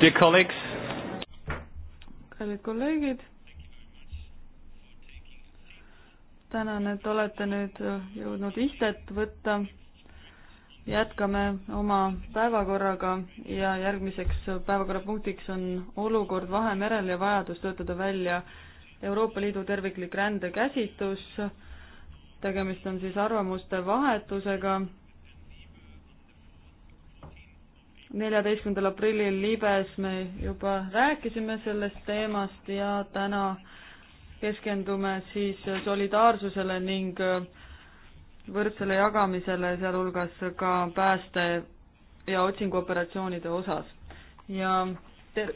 Dear colleagues. kallid kolleegid. tänan, et olete nüüd jõudnud istet võtta. jätkame oma päevakorraga ja järgmiseks päevakorrapunktiks on olukord Vahemerel ja vajadus töötada välja Euroopa Liidu terviklik rändekäsitlus. tegemist on siis arvamuste vahetusega neljateistkümnendal aprillil Libes me juba rääkisime sellest teemast ja täna keskendume siis solidaarsusele ning võrdsele jagamisele, sealhulgas ka pääste ja otsinguoperatsioonide osas. ja ter-,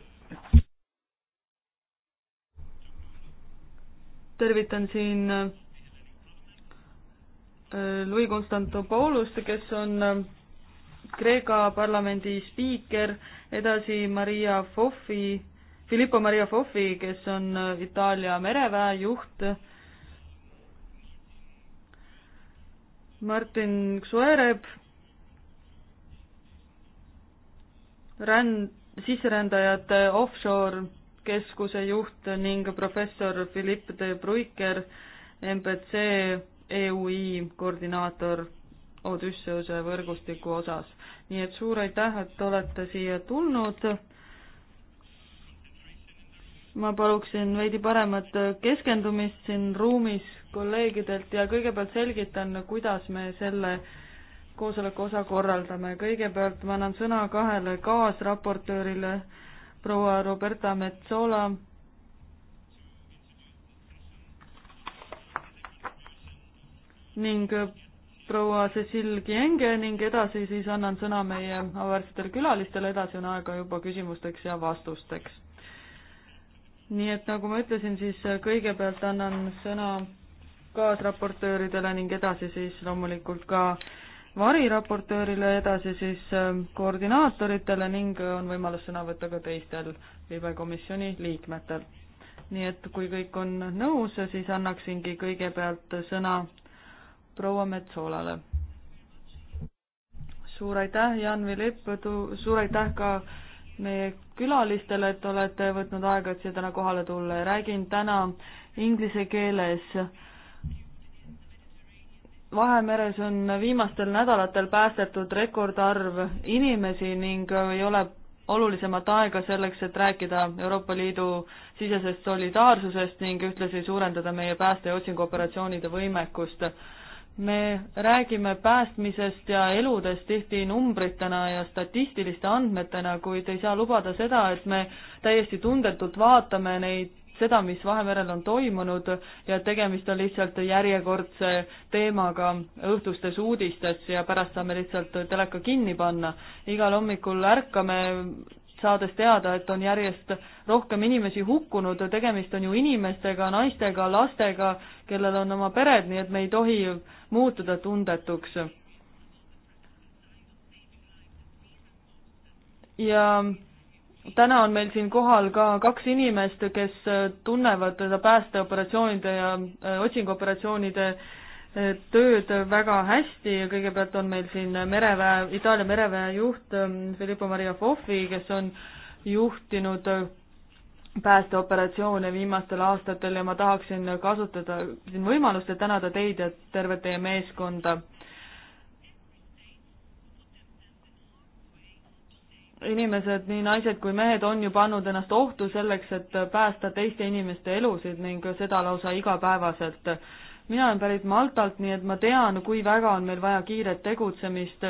tervitan siin äh, Louis Constantopoulust, kes on äh, Kreeka parlamendi spiiker, edasi Maria Fofi, Filippo Maria Fofi, kes on äh, Itaalia mereväe juht, Martin Xuereb, ränd, sisserändajate offshore keskuse juht ning professor Philippe de Bruiker, MPC EUi koordinaator Odysseuse võrgustiku osas. nii et suur aitäh, et olete siia tulnud. ma paluksin veidi paremat keskendumist siin ruumis kolleegidelt ja kõigepealt selgitan, kuidas me selle koosoleku osa korraldame. kõigepealt ma annan sõna kahele kaasraportöörile, proua Roberta Metsola ning proua Cecil Kienge ning edasi siis annan sõna meie auväärsetele külalistele, edasi on aega juba küsimusteks ja vastusteks. nii et nagu ma ütlesin, siis kõigepealt annan sõna kaasraportööridele ning edasi siis loomulikult ka variraportöörile, edasi siis ähm, koordinaatoritele ning on võimalus sõna võtta ka teistel libekomisjoni liikmetel. nii et kui kõik on nõus, siis annaksingi kõigepealt sõna proua Metsolale. suur aitäh, Jan Vilip, suur aitäh ka meie külalistele, et olete võtnud aega, et siia täna kohale tulla ja räägin täna inglise keeles. Vahemeres on viimastel nädalatel päästetud rekordarv inimesi ning ei ole olulisemat aega selleks, et rääkida Euroopa Liidu sisesest solidaarsusest ning ühtlasi suurendada meie pääste- ja otsinguoperatsioonide võimekust me räägime päästmisest ja eludest tihti numbritena ja statistiliste andmetena, kuid ei saa lubada seda, et me täiesti tundetult vaatame neid, seda, mis Vahemerel on toimunud ja tegemist on lihtsalt järjekordse teemaga õhtustes uudistes ja pärast saame lihtsalt teleka kinni panna. igal hommikul ärkame saades teada, et on järjest rohkem inimesi hukkunud, tegemist on ju inimestega, naistega, lastega, kellel on oma pered, nii et me ei tohi muutuda tundetuks. ja täna on meil siin kohal ka kaks inimest, kes tunnevad seda päästeoperatsioonide ja äh, otsinguoperatsioonide äh, tööd väga hästi ja kõigepealt on meil siin mereväe, Itaalia mereväe juht ähm, Filippo Maria Foffi, kes on juhtinud äh, päästeoperatsioone viimastel aastatel ja ma tahaksin kasutada siin võimalust ja tänada teid ja tervet teie meeskonda. inimesed, nii naised kui mehed, on ju pannud ennast ohtu selleks, et päästa teiste inimeste elusid ning seda lausa igapäevaselt. mina olen pärit Maltalt, nii et ma tean, kui väga on meil vaja kiiret tegutsemist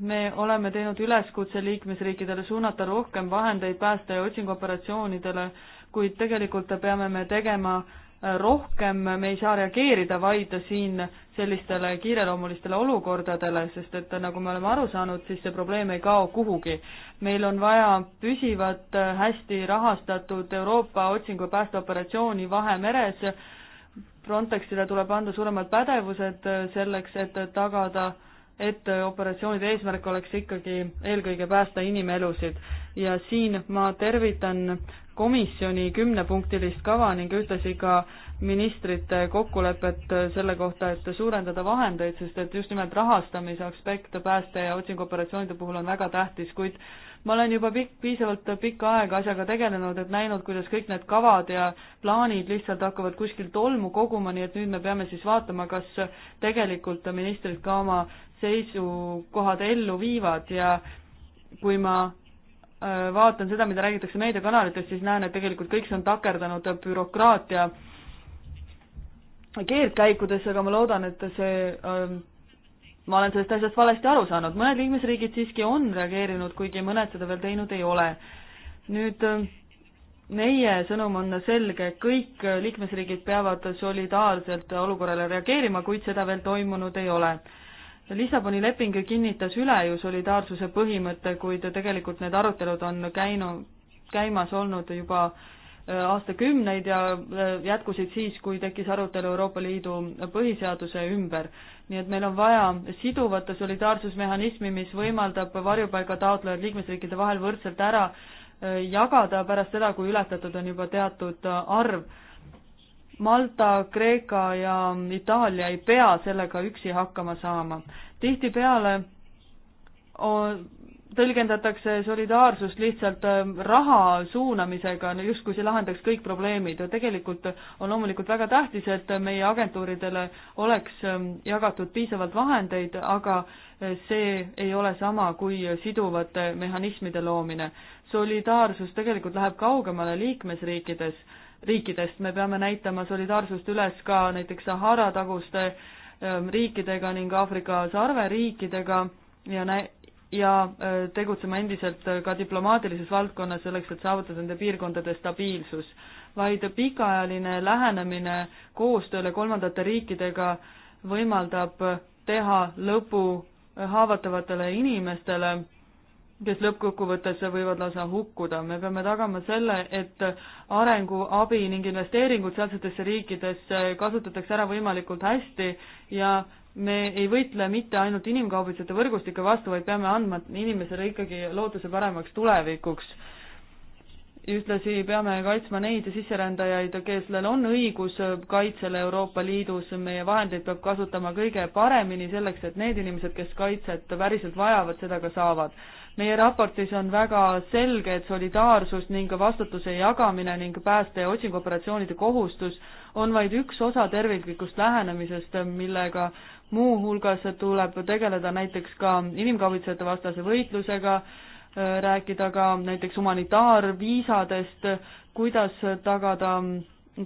me oleme teinud üleskutse liikmesriikidele suunata rohkem vahendeid pääste- ja otsinguoperatsioonidele, kuid tegelikult peame me tegema äh, rohkem, me ei saa reageerida vaid siin sellistele kiireloomulistele olukordadele, sest et nagu me oleme aru saanud, siis see probleem ei kao kuhugi. meil on vaja püsivat, äh, hästi rahastatud Euroopa otsingu- ja päästeoperatsiooni Vahemeres, Frontexile tuleb anda suuremad pädevused äh, selleks, et tagada äh, et äh, operatsioonide eesmärk oleks ikkagi eelkõige päästa inimelusid ja siin ma tervitan komisjoni kümnepunktilist kava ning ühtlasi ka ministrite kokkulepet äh, selle kohta, et suurendada vahendeid, sest et just nimelt rahastamise aspekt pääste- ja otsinguoperatsioonide puhul on väga tähtis, kuid ma olen juba pikk, piisavalt pikka aega asjaga tegelenud, et näinud, kuidas kõik need kavad ja plaanid lihtsalt hakkavad kuskilt tolmu koguma, nii et nüüd me peame siis vaatama, kas tegelikult ministrid ka oma seisukohad ellu viivad ja kui ma äh, vaatan seda, mida räägitakse meediakanalites, siis näen, et tegelikult kõik see on takerdanud bürokraatia keerdkäikudesse, aga ma loodan, et see, ähm, ma olen sellest asjast valesti aru saanud, mõned liikmesriigid siiski on reageerinud, kuigi mõned seda veel teinud ei ole. nüüd ähm, meie sõnum on selge, kõik liikmesriigid peavad solidaarselt olukorrale reageerima, kuid seda veel toimunud ei ole. Lissaboni leping kinnitas üle ju solidaarsuse põhimõtte, kuid tegelikult need arutelud on käinud, käimas olnud juba äh, aastakümneid ja äh, jätkusid siis, kui tekkis arutelu Euroopa Liidu põhiseaduse ümber. nii et meil on vaja siduvat solidaarsusmehhanismi, mis võimaldab varjupaiga taotlejad liikmesriikide vahel võrdselt ära äh, jagada pärast seda, kui ületatud on juba teatud arv Malta, Kreeka ja Itaalia ei pea sellega üksi hakkama saama. tihtipeale tõlgendatakse solidaarsust lihtsalt ähm, raha suunamisega, no justkui see lahendaks kõik probleemid. tegelikult on loomulikult väga tähtis, et meie agentuuridele oleks ähm, jagatud piisavalt vahendeid, aga äh, see ei ole sama kui siduvate mehhanismide loomine. solidaarsus tegelikult läheb kaugemale liikmesriikides riikidest, me peame näitama solidaarsust üles ka näiteks Sahara taguste ähm, riikidega ning Aafrika sarveriikidega ja nä-, ja äh, tegutsema endiselt äh, ka diplomaatilises valdkonnas selleks, et saavutada nende piirkondade stabiilsus. vaid pikaajaline lähenemine koostööle kolmandate riikidega võimaldab teha lõpu haavatavatele inimestele kes lõppkokkuvõttes võivad lausa hukkuda. me peame tagama selle, et arenguabi ning investeeringud sealsetesse riikidesse kasutatakse ära võimalikult hästi ja me ei võitle mitte ainult inimkaubitsejate võrgustike vastu, vaid peame andma inimesele ikkagi lootuse paremaks tulevikuks. ühtlasi peame kaitsma neid sisserändajaid, kellel on õigus kaitsele Euroopa Liidus, meie vahendeid peab kasutama kõige paremini selleks, et need inimesed, kes kaitset päriselt vajavad, seda ka saavad meie raportis on väga selge, et solidaarsus ning vastutuse jagamine ning pääste- ja otsinguoperatsioonide kohustus on vaid üks osa terviklikust lähenemisest, millega muuhulgas tuleb tegeleda näiteks ka inimkaubitsejate vastase võitlusega, rääkida ka näiteks humanitaarviisadest, kuidas tagada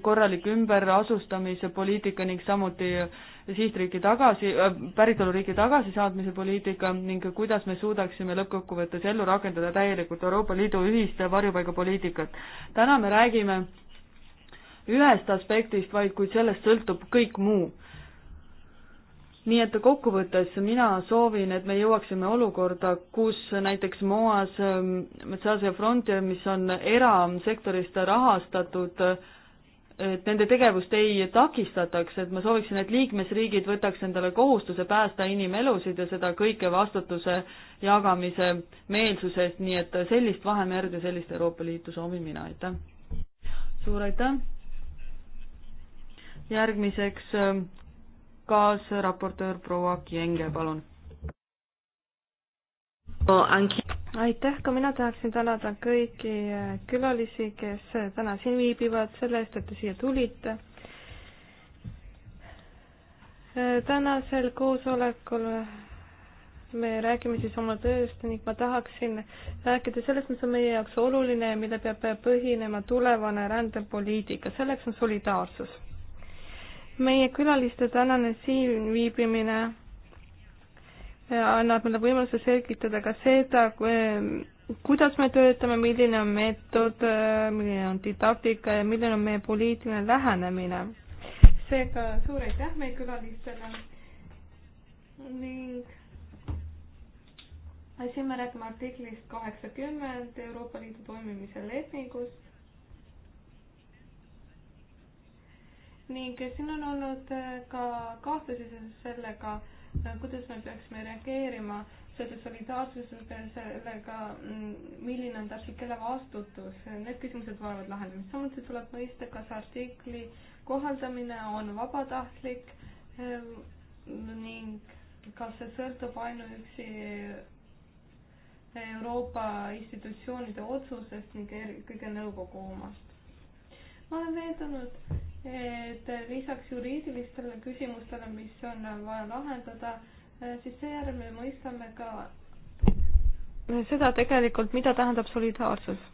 korralik ümberasustamise poliitika ning samuti sihtriiki tagasi, äh, päritoluriiki tagasisaatmise poliitika ning kuidas me suudaksime lõppkokkuvõttes ellu rakendada täielikult Euroopa Liidu ühist varjupaigapoliitikat. täna me räägime ühest aspektist, vaid kuid sellest sõltub kõik muu nii et kokkuvõttes mina soovin, et me jõuaksime olukorda, kus näiteks Moas, ähm, mis on erasektorist rahastatud äh, et nende tegevust ei takistataks, et ma sooviksin, et liikmesriigid võtaks endale kohustuse päästa inimelusid ja seda kõike vastutuse jagamise meelsusest, nii et sellist Vahemerd ja sellist Euroopa Liitu soovin mina, aitäh. suur aitäh. järgmiseks ähm, kaasraportöör proua Kienge, palun aitäh, ka mina tahaksin tänada kõiki äh, külalisi, kes äh, täna siin viibivad, selle eest, et te siia tulite. Äh, tänasel koosolekul me räägime siis oma tööst ning ma tahaksin rääkida sellest, mis on meie jaoks oluline ja mille peab põhinema tulevane rändepoliitika, selleks on solidaarsus. meie külaliste tänane siin viibimine annab mulle võimaluse selgitada ka seda, eh, kuidas me töötame, milline on meetod, eh, milline on didaktika ja milline on meie poliitiline lähenemine. seega suur aitäh meie külalistele ning siin me räägime artiklist kaheksakümmend Euroopa Liidu toimimise lepingust. ning siin on olnud eh, ka kahtlusi sellega Äh, kuidas me peaksime reageerima selle solidaarsusega, sellega, mm, milline on täpselt kelle vastutus, need küsimused vajavad lahendamist. samuti tuleb mõista, kas artikli kohaldamine on vabatahtlik ähm, ning kas see sõltub ainuüksi Euroopa institutsioonide otsusest ning eelkõige nõukogu omast ma olen veendunud, et lisaks juriidilistele küsimustele, mis on vaja lahendada, eh, siis seejärel me mõistame ka seda tegelikult, mida tähendab solidaarsus.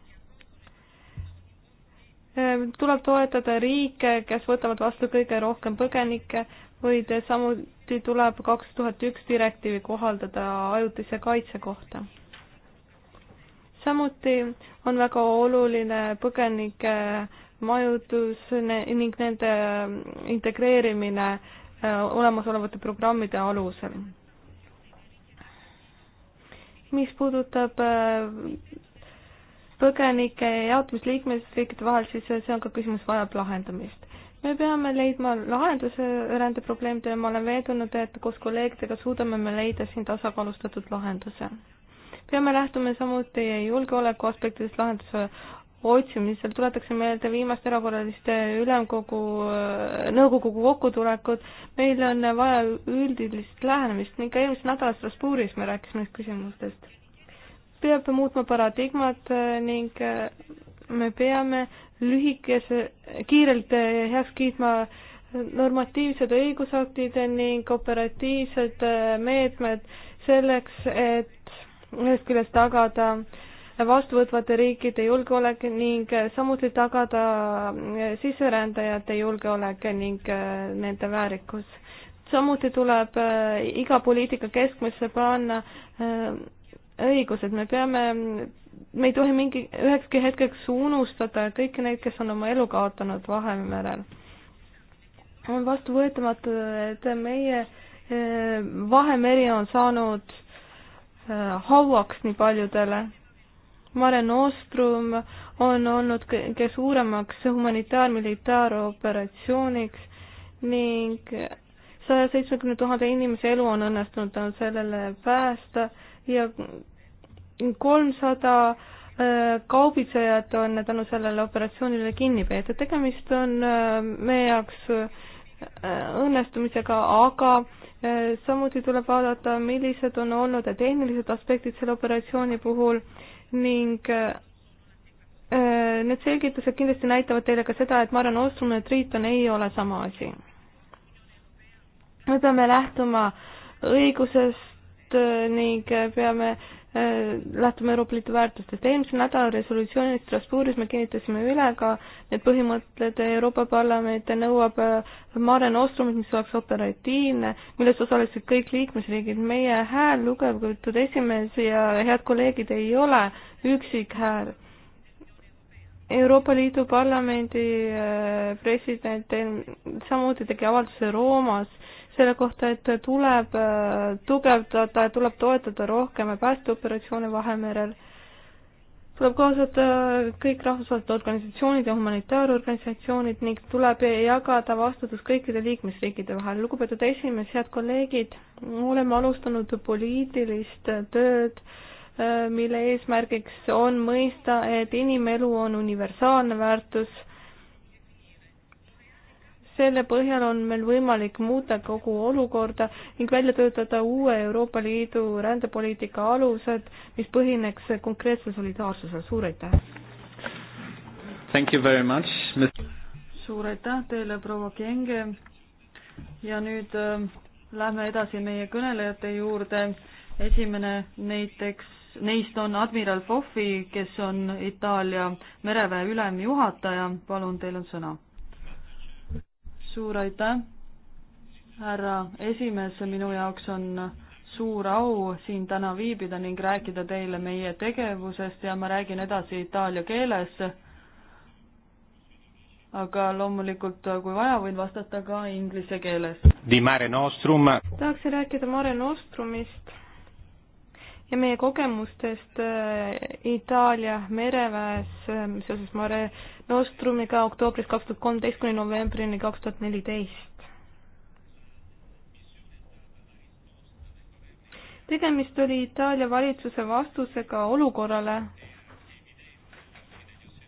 Eh, tuleb toetada riike, kes võtavad vastu kõige rohkem põgenikke, vaid samuti tuleb kaks tuhat üks direktiivi kohaldada ajutise kaitse kohta. samuti on väga oluline põgenike majutus ning nende ähm, integreerimine äh, olemasolevate programmide alusel. mis puudutab äh, põgenike jaotumist liikmesriikide vahel, siis see on ka küsimus, vajab lahendamist. me peame leidma lahenduse rändeprobleemidele, ma olen veendunud, et koos kolleegidega suudame me leida siin tasakaalustatud lahenduse. peame lähtuma samuti julgeoleku aspektidest lahenduse otsimisel tuletakse meelde viimast erakorraliste ülemkogu, äh, nõukogu kokkutulekut. meil on vaja üldist lähenemist ning ka eelmisel nädalal Strasbourgis me rääkisime neist küsimustest. peab muutma paradigmat äh, ning äh, me peame lühikese, kiirelt heaks kiitma normatiivsed õigusaktid ning operatiivsed meetmed selleks, et ühest küljest tagada äh, vastuvõtvate riikide julgeolek ning äh, samuti tagada äh, sisserändajate julgeolek ning äh, nende väärikus. samuti tuleb iga poliitika keskmesse panna õigused, me peame, me ei tohi mingi, ühekski hetkeks unustada kõiki neid, kes on oma elu kaotanud Vahemerel. on vastuvõetamatu, et meie Vahemeri on saanud hauaks nii paljudele Mare Nostrum on olnud kõige suuremaks humanitaar-militaaroperatsiooniks ning saja seitsmekümne tuhande inimese elu on õnnestunud on sellele päästa ja kolmsada äh, kaubitsejad on tänu sellele operatsioonile kinni peetud. tegemist on äh, meie jaoks äh, õnnestumisega, aga samuti tuleb vaadata, millised on olnud tehnilised aspektid selle operatsiooni puhul ning äh, äh, need selgitused kindlasti näitavad teile ka seda, et Marian Ostrum ja Triiton ei ole sama asi. me peame lähtuma õigusest äh, ning peame Äh, lähtume Euroopa Liidu väärtustest. eelmisel nädalal resolutsioonis Strasbourgis me kinnitasime üle ka need põhimõtted, Euroopa Parlament nõuab äh, Mare Nostrumit, mis oleks operatiivne, milles osalesid kõik liikmesriigid. meie hääl, lugevatud esimees ja head kolleegid, ei ole üksik hääl. Euroopa Liidu Parlamendi äh, president samuti tegi avalduse Roomas selle kohta, et tuleb äh, tugevdada, tuleb toetada rohkem päästeoperatsioone Vahemerel, tuleb kaasata kõik rahvusvahelised organisatsioonid ja humanitaarorganisatsioonid ning tuleb jagada vastutus kõikide liikmesriikide vahel. lugupeetud esimees, head kolleegid, oleme alustanud poliitilist tööd, äh, mille eesmärgiks on mõista, et inimelu on universaalne väärtus selle põhjal on meil võimalik muuta kogu olukorda ning välja töötada uue Euroopa Liidu rändepoliitika alused, mis põhineks konkreetsel solidaarsusel. suur aitäh! suur aitäh teile, proua Kienge! ja nüüd äh, lähme edasi meie kõnelejate juurde. esimene näiteks neist on admiral Foffi, kes on Itaalia mereväe ülemjuhataja, palun, teil on sõna suur aitäh, härra esimees, minu jaoks on suur au siin täna viibida ning rääkida teile meie tegevusest ja ma räägin edasi itaalia keeles. aga loomulikult, kui vaja, võin vastata ka inglise keeles. tahaksin rääkida Mare Nostrumist ja meie kogemustest äh, Itaalia mereväes ähm, seoses Mare Nostrumiga oktoobrist kaks tuhat kolmteist kuni novembrini kaks tuhat neliteist. tegemist oli Itaalia valitsuse vastusega olukorrale,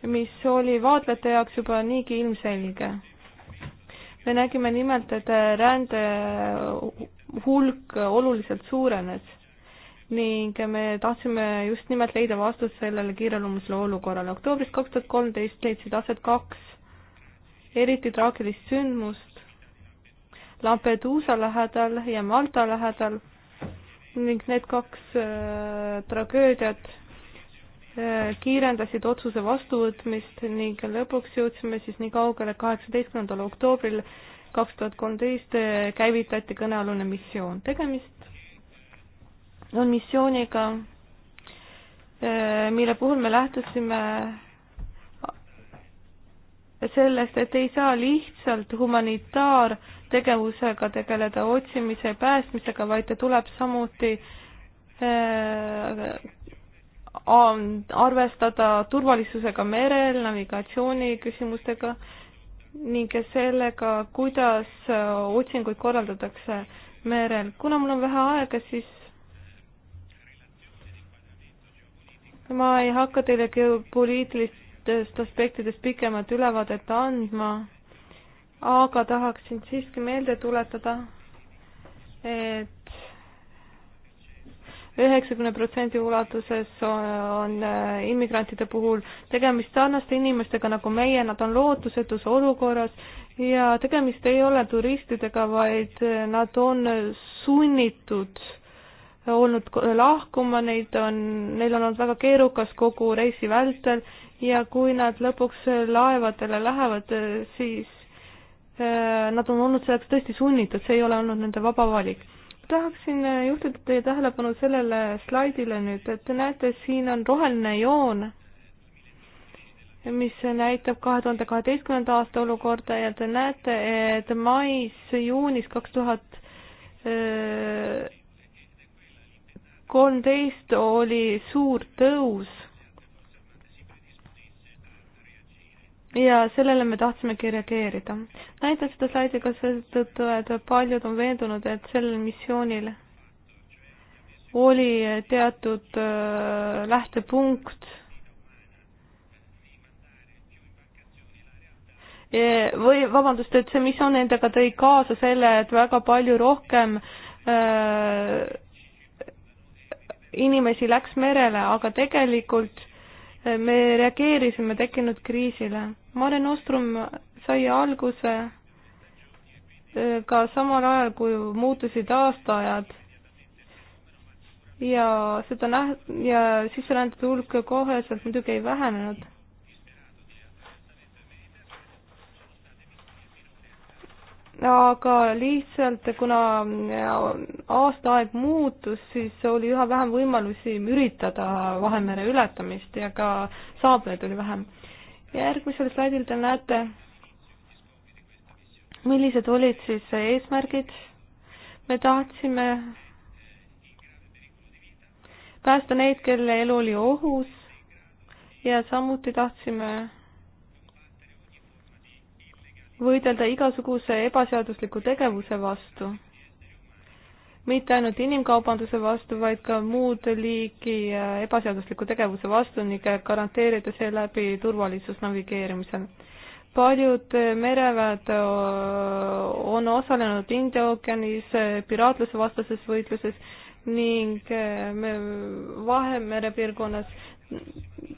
mis oli vaatlejate jaoks juba niigi ilmselge. me nägime nimelt, et rände hulk oluliselt suurenes ning me tahtsime just nimelt leida vastust sellele kiireloomulisele olukorrale. oktoobris kaks tuhat kolmteist leidsid aset kaks eriti traagilist sündmust Lampeduusa lähedal ja Malta lähedal ning need kaks äh, tragöödiat äh, kiirendasid otsuse vastuvõtmist ning lõpuks jõudsime siis nii kaugele, kaheksateistkümnendal oktoobril kaks tuhat kolmteist äh, käivitati kõnealune missioon. tegemist on missiooniga, eh, mille puhul me lähtusime sellest, et ei saa lihtsalt humanitaartegevusega tegeleda, otsimise ja päästmisega, vaid ta tuleb samuti eh, arvestada turvalisusega merel, navigatsiooni küsimustega ning sellega, kuidas otsinguid korraldatakse merel. kuna mul on vähe aega, siis ma ei hakka teile geopoliitilistest aspektidest pikemat ülevaadet andma, aga tahaksin siiski meelde tuletada, et üheksakümne protsendi ulatuses on äh, immigrantide puhul tegemist sarnaste inimestega nagu meie, nad on lootusetus olukorras ja tegemist ei ole turistidega, vaid äh, nad on sunnitud olnud lahkuma, neid on, neil on olnud väga keerukas kogu reisi vältel ja kui nad lõpuks laevadele lähevad, siis äh, nad on olnud selleks tõesti sunnitud, see ei ole olnud nende vaba valik. tahaksin äh, juhtida teie tähelepanu sellele slaidile nüüd, et te näete, siin on roheline joon, mis näitab kahe tuhande kaheteistkümnenda aasta olukorda ja te näete, et mais-juunis kaks tuhat äh, kolmteist oli suur tõus. ja sellele me tahtsimegi reageerida. näitan seda slaidi ka seetõttu, et paljud on veendunud, et sellel missioonil oli teatud äh, lähtepunkt või vabandust, et see missioon endaga tõi kaasa selle, et väga palju rohkem öö, äh, inimesi läks merele, aga tegelikult eh, me reageerisime tekkinud kriisile. Mare Nostrum sai alguse eh, ka samal ajal, kui muutusid aastaajad ja seda näht- ja sisserändajate hulk koheselt muidugi ei vähenenud aga lihtsalt kuna äh, aasta aeg muutus, siis oli üha vähem võimalusi üritada Vahemere ületamist ja ka saableid oli vähem. järgmisel slaidil te näete, millised olid siis eesmärgid. me tahtsime päästa neid, kelle elu oli ohus ja samuti tahtsime võidelda igasuguse ebaseadusliku tegevuse vastu. mitte ainult inimkaubanduse vastu, vaid ka muud liigi äh, ebaseadusliku tegevuse vastu ning äh, garanteerida seeläbi turvalisus navigeerimisel. paljud äh, mereväed on osalenud India ookeanis piraatluse vastases võitluses ning me Vahemere piirkonnas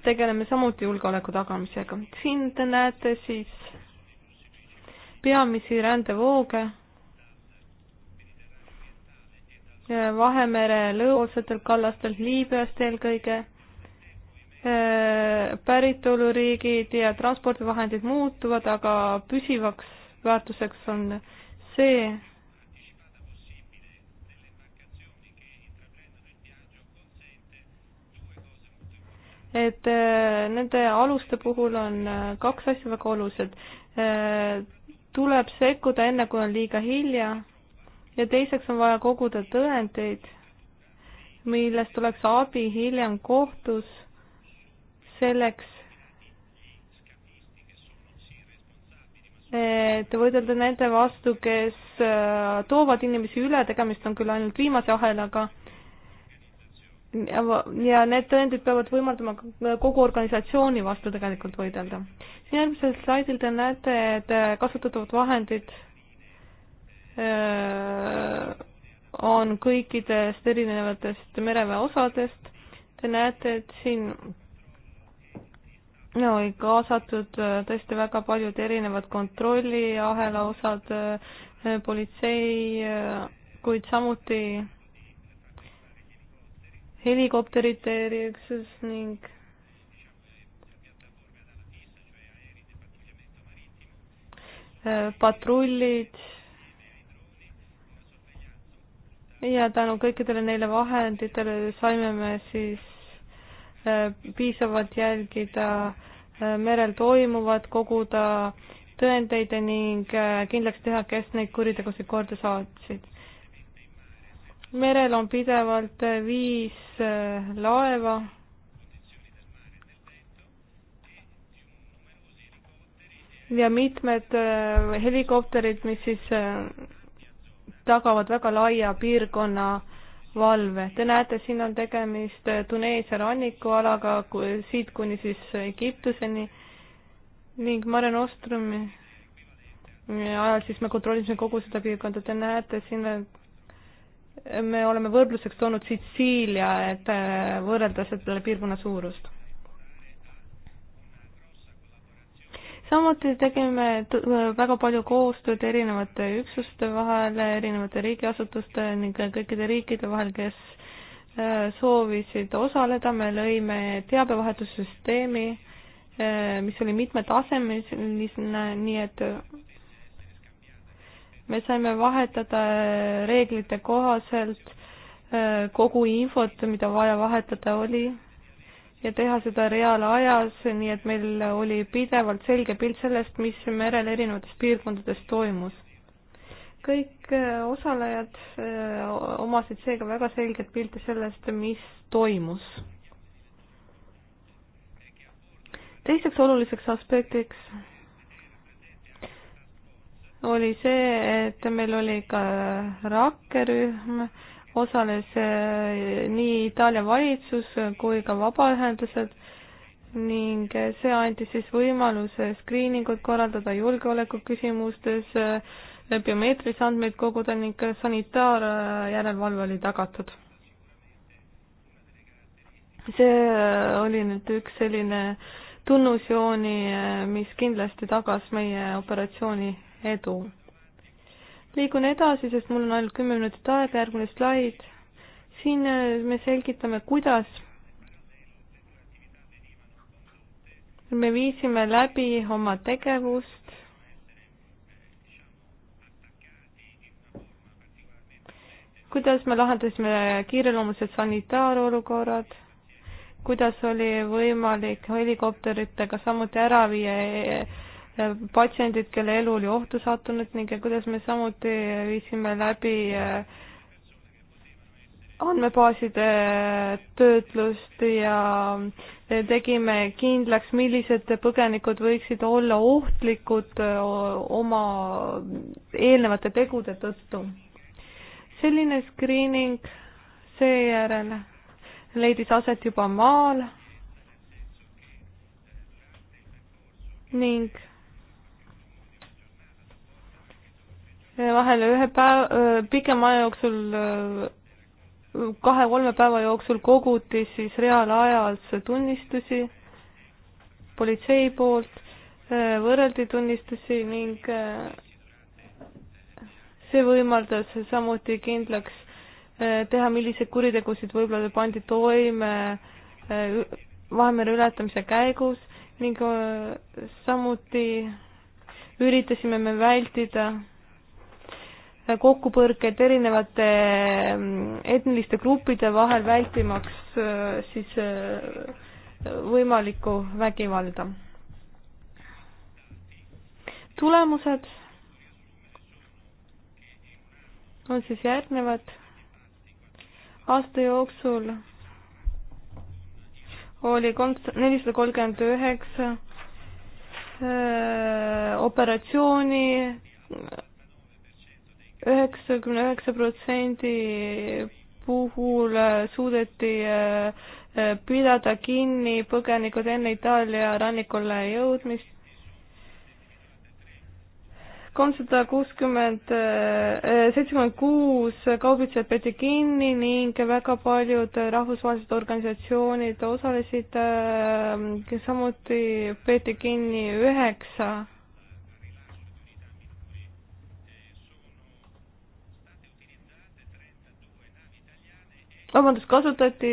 tegeleme samuti julgeoleku tagamisega. siin te näete siis peamisi rändevooge Vahemere lõuosadel kallastel Liibüast eelkõige, äh, päritoluriigid ja transpordivahendid muutuvad, aga püsivaks väärtuseks on see, et äh, nende aluste puhul on äh, kaks asja väga olulised tuleb sekkuda enne, kui on liiga hilja ja teiseks on vaja koguda tõendeid, millest oleks abi hiljem kohtus selleks, et võidelda nende vastu, kes äh, toovad inimesi üle, tegemist on küll ainult viimase ahelaga ja need tõendid peavad võimaldama kogu organisatsiooni vastu tegelikult võidelda. siin järgmisel slaidil te näete, et äh, kasutatavad vahendid äh, on kõikidest erinevatest mereväe osadest. Te näete, et siin no, oli kaasatud äh, tõesti väga paljud erinevad kontrolliahela osad, politsei, kuid samuti helikopterite eriüksus ning äh, patrullid ja tänu kõikidele neile vahenditele saime me siis äh, piisavalt jälgida äh, merel toimuvat, koguda tõendeid ning kindlaks teha, kes neid kuritegusid korda saatsid merel on pidevalt viis äh, laeva ja mitmed äh, helikopterid, mis siis äh, tagavad väga laia piirkonna valve. Te näete, siin on tegemist Tuneesia rannikualaga, siit kuni siis Egiptuseni ning Mare Nostrumi ajal siis me kontrollisime kogu seda piirkonda. Te näete, siin on me oleme võrdluseks toonud Sitsiilia, et äh, võrrelda selle piirkonna suurust. samuti tegime väga palju koostööd erinevate üksuste vahel, erinevate riigiasutuste ning kõikide riikide vahel, kes äh, soovisid osaleda, me lõime teabevahetussüsteemi, äh, mis oli mitmetasemeline, nii et me saime vahetada äh, reeglite kohaselt äh, kogu infot, mida vaja vahetada oli ja teha seda reaalajas, nii et meil oli pidevalt selge pilt sellest, mis merel erinevates piirkondades toimus. kõik äh, osalejad omasid seega väga selget pilti sellest, mis toimus. teiseks oluliseks aspektiks oli see, et meil oli ka rakkerühm, osales eh, nii Itaalia valitsus kui ka vabaühendused ning see andis siis võimaluse skriiningut korraldada julgeolekuküsimustes, eh, biomeetrilisi andmeid koguda ning sanitaarjärelevalve oli tagatud. see eh, oli nüüd üks selline tunnusjooni, mis kindlasti tagas meie operatsiooni edu. liigun edasi, sest mul on ainult kümme minutit aega, järgmine slaid. siin äh, me selgitame, kuidas me viisime läbi oma tegevust kuidas me lahendasime kiireloomulised sanitaarolukorrad, kuidas oli võimalik helikopteritega samuti ära viia patsiendid, kelle elu oli ohtu sattunud ning kuidas me samuti viisime läbi äh, andmebaaside äh, töötlust ja äh, tegime kindlaks, millised põgenikud võiksid olla ohtlikud oma eelnevate tegude tõttu. selline screening seejärel leidis aset juba maal ning vahele ühe päeva, pikema aja jooksul, kahe-kolme päeva jooksul koguti siis reaalajas tunnistusi politsei poolt, võrreldi tunnistusi ning see võimaldas samuti kindlaks teha, milliseid kuritegusid võib-olla pandi toime Vahemere ületamise käigus ning samuti üritasime me vältida kokkupõrked erinevate mm, etniliste gruppide vahel, vältimaks äh, siis äh, võimalikku vägivalda. tulemused on siis järgnevad. aasta jooksul oli kolmsada, nelisada kolmkümmend üheksa äh, operatsiooni üheksakümne üheksa protsendi puhul äh, suudeti äh, äh, pidada kinni põgenikud enne Itaalia rannikule jõudmist. kolmsada kuuskümmend, seitsekümmend kuus kaubitsejad peeti kinni ning väga paljud rahvusvahelised organisatsioonid osalesid, samuti peeti kinni üheksa vabandust, kasutati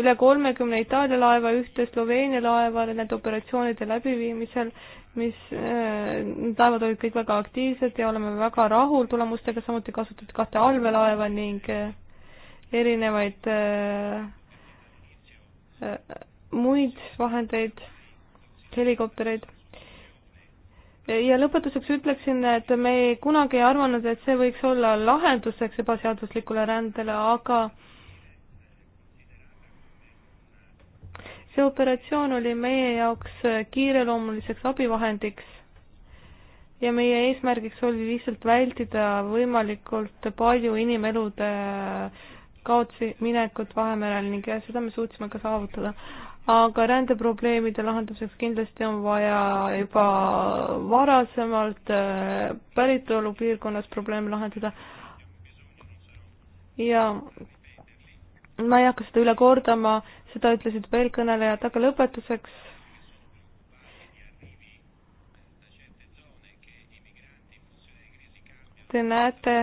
üle kolmekümne Itaalia laeva, ühte Sloveenia laeva nende operatsioonide läbiviimisel, mis äh,, need laevad olid kõik väga aktiivsed ja oleme väga rahul tulemustega, samuti kasutati kahte allveelaeva ning äh, erinevaid äh, äh, muid vahendeid, helikoptereid ja lõpetuseks ütleksin, et me ei kunagi ei arvanud, et see võiks olla lahenduseks ebaseaduslikule rändele, aga äh, see operatsioon oli meie jaoks kiireloomuliseks abivahendiks ja meie eesmärgiks oli lihtsalt vältida võimalikult palju inimelude kaotsi minekut Vahemerel ning seda me suutsime ka saavutada. aga rändeprobleemide lahendamiseks kindlasti on vaja juba varasemalt äh, päritolupiirkonnas probleeme lahendada ja ma ei hakka seda üle kordama, seda ütlesid juba eelkõnelejad, aga lõpetuseks te näete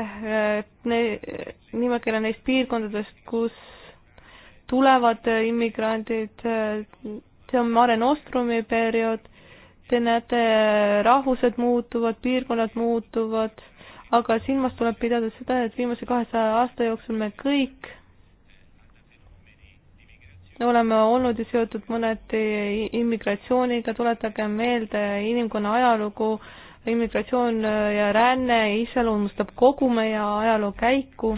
ne, nimekirja neist piirkondadest, kus tulevad immigrandid, see on Mare Nostrumi periood, te näete, rahvused muutuvad, piirkonnad muutuvad, aga silmas tuleb pidada seda, et viimase kahesaja aasta jooksul me kõik me oleme olnud ju seotud mõneti immigratsiooniga, tuletage meelde inimkonna ajalugu, immigratsioon ja ränne iseloomustab kogu meie ajaloo käiku.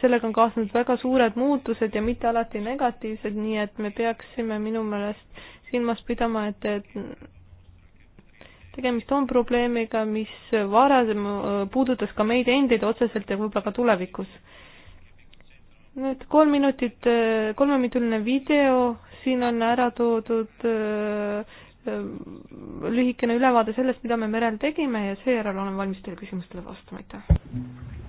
sellega on kaasnenud väga suured muutused ja mitte alati negatiivsed, nii et me peaksime minu meelest silmas pidama, et, et tegemist on probleemiga, mis varem äh, puudutas ka meid endid otseselt ja võib-olla ka tulevikus nüüd kolm minutit, äh, kolmeminutiline video, siin on ära toodud äh, lühikene ülevaade sellest, mida me merel tegime ja seejärel olen valmis teie küsimustele vastama, aitäh.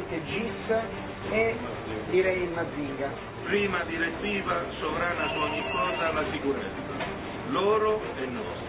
Conte, Gis e direi Mazinga. Prima direttiva sovrana su ogni cosa la sicurezza, loro e noi.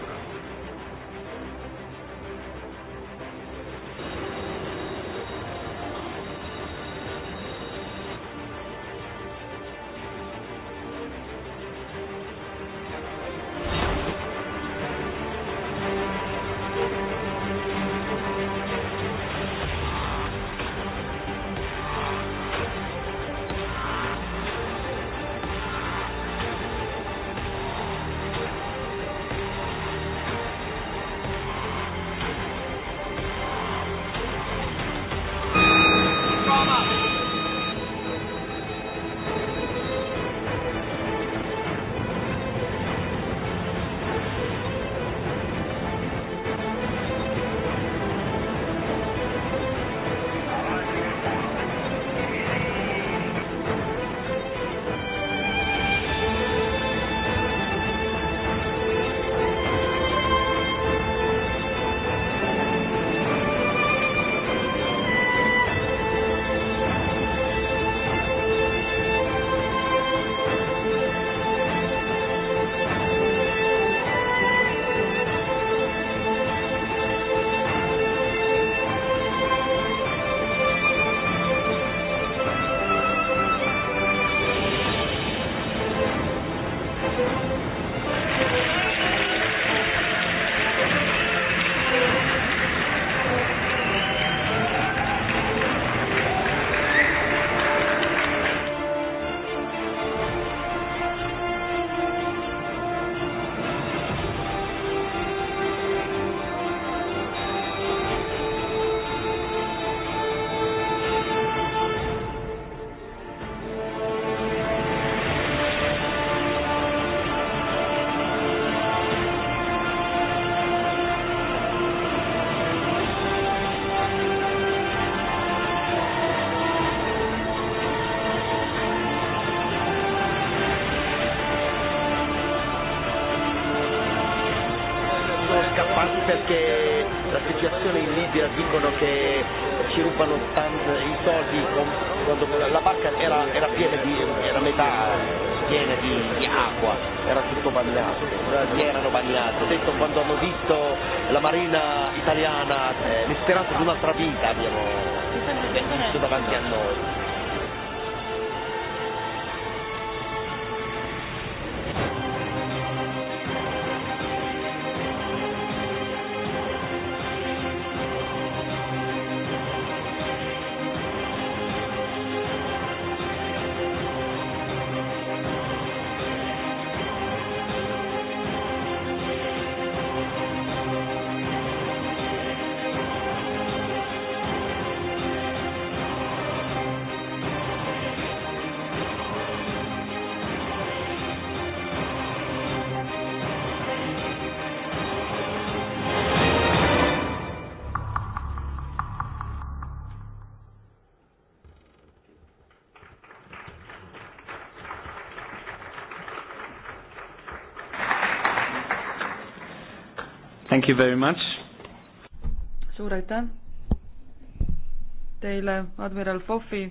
speranza di un'altra vita abbiamo visto davanti a noi. you very much. suur aitäh teile, admiral Fofi.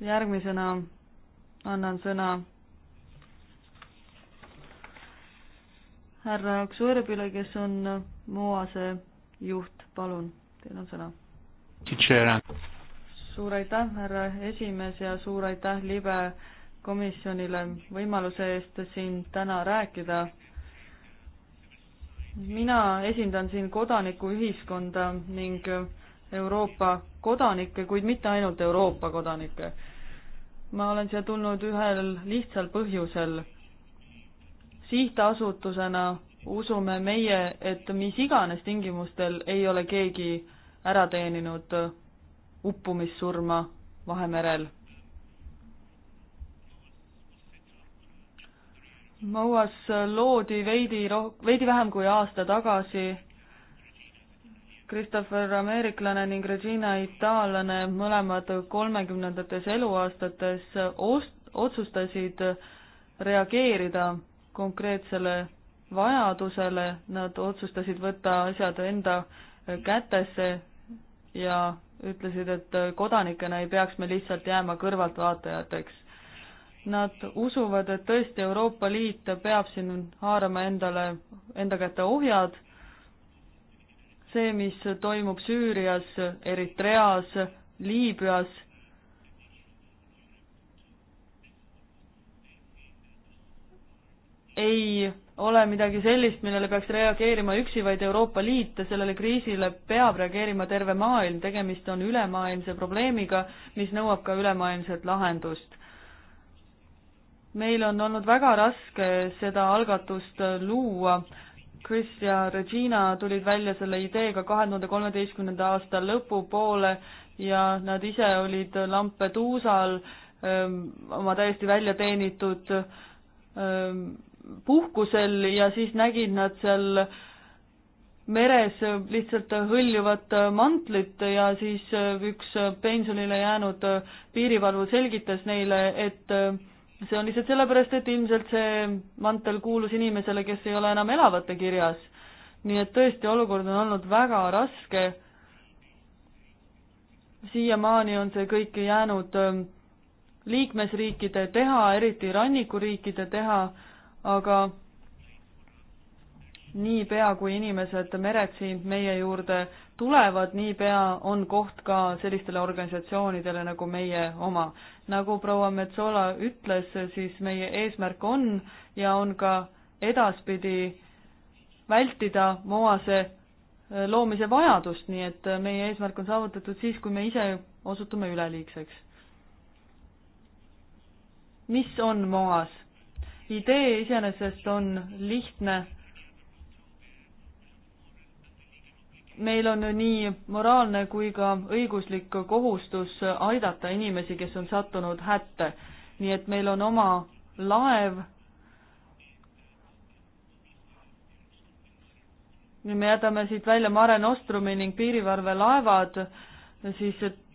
järgmisena annan sõna härra Xurgile, kes on Moase juht, palun, teil on sõna. suur aitäh, härra esimees ja suur aitäh libe komisjonile võimaluse eest siin täna rääkida mina esindan siin kodanikuühiskonda ning Euroopa kodanikke, kuid mitte ainult Euroopa kodanikke. ma olen siia tulnud ühel lihtsal põhjusel. sihtasutusena usume meie, et mis iganes tingimustel ei ole keegi ära teeninud uppumissurma Vahemerel. Mauas loodi veidi roh-, veidi vähem kui aasta tagasi Christopher ameeriklane ning Regina itaallane, mõlemad kolmekümnendates eluaastates ost-, otsustasid reageerida konkreetsele vajadusele, nad otsustasid võtta asjad enda kätesse ja ütlesid, et kodanikena ei peaks me lihtsalt jääma kõrvaltvaatajateks. Nad usuvad, et tõesti Euroopa Liit peab siin haarama endale, enda kätte ohjad. see, mis toimub Süürias, Eritreas, Liibüas, ei ole midagi sellist, millele peaks reageerima üksi vaid Euroopa Liit ja sellele kriisile peab reageerima terve maailm, tegemist on ülemaailmse probleemiga, mis nõuab ka ülemaailmset lahendust meil on olnud väga raske seda algatust luua. Chris ja Regina tulid välja selle ideega kahe tuhande kolmeteistkümnenda aasta lõpupoole ja nad ise olid Lampeduusal ähm, oma täiesti välja teenitud öö, ähm, puhkusel ja siis nägid nad seal meres lihtsalt hõljuvat mantlit ja siis üks pensionile jäänud piirivalvur selgitas neile, et äh, see on lihtsalt sellepärast, et ilmselt see mantel kuulus inimesele, kes ei ole enam elavate kirjas. nii et tõesti, olukord on olnud väga raske. siiamaani on see kõik jäänud ähm, liikmesriikide teha, eriti rannikuriikide teha, aga niipea, kui inimesed merelt siin meie juurde tulevad, niipea on koht ka sellistele organisatsioonidele nagu meie oma. nagu proua Metsola ütles, siis meie eesmärk on ja on ka edaspidi vältida Moase äh, loomise vajadust, nii et äh, meie eesmärk on saavutatud siis, kui me ise osutume üleliigseks. mis on Moas? idee iseenesest on lihtne meil on nii moraalne kui ka õiguslik kohustus aidata inimesi, kes on sattunud hätta. nii et meil on oma laev. me jätame siit välja Mare Nostrumi ning piirivalvelaevad, siis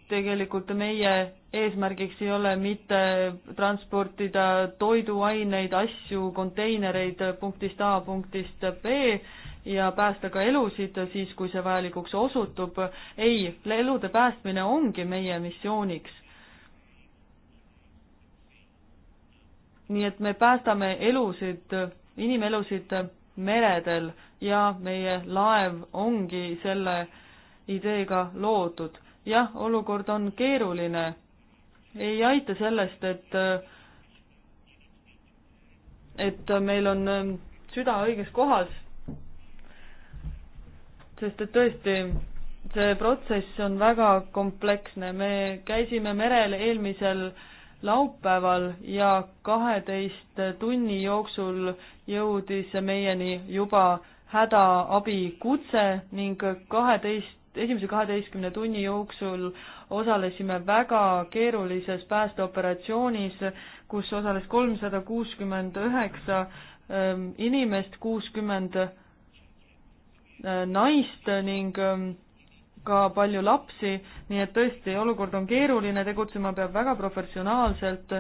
tegelikult meie eesmärgiks ei ole mitte transportida toiduaineid, asju, konteinereid punktist A punktist B ja päästa ka elusid siis, kui see vajalikuks osutub. ei, elude päästmine ongi meie missiooniks. nii et me päästame elusid, inimelusid meredel ja meie laev ongi selle ideega loodud. jah, olukord on keeruline. ei aita sellest, et et meil on süda õiges kohas, sest et tõesti, see protsess on väga kompleksne, me käisime merel eelmisel laupäeval ja kaheteist tunni jooksul jõudis meieni juba hädaabikutse ning kaheteist, esimese kaheteistkümne tunni jooksul osalesime väga keerulises päästeoperatsioonis, kus osales kolmsada kuuskümmend üheksa ehm, inimest, kuuskümmend Äh, naist ning ähm, ka palju lapsi, nii et tõesti, olukord on keeruline, tegutsema peab väga professionaalselt.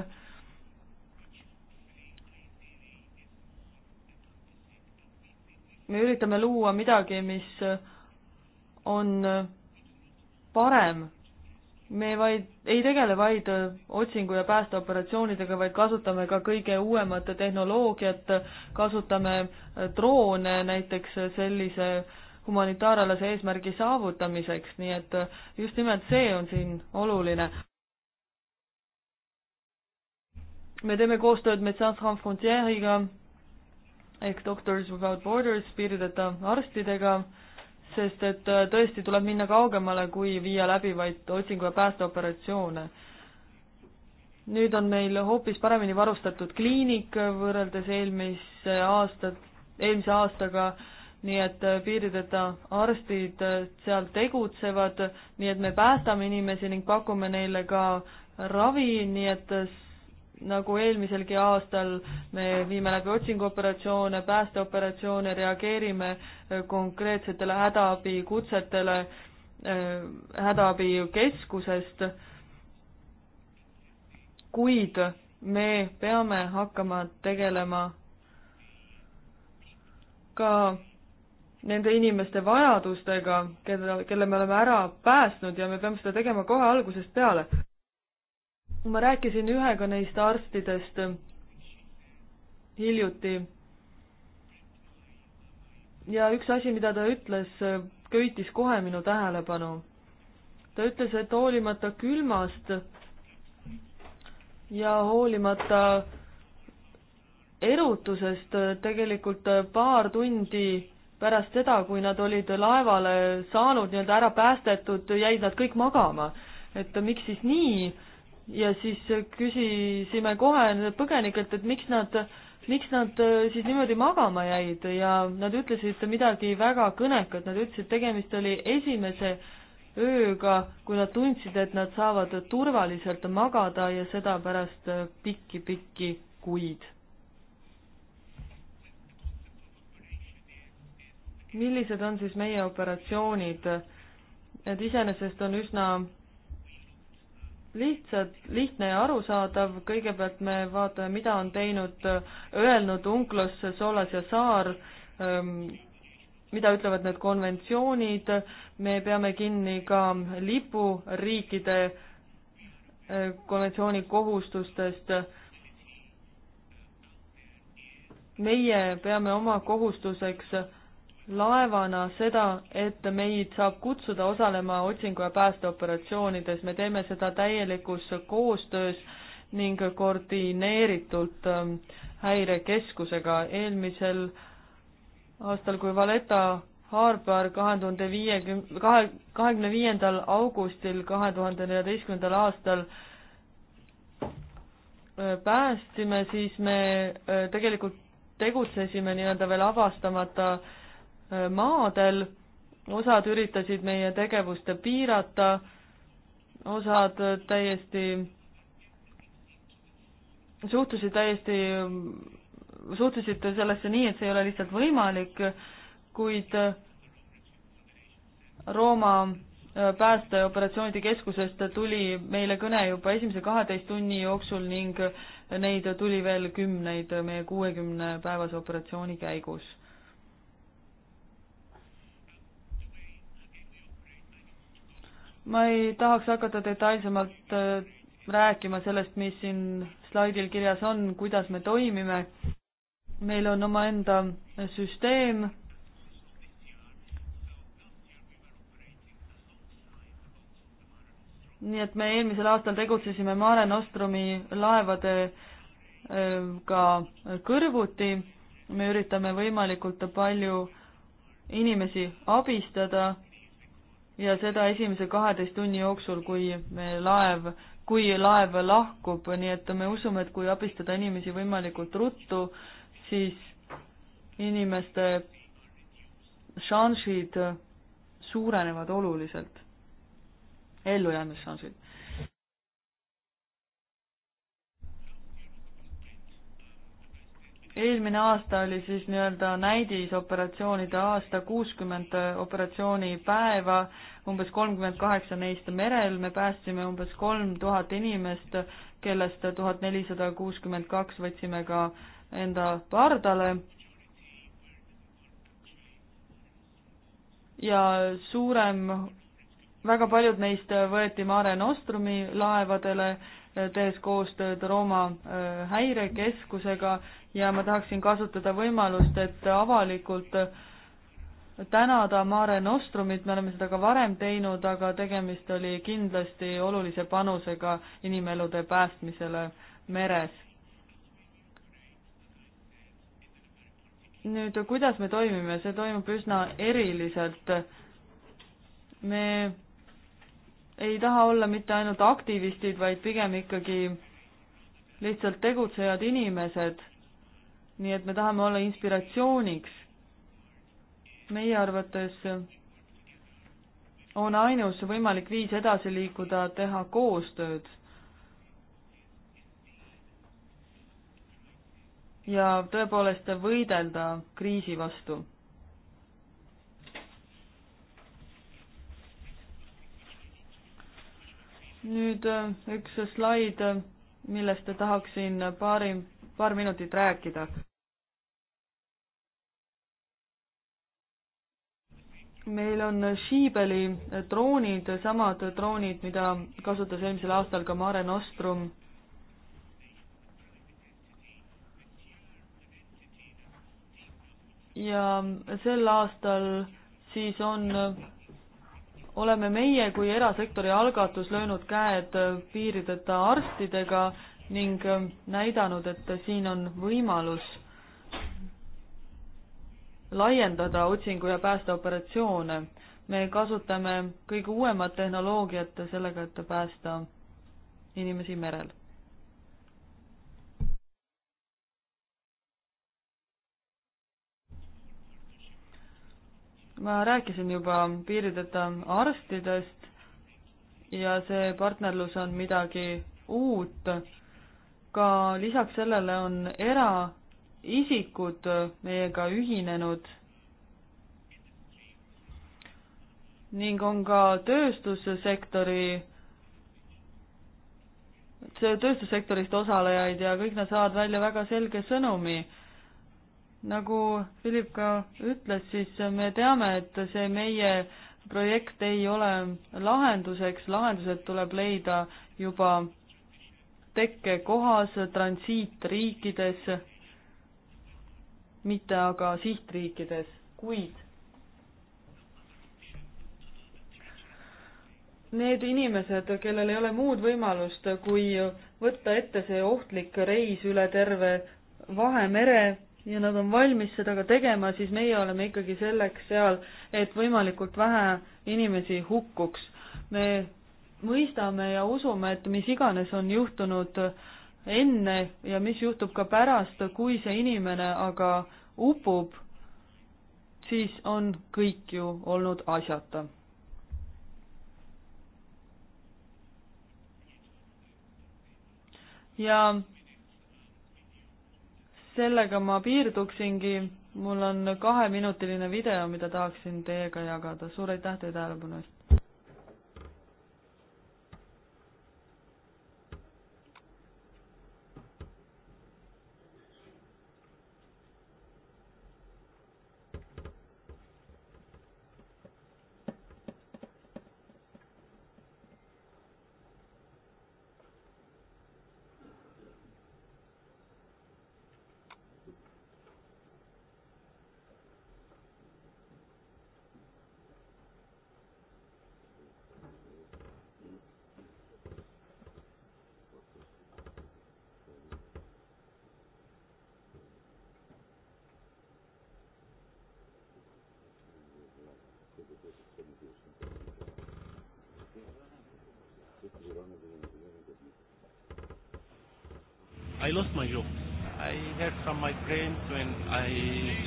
me üritame luua midagi, mis on äh, parem me vaid, ei tegele vaid äh, otsingu- ja päästeoperatsioonidega, vaid kasutame ka kõige uuemat tehnoloogiat, kasutame äh, droone näiteks äh, sellise humanitaaralase eesmärgi saavutamiseks, nii et just nimelt see on siin oluline. me teeme koostööd Médecins Sans Frontières'iga ehk Doctors Without Borders, piirideta arstidega sest et äh, tõesti tuleb minna kaugemale, kui viia läbi vaid otsingu- ja päästeoperatsioone. nüüd on meil hoopis paremini varustatud kliinik võrreldes eelmise aasta, eelmise aastaga, nii et äh, piirideta arstid äh, seal tegutsevad, nii et me päästame inimesi ning pakume neile ka ravi, nii et nagu eelmiselgi aastal me viime läbi otsinguoperatsioone, päästeoperatsioone, reageerime eh, konkreetsetele hädaabikutsetele eh, hädaabikeskusest, kuid me peame hakkama tegelema ka nende inimeste vajadustega, keda, kelle me oleme ära päästnud ja me peame seda tegema kohe algusest peale ma rääkisin ühega neist arstidest hiljuti ja üks asi, mida ta ütles, köitis kohe minu tähelepanu. ta ütles, et hoolimata külmast ja hoolimata erutusest tegelikult paar tundi pärast seda, kui nad olid laevale saanud nii-öelda ära päästetud, jäid nad kõik magama. et miks siis nii ja siis küsisime kohe põgenikelt, et miks nad, miks nad äh, siis niimoodi magama jäid ja nad ütlesid midagi väga kõnekat, nad ütlesid, tegemist oli esimese ööga, kui nad tundsid, et nad saavad turvaliselt magada ja seda pärast pikki-pikki äh, kuid. millised on siis meie operatsioonid? Need iseenesest on üsna lihtsad, lihtne ja arusaadav, kõigepealt me vaatame, mida on teinud, öelnud UNCLOS, Soolas ja Saar, ähm, mida ütlevad need konventsioonid, me peame kinni ka lipuriikide äh, konventsiooni kohustustest. meie peame oma kohustuseks laevana seda, et meid saab kutsuda osalema otsingu- ja päästeoperatsioonides, me teeme seda täielikus koostöös ning koordineeritult ähm, häirekeskusega. eelmisel aastal, kui Valeta Harbar kahe tuhande viiekümne, kahe, kahekümne viiendal augustil kahe tuhande neljateistkümnendal aastal äh, päästsime, siis me äh, tegelikult tegutsesime nii-öelda veel avastamata äh, maadel, osad üritasid meie tegevust piirata, osad täiesti, suhtusid täiesti, suhtusid sellesse nii, et see ei ole lihtsalt võimalik, kuid Rooma päästeoperatsioonide keskusest tuli meile kõne juba esimese kaheteist tunni jooksul ning neid tuli veel kümneid meie kuuekümne päevase operatsiooni käigus ma ei tahaks hakata detailsemalt äh, rääkima sellest, mis siin slaidil kirjas on, kuidas me toimime. meil on omaenda süsteem. nii et me eelmisel aastal tegutsesime Mare Nostrumi laevadega äh, kõrvuti. me üritame võimalikult palju inimesi abistada ja seda esimese kaheteist tunni jooksul, kui me laev, kui laev lahkub, nii et me usume, et kui abistada inimesi võimalikult ruttu, siis inimeste šansid suurenevad oluliselt, ellujäämisšansid. eelmine aasta oli siis nii-öelda näidisoperatsioonide aasta, kuuskümmend äh, operatsioonipäeva, umbes kolmkümmend kaheksa neist merel, me päästsime umbes kolm tuhat inimest, kellest tuhat nelisada kuuskümmend kaks võtsime ka enda pardale. ja suurem, väga paljud neist võeti Mare Nostrumi laevadele, tehes koostööd Rooma äh, häirekeskusega ja ma tahaksin kasutada võimalust, et avalikult tänada Mare Nostrumit, me oleme seda ka varem teinud, aga tegemist oli kindlasti olulise panusega inimelude päästmisele meres. nüüd, kuidas me toimime, see toimub üsna eriliselt. me ei taha olla mitte ainult aktivistid, vaid pigem ikkagi lihtsalt tegutsejad inimesed nii et me tahame olla inspiratsiooniks. meie arvates on ainus võimalik viis edasi liikuda, teha koostööd. ja tõepoolest võidelda kriisi vastu. nüüd äh, üks slaid, äh, millest tahaksin paari, paar minutit rääkida. meil on Schiebeli droonid, samad droonid, mida kasutas eelmisel aastal ka Mare Nostrum. ja sel aastal siis on, oleme meie kui erasektori algatus löönud käed piirideta arstidega ning näidanud, et siin on võimalus laiendada otsingu- ja päästeoperatsioone. me kasutame kõige uuemat tehnoloogiat sellega, et päästa inimesi merel. ma rääkisin juba piirideta arstidest ja see partnerlus on midagi uut. ka lisaks sellele on era- isikud äh, meiega ühinenud ning on ka tööstussektori, tööstussektorist osalejaid ja kõik nad saavad välja väga selge sõnumi. nagu Philip ka ütles, siis me teame, et see meie projekt ei ole lahenduseks, lahendused tuleb leida juba tekkekohas, transiitriikides mitte aga sihtriikides, kuid need inimesed, kellel ei ole muud võimalust, kui võtta ette see ohtlik reis üle terve Vahemere ja nad on valmis seda ka tegema, siis meie oleme ikkagi selleks seal, et võimalikult vähe inimesi hukkuks. me mõistame ja usume, et mis iganes on juhtunud äh, enne ja mis juhtub ka pärast, kui see inimene aga upub, siis on kõik ju olnud asjata. ja sellega ma piirduksingi, mul on kaheminutiline video, mida tahaksin teiega jagada, suur aitäh teie tähelepanu eest!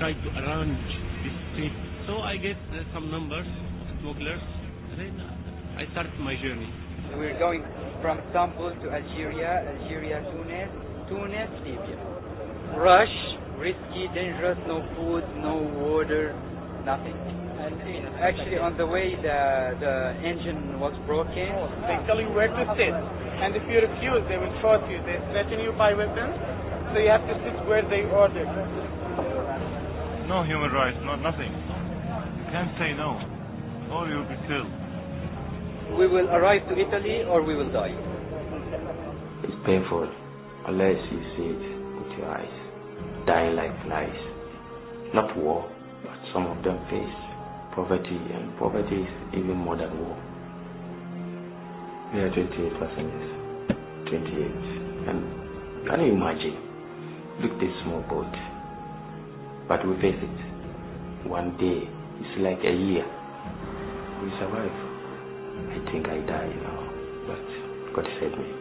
tried to arrange this trip. So I get uh, some numbers of smugglers. Then uh, I start my journey. So we're going from Istanbul to Algeria, Algeria, Tunis, Tunis, Libya. Rush, risky, dangerous, no food, no water, nothing. And uh, actually, on the way, the, the engine was broken. Oh, they tell you where to sit. And if you refuse, they will shoot you. They threaten you by weapons, so you have to sit where they ordered. No human rights, not nothing. You can't say no, or you'll be killed. We will arrive to Italy, or we will die. It's painful, unless you see it with your eyes. Dying like flies. Not war, but some of them face poverty, and poverty is even more than war. We are 28 passengers. 28. And can you imagine? Look this small boat. But we face it. One day, it's like a year. We survive. I think I die now, but God save me.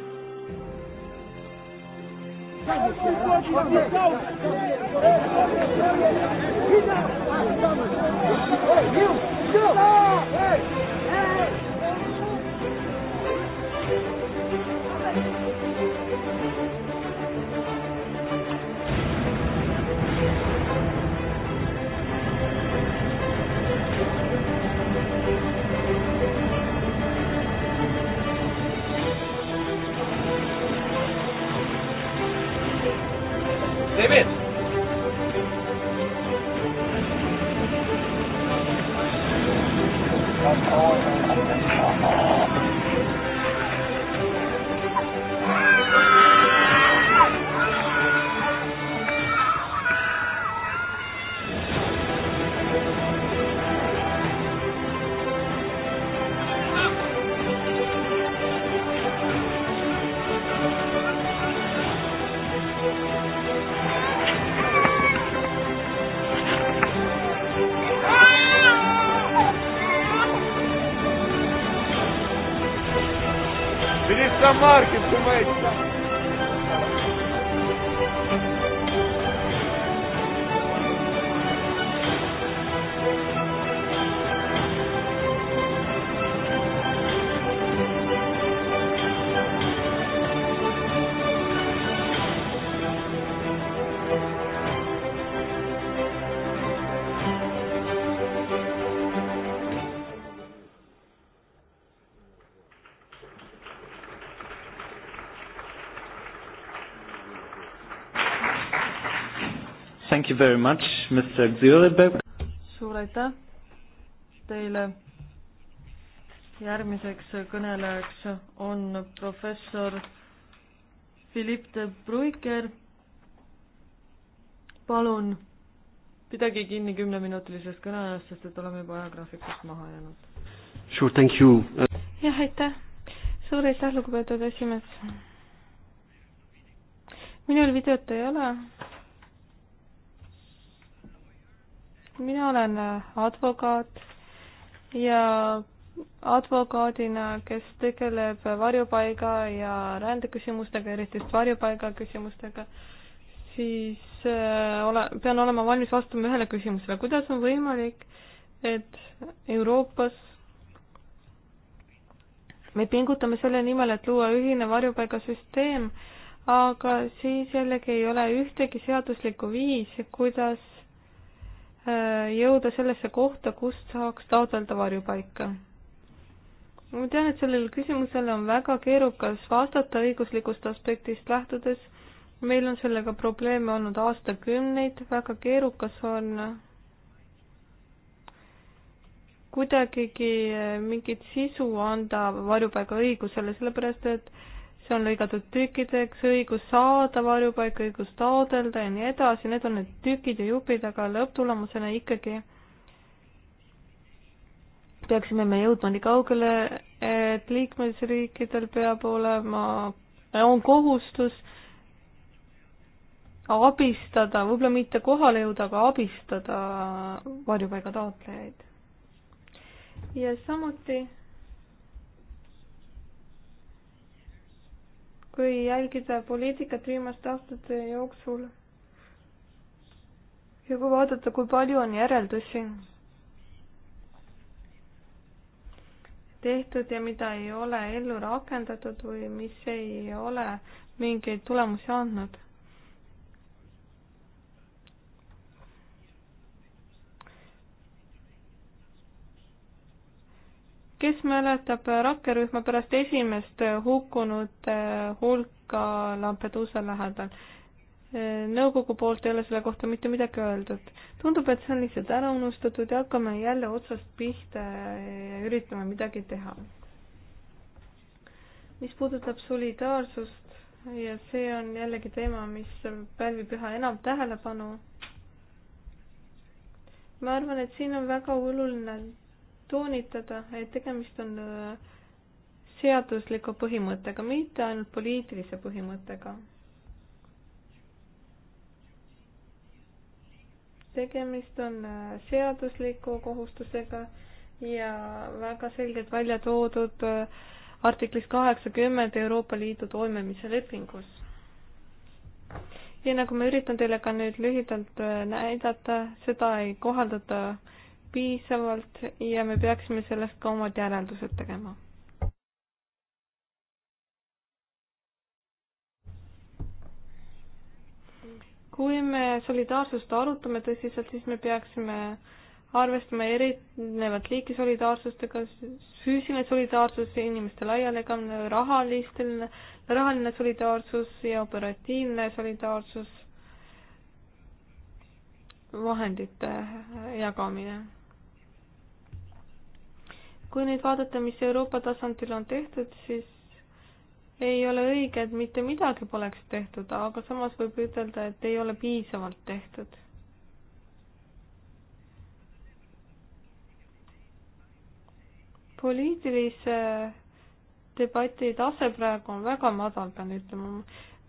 Hey, you! Hey! David. you very much, Mr Züriberg. suur aitäh teile. järgmiseks kõnelejaks on professor Philipp de Bruyker. palun pidage kinni kümneminutilisest kõneajast, sest et oleme juba ajagraafikust maha jäänud. Sure, thank you. jah, aitäh. suur aitäh, lugupeetud esimees. minul videot ei ole mina olen äh, advokaat ja advokaadina, kes tegeleb varjupaiga ja rändeküsimustega, eriti just varjupaiga küsimustega, siis äh, ole, pean olema valmis vastama ühele küsimusele, kuidas on võimalik, et Euroopas me pingutame selle nimel, et luua ühine varjupaigasüsteem, aga siis jällegi ei ole ühtegi seaduslikku viisi, kuidas Äh, jõuda sellesse kohta, kust saaks taotleda varjupaika. ma tean, et sellele küsimusele on väga keerukas vastata õiguslikust aspektist lähtudes. meil on sellega probleeme olnud aastakümneid, väga keerukas on kuidagigi mingit sisu anda varjupaiga õigusele, sellepärast et äh, see on lõigatud tükkideks, õigus saada varjupaika, õigus taodelda ja nii edasi, need on need tükid ja jupid, aga lõpptulemusena ikkagi peaksime me jõudma nii kaugele, et liikmesriikidel peab olema, on kohustus abistada, võib-olla mitte kohale jõuda, aga abistada varjupaiga taotlejaid. ja samuti kui jälgida poliitikat viimaste aastate jooksul ja kui vaadata, kui palju on järeldusi tehtud ja mida ei ole ellu rakendatud või mis ei ole mingeid tulemusi andnud kes mäletab rakkerühma pärast esimest hukkunute hulka Lampedusa lähedal? nõukogu poolt ei ole selle kohta mitte midagi öeldud. tundub, et see on lihtsalt ära unustatud ja hakkame jälle otsast pihta ja üritame midagi teha. mis puudutab solidaarsust ja see on jällegi teema, mis pälvib üha enam tähelepanu. ma arvan, et siin on väga oluline toonitada, et tegemist on äh, seadusliku põhimõttega, mitte ainult poliitilise põhimõttega. tegemist on äh, seadusliku kohustusega ja väga selgelt välja toodud äh, artiklis kaheksakümmend Euroopa Liidu toimimise lepingus. ja nagu ma üritan teile ka nüüd lühidalt näidata, seda ei kohaldata piisavalt ja me peaksime sellest ka omad järeldused tegema. kui me solidaarsust arutame tõsiselt, siis me peaksime arvestama erinevat liiki solidaarsustega, füüsiline solidaarsus, inimeste laialijagamine, rahaline, rahaline solidaarsus ja operatiivne solidaarsus vahendite jagamine kui nüüd vaadata, mis Euroopa tasandil on tehtud, siis ei ole õige, et mitte midagi poleks tehtud, aga samas võib ütelda, et ei ole piisavalt tehtud. poliitilise debati tase praegu on väga madal, pean ütlema.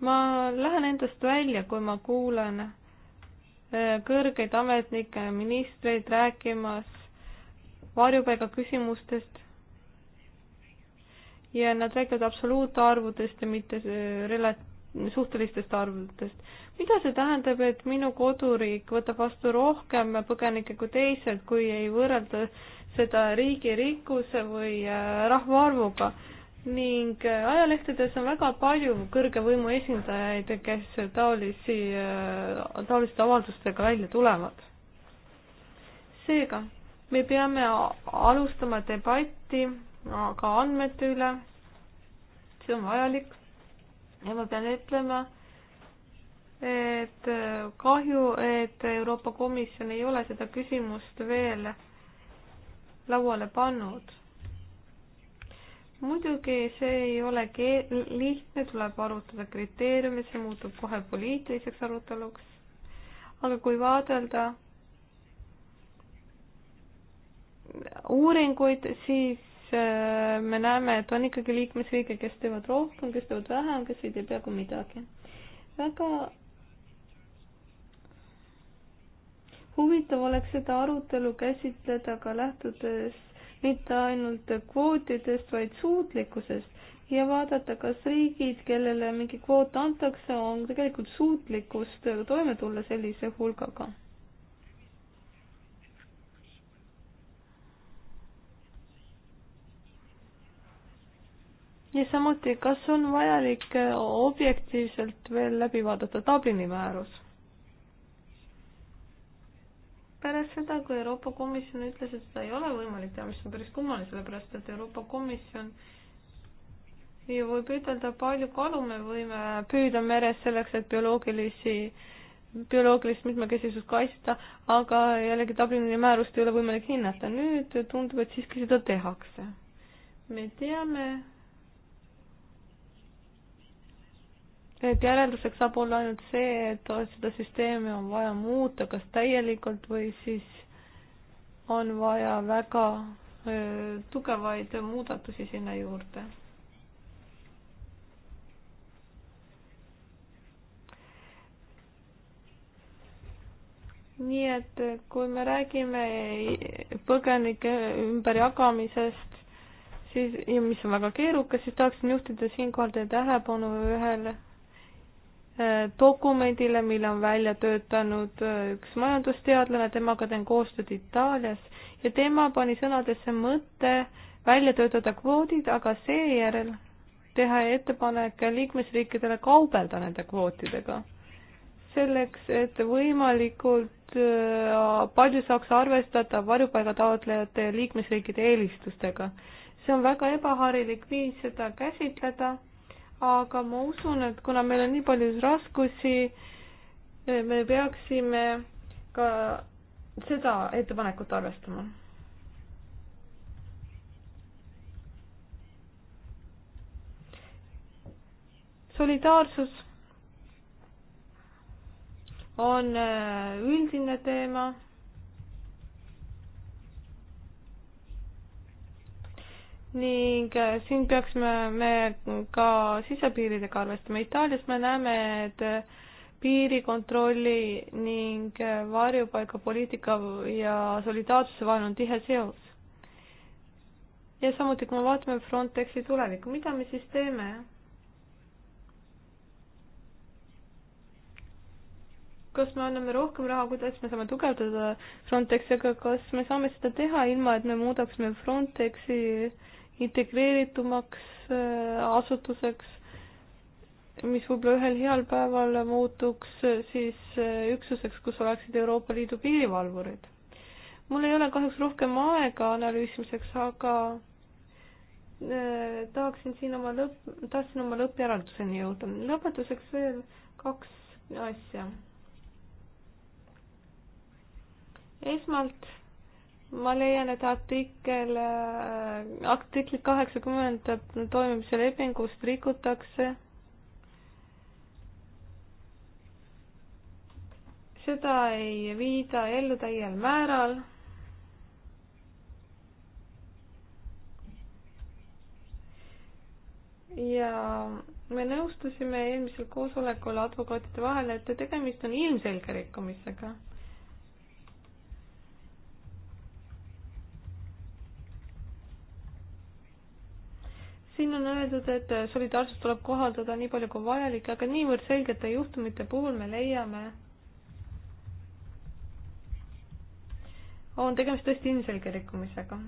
ma lähen endast välja, kui ma kuulen eh, kõrgeid ametnikke, ministreid rääkimas varjupaiga küsimustest ja nad räägivad absoluutarvudest ja mitte äh, rela-, suhtelistest arvudest. mida see tähendab, et minu koduriik võtab vastu rohkem põgenikke kui teised, kui ei võrrelda seda riigi rikkuse või äh, rahvaarvuga? ning äh, ajalehtedes on väga palju kõrge võimu esindajaid, kes taolisi, taoliste avaldustega välja tulevad. seega me peame alustama debatti ka andmete üle, see on vajalik ja ma pean ütlema, et kahju, et Euroopa Komisjon ei ole seda küsimust veel lauale pannud muidugi see ei ole lihtne, tuleb arutada kriteeriume, see muutub kohe poliitiliseks aruteluks. aga kui vaadelda uuringuid, siis äh, me näeme, et on ikkagi liikmesriike, kes teevad rohkem, kes teevad vähem, kes ei tee peaaegu midagi. väga huvitav oleks seda arutelu käsitleda ka lähtudes mitte ainult kvootidest, vaid suutlikkusest ja vaadata, kas riigid, kellele mingi kvoot antakse, on tegelikult suutlikkust toime tulla sellise hulgaga ja samuti, kas on vajalik äh, objektiivselt veel läbi vaadata Dublini määrus? pärast seda, kui Euroopa Komisjon ütles, et seda ei ole võimalik teha, mis on päris kummaline, sellepärast et Euroopa Komisjon ju võib ütelda, palju kalu me võime püüda meres selleks, et bioloogilisi, bioloogilist mitmekesisust kaitsta, aga jällegi Dublini määrust ei ole võimalik hinnata. nüüd tundub, et siiski seda tehakse. me teame, et järelduseks saab olla ainult see, et seda süsteemi on vaja muuta kas täielikult või siis on vaja väga tugevaid muudatusi sinna juurde. nii et kui me räägime põgenike ümberjagamisest, siis, ja mis on väga keerukas, siis tahaksin juhtida siinkohal teie tähelepanu ühele Äh, dokumendile, mille on välja töötanud äh, üks majandusteadlane, temaga teen koostööd Itaalias ja tema pani sõnadesse mõtte välja töötada kvoodid, aga seejärel teha ettepanek liikmesriikidele kaubelda nende kvootidega. selleks, et võimalikult äh, palju saaks arvestada varjupaiga taotlejate ja liikmesriikide eelistustega. see on väga ebaharilik viis seda käsitleda aga ma usun, et kuna meil on nii palju raskusi, eh, me peaksime ka seda ettepanekut arvestama. solidaarsus on eh, üldine teema ning äh, siin peaksime me ka sisepiiridega arvestama. Itaalias me näeme, et äh, piirikontrolli ning äh, varjupaigapoliitika ja solidaarsuse vahel on tihe seos. ja samuti, kui me vaatame Frontexi tulevikku, mida me siis teeme? kas me anname rohkem raha, kuidas me saame tugevdada Frontexi, aga kas me saame seda teha ilma, et me muudaksime Frontexi integreeritumaks äh, asutuseks, mis võib-olla ühel heal päeval muutuks äh, siis äh, üksuseks, kus oleksid Euroopa Liidu piirivalvurid. mul ei ole kahjuks rohkem aega analüüsimiseks, aga tahaksin siin oma lõpp, tahtsin oma lõppjärelduseni jõuda. lõpetuseks veel kaks asja. esmalt ma leian, et artikkel, äh, artikli kaheksakümmend toimimise lepingust rikutakse. seda ei viida ellu täiel määral. ja me nõustusime eelmisel koosolekul advokaatide vahel, et tegemist on ilmselge rikkumisega siin on öeldud, et solidaarsust tuleb kohaldada nii palju kui vajalik, aga niivõrd selgete juhtumite puhul me leiame, on tegemist tõesti ilmselge rikkumisega.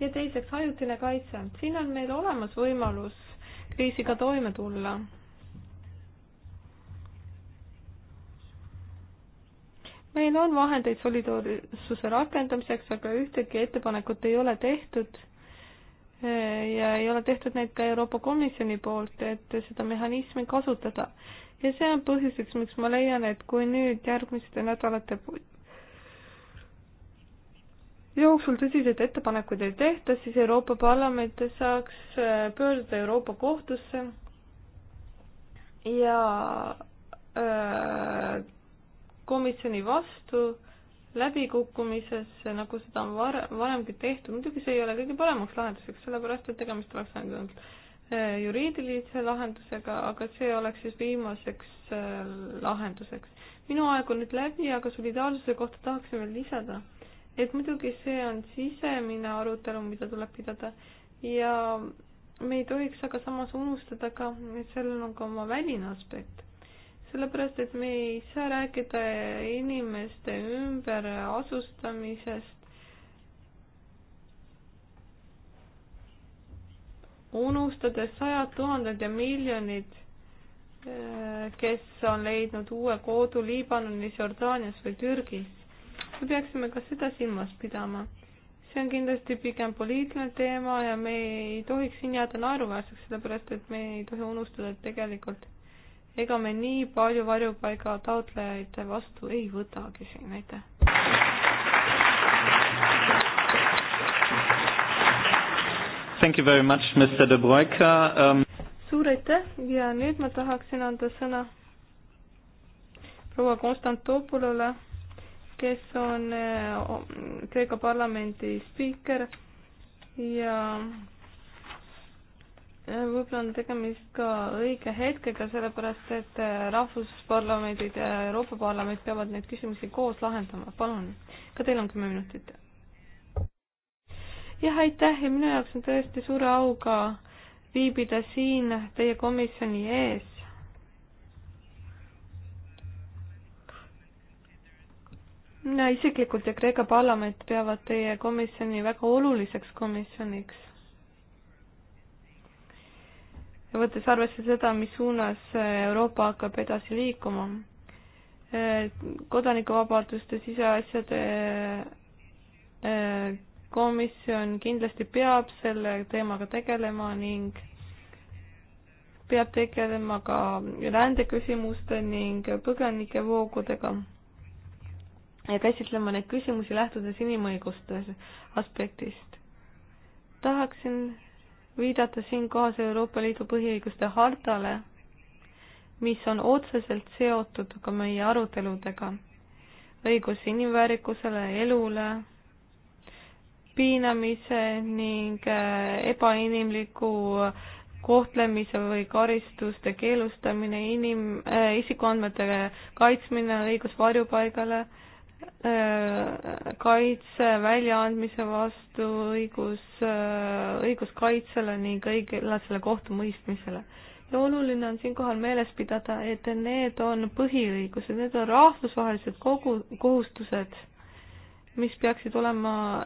ja teiseks, ajutine kaitse. siin on meil olemas võimalus kriisiga toime tulla meil on vahendeid solidaarsuse rakendamiseks, aga ühtegi ettepanekut ei ole tehtud ja ei ole tehtud neid ka Euroopa Komisjoni poolt, et seda mehhanismi kasutada. ja see on põhjuseks, miks ma leian, et kui nüüd järgmiste nädalate jooksul tõsiseid ettepanekuid ei tehta, siis Euroopa Parlament saaks äh, pöörduda Euroopa Kohtusse ja öö, äh, komisjoni vastu läbikukkumises, nagu seda on var-, varemgi tehtud, muidugi see ei ole kõige paremaks lahenduseks, sellepärast et tegemist oleks ainult äh, juriidilise lahendusega, aga see oleks siis viimaseks äh, lahenduseks. minu aeg on nüüd läbi, aga solidaarsuse kohta tahaksin veel lisada, et muidugi see on sisemine arutelu, mida tuleb pidada ja me ei tohiks aga samas unustada ka, et sellel on ka oma väline aspekt sellepärast, et me ei saa rääkida inimeste ümberasustamisest. unustades sajad tuhanded ja miljonid, äh, kes on leidnud uue kodu Liibanonis, Jordaanias või Türgis. me peaksime ka seda silmas pidama. see on kindlasti pigem poliitiline teema ja me ei tohiks siin jääda naeruväärseks, sellepärast et me ei tohi unustada, et tegelikult ega me nii palju varjupaiga taotlejaid vastu ei võtagi siin, aitäh. Thank you very much, Mr De Broeka um.... suur aitäh ja nüüd ma tahaksin anda sõna proua Konstantopolole, kes on eh, Kreeka parlamendi spiiker ja võib-olla on tegemist ka õige hetkega, sellepärast et äh, rahvusparlamendid ja Euroopa Parlament peavad neid küsimusi koos lahendama. palun, ka teil on kümme minutit. jah, aitäh ja minu jaoks on tõesti suure auga viibida siin teie komisjoni ees. mina isiklikult ja Kreeka parlament peavad teie komisjoni väga oluliseks komisjoniks võttes arvesse seda, mis suunas äh, Euroopa hakkab edasi liikuma. Äh, kodanikuvabaduste siseasjade äh, komisjon kindlasti peab selle teemaga tegelema ning peab tegelema ka rändeküsimuste ning põgenikevoogudega ja käsitlema neid küsimusi lähtudes inimõiguste aspektist. tahaksin viidata siinkohas Euroopa Liidu põhiõiguste hartale, mis on otseselt seotud ka meie aruteludega. õigus inimväärikusele, elule, piinamise ning äh, ebainimliku äh, kohtlemise või karistuste keelustamine, inim- äh,, isikuandmete kaitsmine, õigus varjupaigale äh,, kaitse väljaandmise vastu, õigus, õiguskaitsele ning õiglasele kohtumõistmisele. ja oluline on siinkohal meeles pidada, et need on põhiõigused, need on rahvusvahelised kogu, kohustused, mis peaksid olema,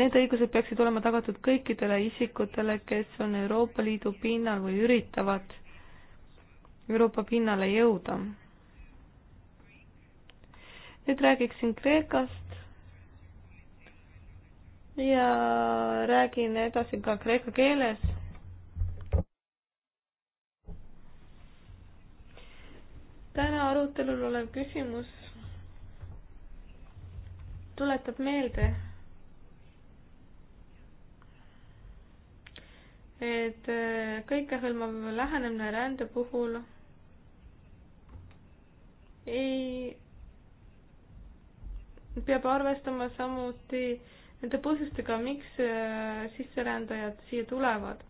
need õigused peaksid olema tagatud kõikidele isikutele, kes on Euroopa Liidu pinnal või üritavad Euroopa pinnale jõuda nüüd räägiksin Kreekast ja räägin edasi ka kreeka keeles. täna arutelul olev küsimus tuletab meelde, et kõikehõlmav lähenemine rände puhul ei peab arvestama samuti nende põhjustega, miks äh, sisserändajad siia tulevad.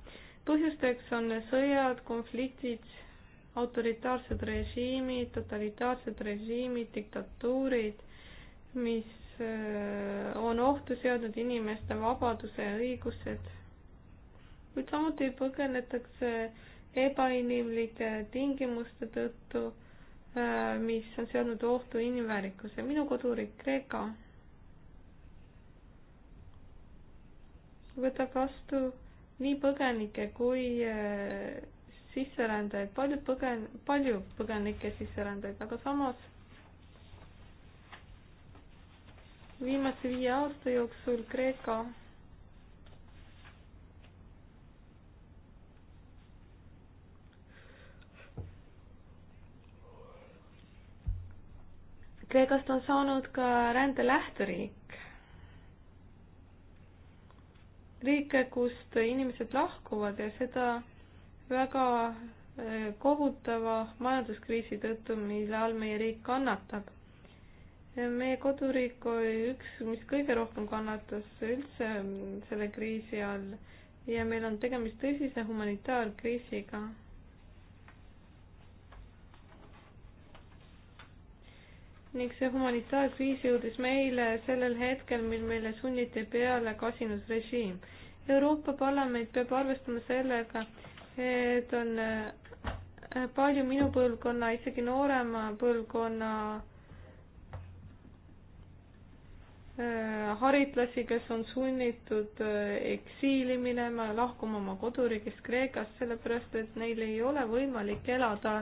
põhjusteks on sõjad, konfliktid, autoritaarsed režiimid, totalitaarsed režiimid, diktatuurid, mis äh, on ohtu seadnud inimeste vabaduse ja õigused. kuid samuti põgenetakse ebainimlike tingimuste tõttu Äh, mis on seadnud ohtu inimväärikuse. minu koduriik Kreeka võtab vastu nii põgenikke kui äh, sisserändajaid, palju põgen-, palju põgenikke sisserändajaid, aga samas viimase viie aasta jooksul Kreeka Kreekast on saanud ka rände lähteriik. riike, kust inimesed lahkuvad ja seda väga eh, kohutava majanduskriisi tõttu, mille all meie riik kannatab. meie koduriik oli üks, mis kõige rohkem kannatas üldse mm, selle kriisi all ja meil on tegemist tõsise humanitaarkriisiga ning see humanitaarkriis jõudis meile sellel hetkel, mil meile sunniti peale kasinus režiim. Euroopa Parlament peab arvestama sellega, et on äh, palju minu põlvkonna, isegi noorema põlvkonna äh, haritlasi, kes on sunnitud äh, eksiili minema, lahkuma oma koduriigist Kreekast, sellepärast et neil ei ole võimalik elada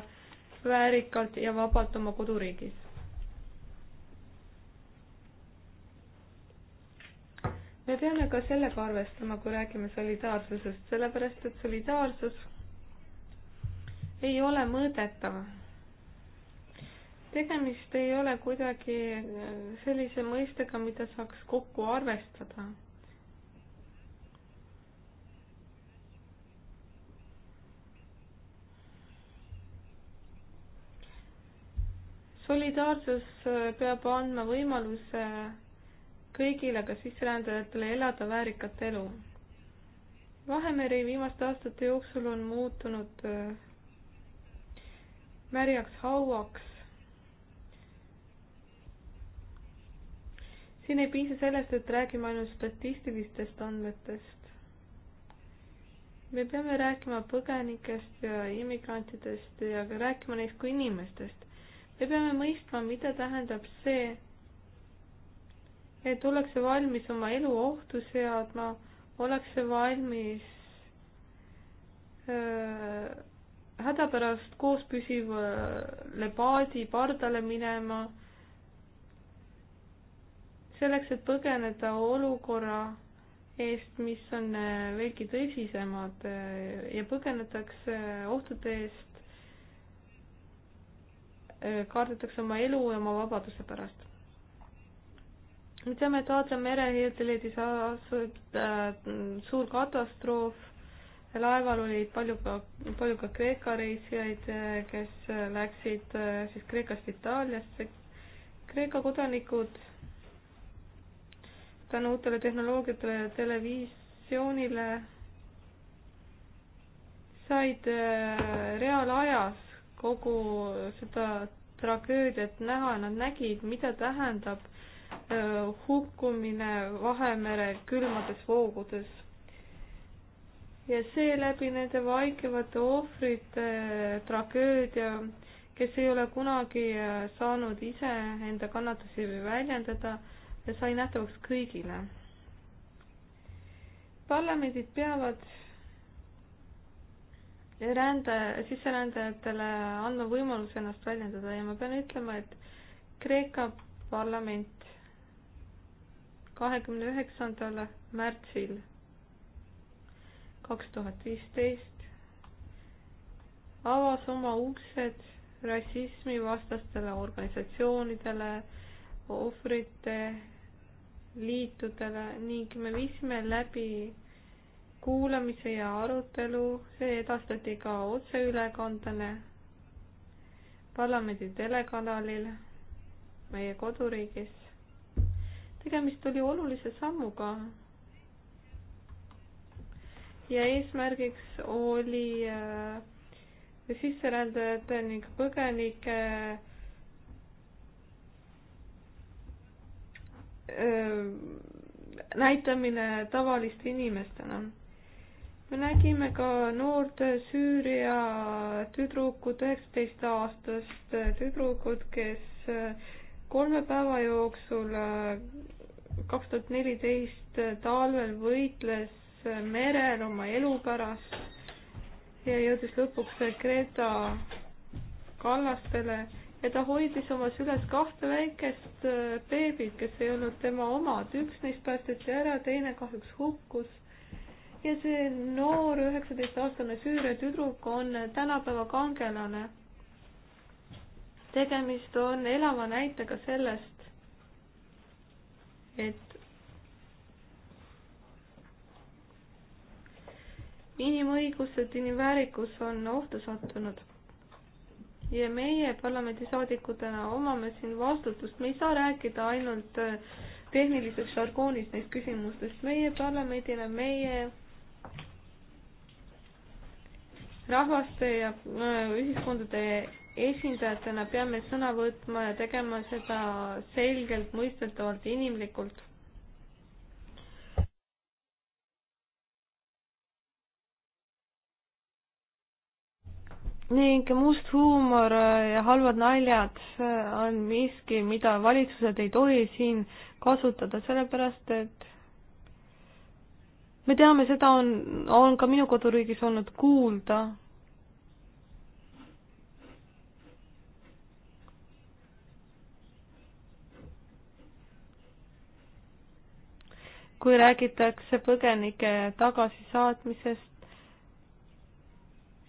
väärikalt ja vabalt oma koduriigis me peame ka sellega arvestama, kui räägime solidaarsusest, sellepärast et solidaarsus ei ole mõõdetav. tegemist ei ole kuidagi äh, sellise mõistega, mida saaks kokku arvestada. solidaarsus äh, peab andma võimaluse kõigile, ka sisserändajatele elada väärikat elu. Vahemeri viimaste aastate jooksul on muutunud äh, märjaks hauaks. siin ei piisa sellest, et räägime ainult statistilistest andmetest. me peame rääkima põgenikest ja immigrantidest ja ka rääkima neist kui inimestest. me peame mõistma, mida tähendab see, et ollakse valmis oma elu ohtu seadma, ollakse valmis öö, äh, hädapärast koos püsivale paadi pardale minema, selleks, et põgeneda olukorra eest, mis on äh, veelgi tõsisemad äh, ja põgenetakse ohtude eest, kardetakse oma elu ja oma vabaduse pärast me teame, et Aadria merejõudel leidis aset äh, suur katastroof. laeval olid palju ka, palju ka Kreeka reisijaid, äh, kes äh, läksid äh, siis Kreekast Itaaliasse. Kreeka kodanikud tänu uutele tehnoloogiatele ja televisioonile said äh, reaalajas kogu seda tragöödiat näha, nad nägid, mida tähendab hukkumine Vahemere külmades voogudes. ja seeläbi nende vaikivate ohvrite tragöödia, kes ei ole kunagi saanud ise enda kannatusi väljendada, sai nähtavaks kõigile. parlamendid peavad rände, sisserändajatele andma võimaluse ennast väljendada ja ma pean ütlema, et Kreeka parlament kahekümne üheksandal märtsil kaks tuhat viisteist avas oma uksed rassismivastastele organisatsioonidele, ohvrite liitudele ning me viisime läbi kuulamise ja arutelu, see edastati ka otseülekandele parlamendi telekanalil meie koduriigis tegemist oli olulise sammuga. ja eesmärgiks oli äh, sisserändajate ning põgenike äh, näitamine tavaliste inimestena. me nägime ka noort Süüria tüdrukut, üheksateist aastast tüdrukut, kes äh, kolme päeva jooksul kaks tuhat neliteist talvel võitles merel oma elu pärast ja jõudis lõpuks Kreeta kallastele ja ta hoidis oma süles kahte väikest äh, beebit, kes ei olnud tema omad. üks neist päästeti ära, teine kahjuks hukkus. ja see noor üheksateistaastane Süüria tüdruk on tänapäeva kangelane. tegemist on elava näitega sellest, et inimõigused, inimväärikus on ohtu sattunud. ja meie parlamendisaadikutena omame siin vastutust, me ei saa rääkida ainult äh, tehnilises žargoonis neist küsimustest, meie parlamendina, meie rahvaste ja äh, ühiskondade esindajatena peame sõna võtma ja tegema seda selgelt, mõistetavalt, inimlikult. ning must huumor ja halvad naljad on miski, mida valitsused ei tohi siin kasutada, sellepärast et me teame, seda on, on ka minu koduriigis olnud kuulda kui räägitakse põgenike tagasisaatmisest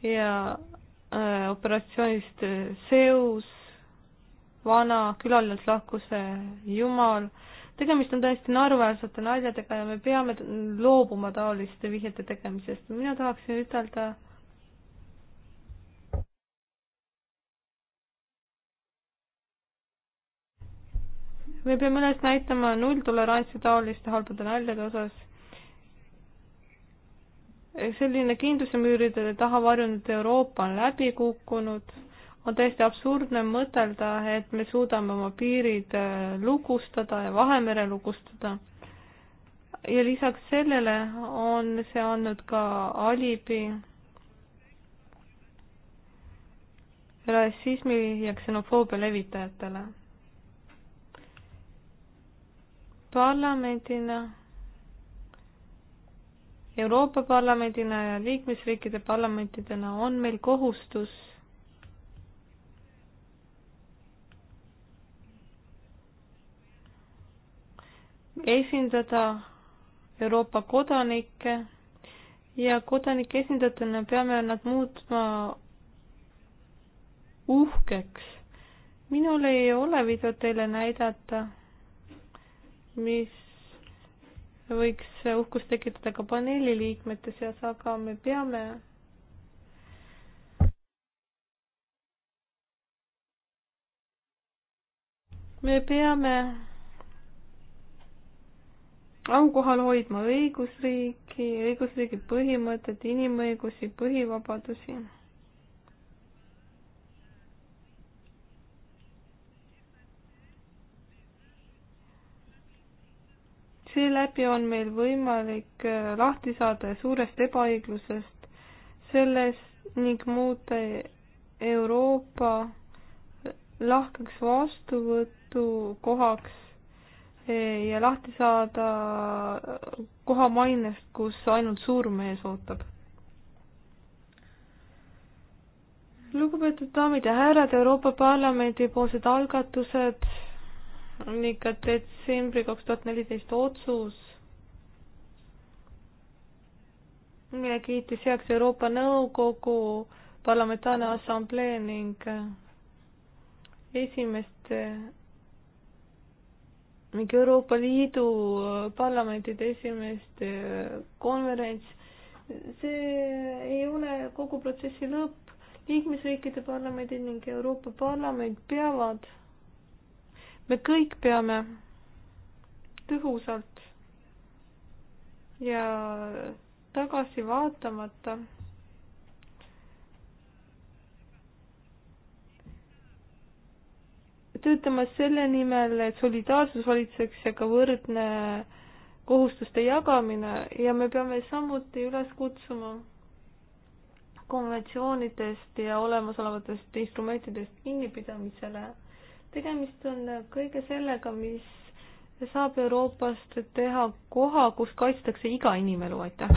ja äh, operatsioonist Seus, äh, vana, külalist lahkus Jumal, tegemist on täiesti naeruväärsete naljadega ja me peame loobuma taoliste vihjete tegemisest. mina tahaksin ütelda äh, me peame üles näitama nulltolerantsi taoliste halbade naljade osas. selline kindluse müüride taha varjunud Euroopa on läbi kukkunud. on täiesti absurdne mõtelda, et me suudame oma piirid äh, lukustada ja Vahemere lukustada. ja lisaks sellele on see andnud ka alibi rassismi ja ksenofoobia levitajatele parlamendina, Euroopa Parlamendina ja liikmesriikide parlamentidena on meil kohustus esindada Euroopa kodanikke ja kodanike esindajatena peame nad muutma uhkeks. minul ei ole videot teile näidata mis võiks uhkust tekitada ka paneeli liikmete seas, aga me peame me peame aukohal hoidma õigusriiki, õigusriigi põhimõtet, inimõigusi, põhivabadusi seeläbi on meil võimalik äh, lahti saada suurest ebaõiglusest selles ning muuta Euroopa äh, lahkeks vastuvõtukohaks äh, ja lahti saada koha mainest, kus ainult suurmees ootab. lugupeetud daamid ja härrad, Euroopa Parlamendi poolsed algatused ning ka detsembri kaks tuhat neliteist otsus, mille kiitis heaks Euroopa Nõukogu Parlamentaarne Assamblee ning äh, esimeste äh, ning Euroopa Liidu äh, parlamentide esimeeste konverents, see ei ole kogu protsessi lõpp, liikmesriikide parlamendid ning Euroopa Parlament peavad me kõik peame tõhusalt ja tagasi vaatamata töötamas selle nimel, et solidaarsus valitseks ja ka võrdne kohustuste jagamine ja me peame samuti üles kutsuma konventsioonidest ja olemasolevatest instrumentidest kinnipidamisele tegemist on kõige sellega, mis saab Euroopast teha koha, kus kaitstakse iga inimelu, aitäh.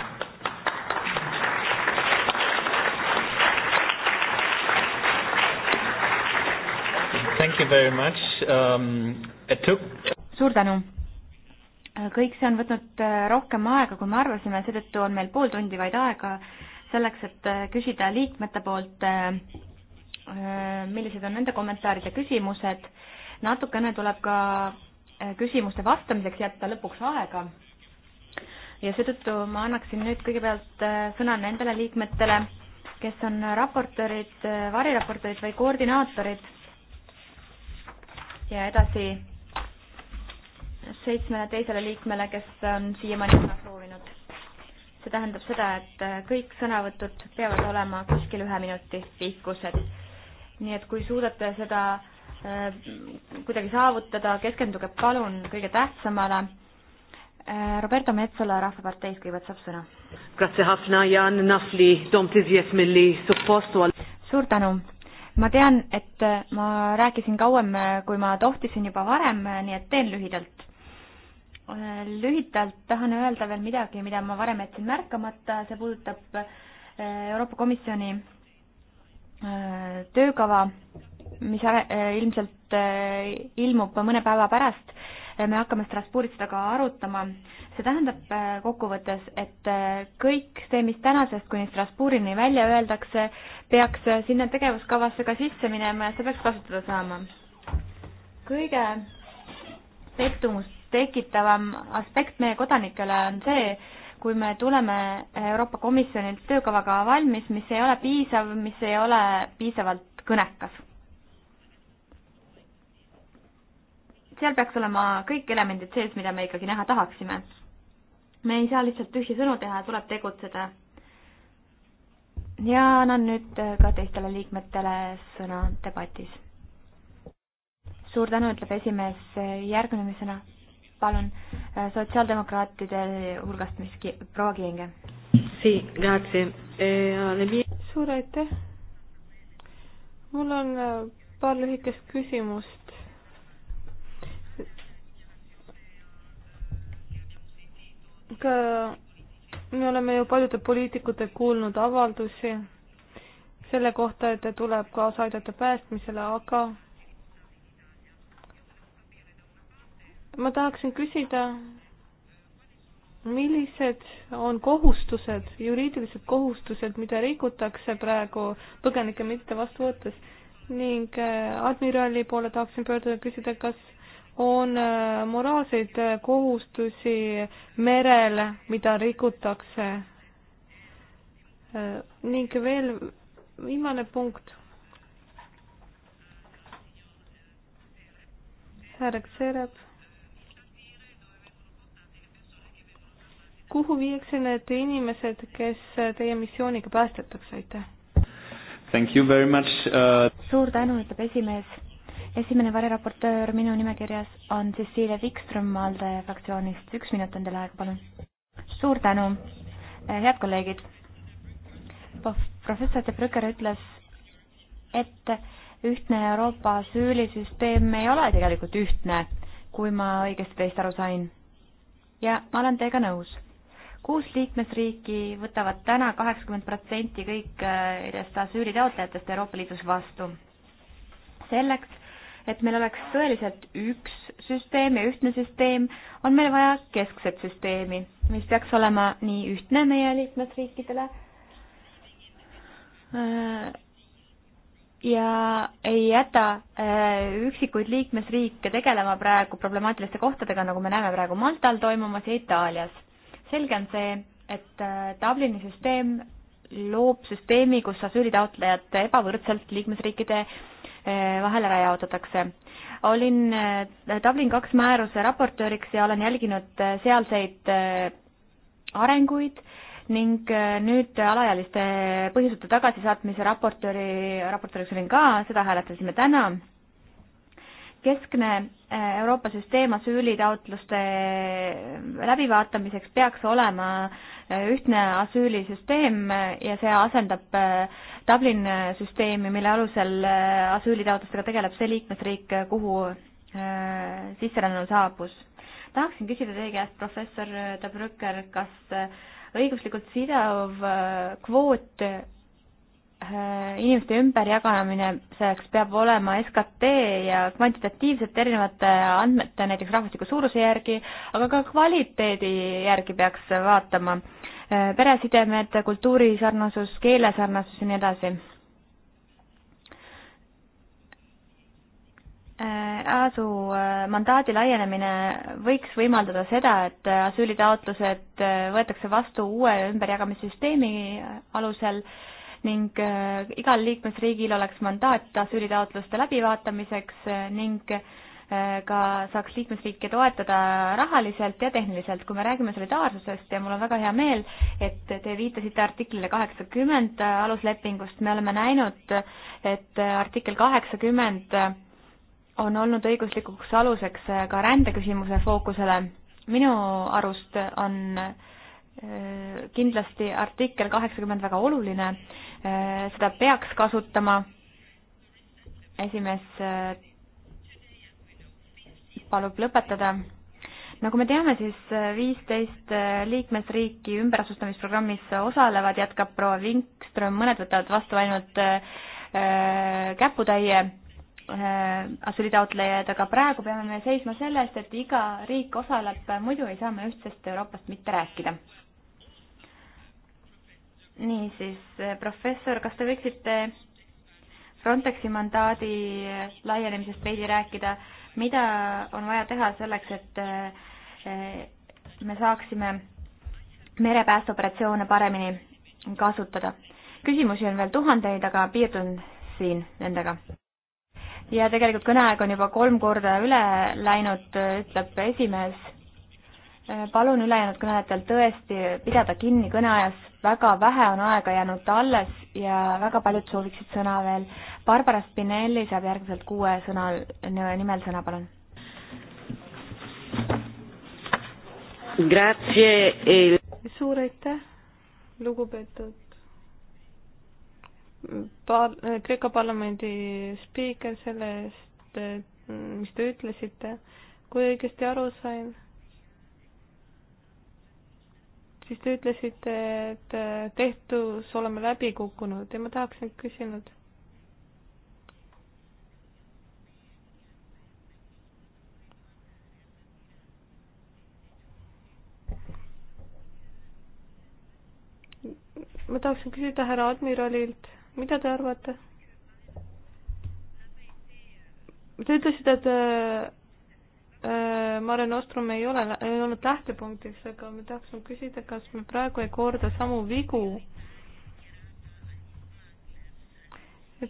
Thank you very much um,. Took... suur tänu. kõik see on võtnud äh, rohkem aega, kui me arvasime, seetõttu on meil pool tundi vaid aega selleks, et äh, küsida liikmete poolt äh, Äh, millised on nende kommentaarid ja küsimused. natukene tuleb ka äh, küsimuste vastamiseks jätta lõpuks aega. ja seetõttu ma annaksin nüüd kõigepealt äh, sõna nendele liikmetele, kes on raportöörid, variraportöörid või koordinaatorid. ja edasi seitsmele teisele liikmele, kes on siiamaani sõna soovinud. see tähendab seda, et kõik sõnavõtud peavad olema kuskil ühe minuti pikkused nii et kui suudate seda äh, kuidagi saavutada, keskenduge palun kõige tähtsamale. Äh, Roberta Metsola Rahvaparteist kõigepealt saab sõna. suur tänu. ma tean, et äh, ma rääkisin kauem, kui ma tohtisin juba varem, nii et teen lühidalt. lühidalt tahan öelda veel midagi, mida ma varem jätsin märkamata, see puudutab Euroopa Komisjoni töökava, mis ilmselt ilmub mõne päeva pärast, me hakkame Strasbourgis seda ka arutama. see tähendab kokkuvõttes, et kõik see, mis tänasest kuni Strasbourgini välja öeldakse, peaks sinna tegevuskavasse ka sisse minema ja see peaks kasutada saama. kõige pettumust tekitavam aspekt meie kodanikele on see, kui me tuleme Euroopa Komisjonilt töökavaga valmis, mis ei ole piisav, mis ei ole piisavalt kõnekas. seal peaks olema kõik elemendid sees, mida me ikkagi näha tahaksime. me ei saa lihtsalt tühje sõnu teha, tuleb tegutseda. ja annan nüüd ka teistele liikmetele sõna debatis. suur tänu, ütleb esimees järgnemisena palun, äh, sotsiaaldemokraatide hulgast miski, proua Kienge. Eh, suur aitäh. mul on äh, paar lühikest küsimust. ka me oleme ju paljude poliitikute kuulnud avaldusi selle kohta, et tuleb kaasa aidata päästmisele, aga ma tahaksin küsida, millised on kohustused, juriidilised kohustused, mida rikutakse praegu põgenike mitte vastu võttes ning äh, admirali poole tahaksin pöörduda ja küsida, kas on äh, moraalseid äh, kohustusi merel, mida rikutakse. ning veel viimane punkt. härra Kserep kuhu viiakse need inimesed, kes teie missiooniga päästetakse, aitäh! Thank you very much uh...! suur tänu, ütleb esimees. esimene variraportöör minu nimekirjas on Cecilia Wikström ALDE fraktsioonist, üks minut on teil aega, palun. suur tänu, eh, head kolleegid! professor De Brücker ütles, et ühtne Euroopa asüülisüsteem ei ole tegelikult ühtne, kui ma õigesti teist aru sain. ja ma olen teiega nõus kuus liikmesriiki võtavad täna kaheksakümmend protsenti kõik järjest äh, asüüli taotlejatest Euroopa Liidus vastu. selleks, et meil oleks tõeliselt üks süsteem ja ühtne süsteem, on meil vaja keskset süsteemi, mis peaks olema nii ühtne meie liikmesriikidele äh, ja ei jäta äh, üksikuid liikmesriike tegelema praegu problemaatiliste kohtadega, nagu me näeme praegu Maltal toimumas ja Itaalias selge on see, et äh, Dublini süsteem loob süsteemi, kus asüülitaotlejad ebavõrdselt liikmesriikide äh, vahel ära jaotatakse. olin äh, Dublin kaks määruse raportööriks ja olen jälginud sealseid arenguid ning nüüd alaealiste põhjuseta tagasisaatmise raportööri, raportööriks olin ka, seda hääletasime täna keskne äh, Euroopa süsteem asüülitaotluste äh, läbivaatamiseks peaks olema äh, ühtne asüülisüsteem ja see asendab Dublin süsteemi, mille alusel asüülitaotlustega tegeleb see liikmesriik, kuhu sisserännu saabus. tahaksin küsida teie käest, professor Dabrücker, kas õiguslikult sidav kvoot Äh, inimeste ümberjagamiseks peab olema SKT ja kvantitatiivselt erinevate andmete, näiteks rahvastiku suuruse järgi, aga ka kvaliteedi järgi peaks vaatama. Äh, peresidemed, kultuuri sarnasus, keele sarnasus ja nii edasi. Äh, ASU mandaadi laienemine võiks võimaldada seda, et asüülitaotlused võetakse vastu uue ümberjagamissüsteemi alusel ning äh, igal liikmesriigil oleks mandaat asüülitaotluste läbivaatamiseks äh, ning äh, ka saaks liikmesriike toetada rahaliselt ja tehniliselt. kui me räägime solidaarsusest ja mul on väga hea meel, et te viitasite artiklile kaheksakümmend aluslepingust, me oleme näinud, et artikkel kaheksakümmend on olnud õiguslikuks aluseks ka rändeküsimuse fookusele. minu arust on kindlasti artikkel kaheksakümmend väga oluline Äh, seda peaks kasutama. esimees äh, palub lõpetada. nagu me teame, siis äh, viisteist liikmesriiki ümberasustamisprogrammis osalevad, jätkab proua Linkström, mõned võtavad vastu ainult käputäie asüülitaotlejaid, aga praegu peame me seisma selle eest, et iga riik osaleb, muidu ei saa me ühtsest Euroopast mitte rääkida niisiis, professor, kas te võiksite Frontexi mandaadi laienemisest veidi rääkida, mida on vaja teha selleks, et eh, me saaksime merepäästeoperatsioone paremini kasutada? küsimusi on veel tuhandeid, aga piirdun siin nendega. ja tegelikult kõneaeg on juba kolm korda üle läinud, ütleb esimees Äh, palun ülejäänud kõnelejatel tõesti pidada kinni kõneajas, väga vähe on aega jäänud alles ja väga paljud sooviksid sõna veel. Barbara Spinelli saab järgmiselt kuue sõna, nimel sõna, palun. suur aitäh, lugupeetud par-, Kreeka parlamendi spiiker selle eest, mis te ütlesite, kui õigesti aru sain siis te ütlesite, et äh, tehtus oleme läbi kukkunud ja ma tahaksin küsinud. ma tahaksin küsida härra admiralilt, mida te arvate? Te ütlesite, et äh, Äh, Mare Nostrum ei ole, ei olnud lähtepunktiks, aga ma tahtsin küsida, kas me praegu ei korda samu vigu.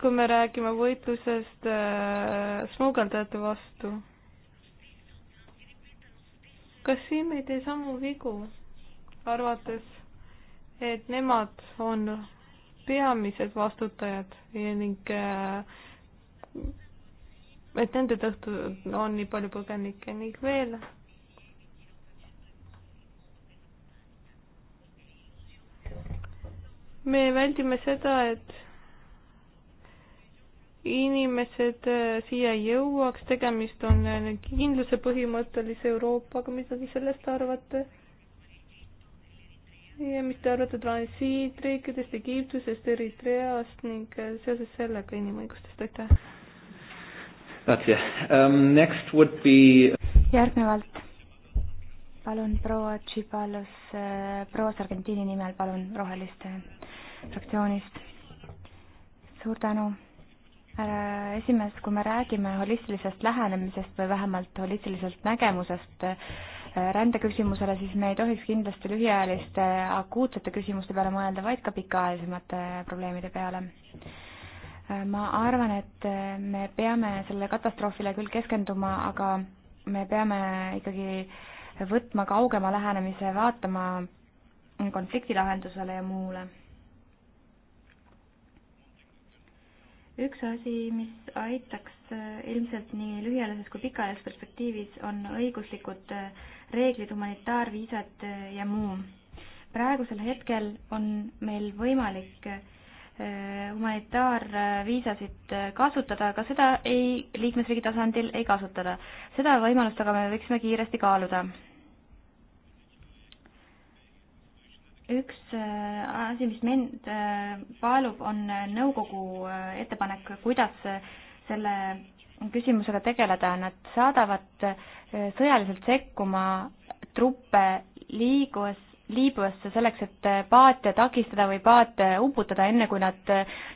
kui me räägime võitlusest äh, smugeldajate vastu. kas siin ei tee samu vigu, arvates, et nemad on peamised vastutajad ning äh, et nende tõttu on nii palju põgenikke ning veel me väldime seda, et inimesed äh, siia jõuaks, tegemist on äh, kindluse põhimõttelise Euroopaga, mida te sellest arvate? ja mis te arvate transiitriikidest, Egiptusest, Eritreast ning äh, seoses sellega inimõigustest, aitäh! Grazie um,. Next would be. järgnevalt palun proua Tšipalus, äh, proua Sargentini nimel, palun Roheliste fraktsioonist. suur tänu härra esimees, kui me räägime holistilisest lähenemisest või vähemalt holistilisest nägemusest äh, rändeküsimusele, siis me ei tohiks kindlasti lühiajaliste akuutsete küsimuste peale mõelda, vaid ka pikaajalisemate probleemide peale ma arvan, et me peame selle katastroofile küll keskenduma, aga me peame ikkagi võtma kaugema lähenemise, vaatama konflikti lahendusele ja muule. üks asi, mis aitaks ilmselt nii lühiajalises kui pikaajalises perspektiivis, on õiguslikud reeglid, humanitaarviisad ja muu. praegusel hetkel on meil võimalik äh, Eh, humanitaarviisasid eh, kasutada, aga seda ei, liikmesriigi tasandil ei kasutada. seda võimalust aga me võiksime kiiresti kaaluda. üks eh, asi, mis mind paalub, on nõukogu ettepanek, kuidas selle küsimusega tegeleda, nad saadavad sõjaliselt sekkuma truppe liigus Liibüasse selleks, et paate takistada või paate uputada, enne kui nad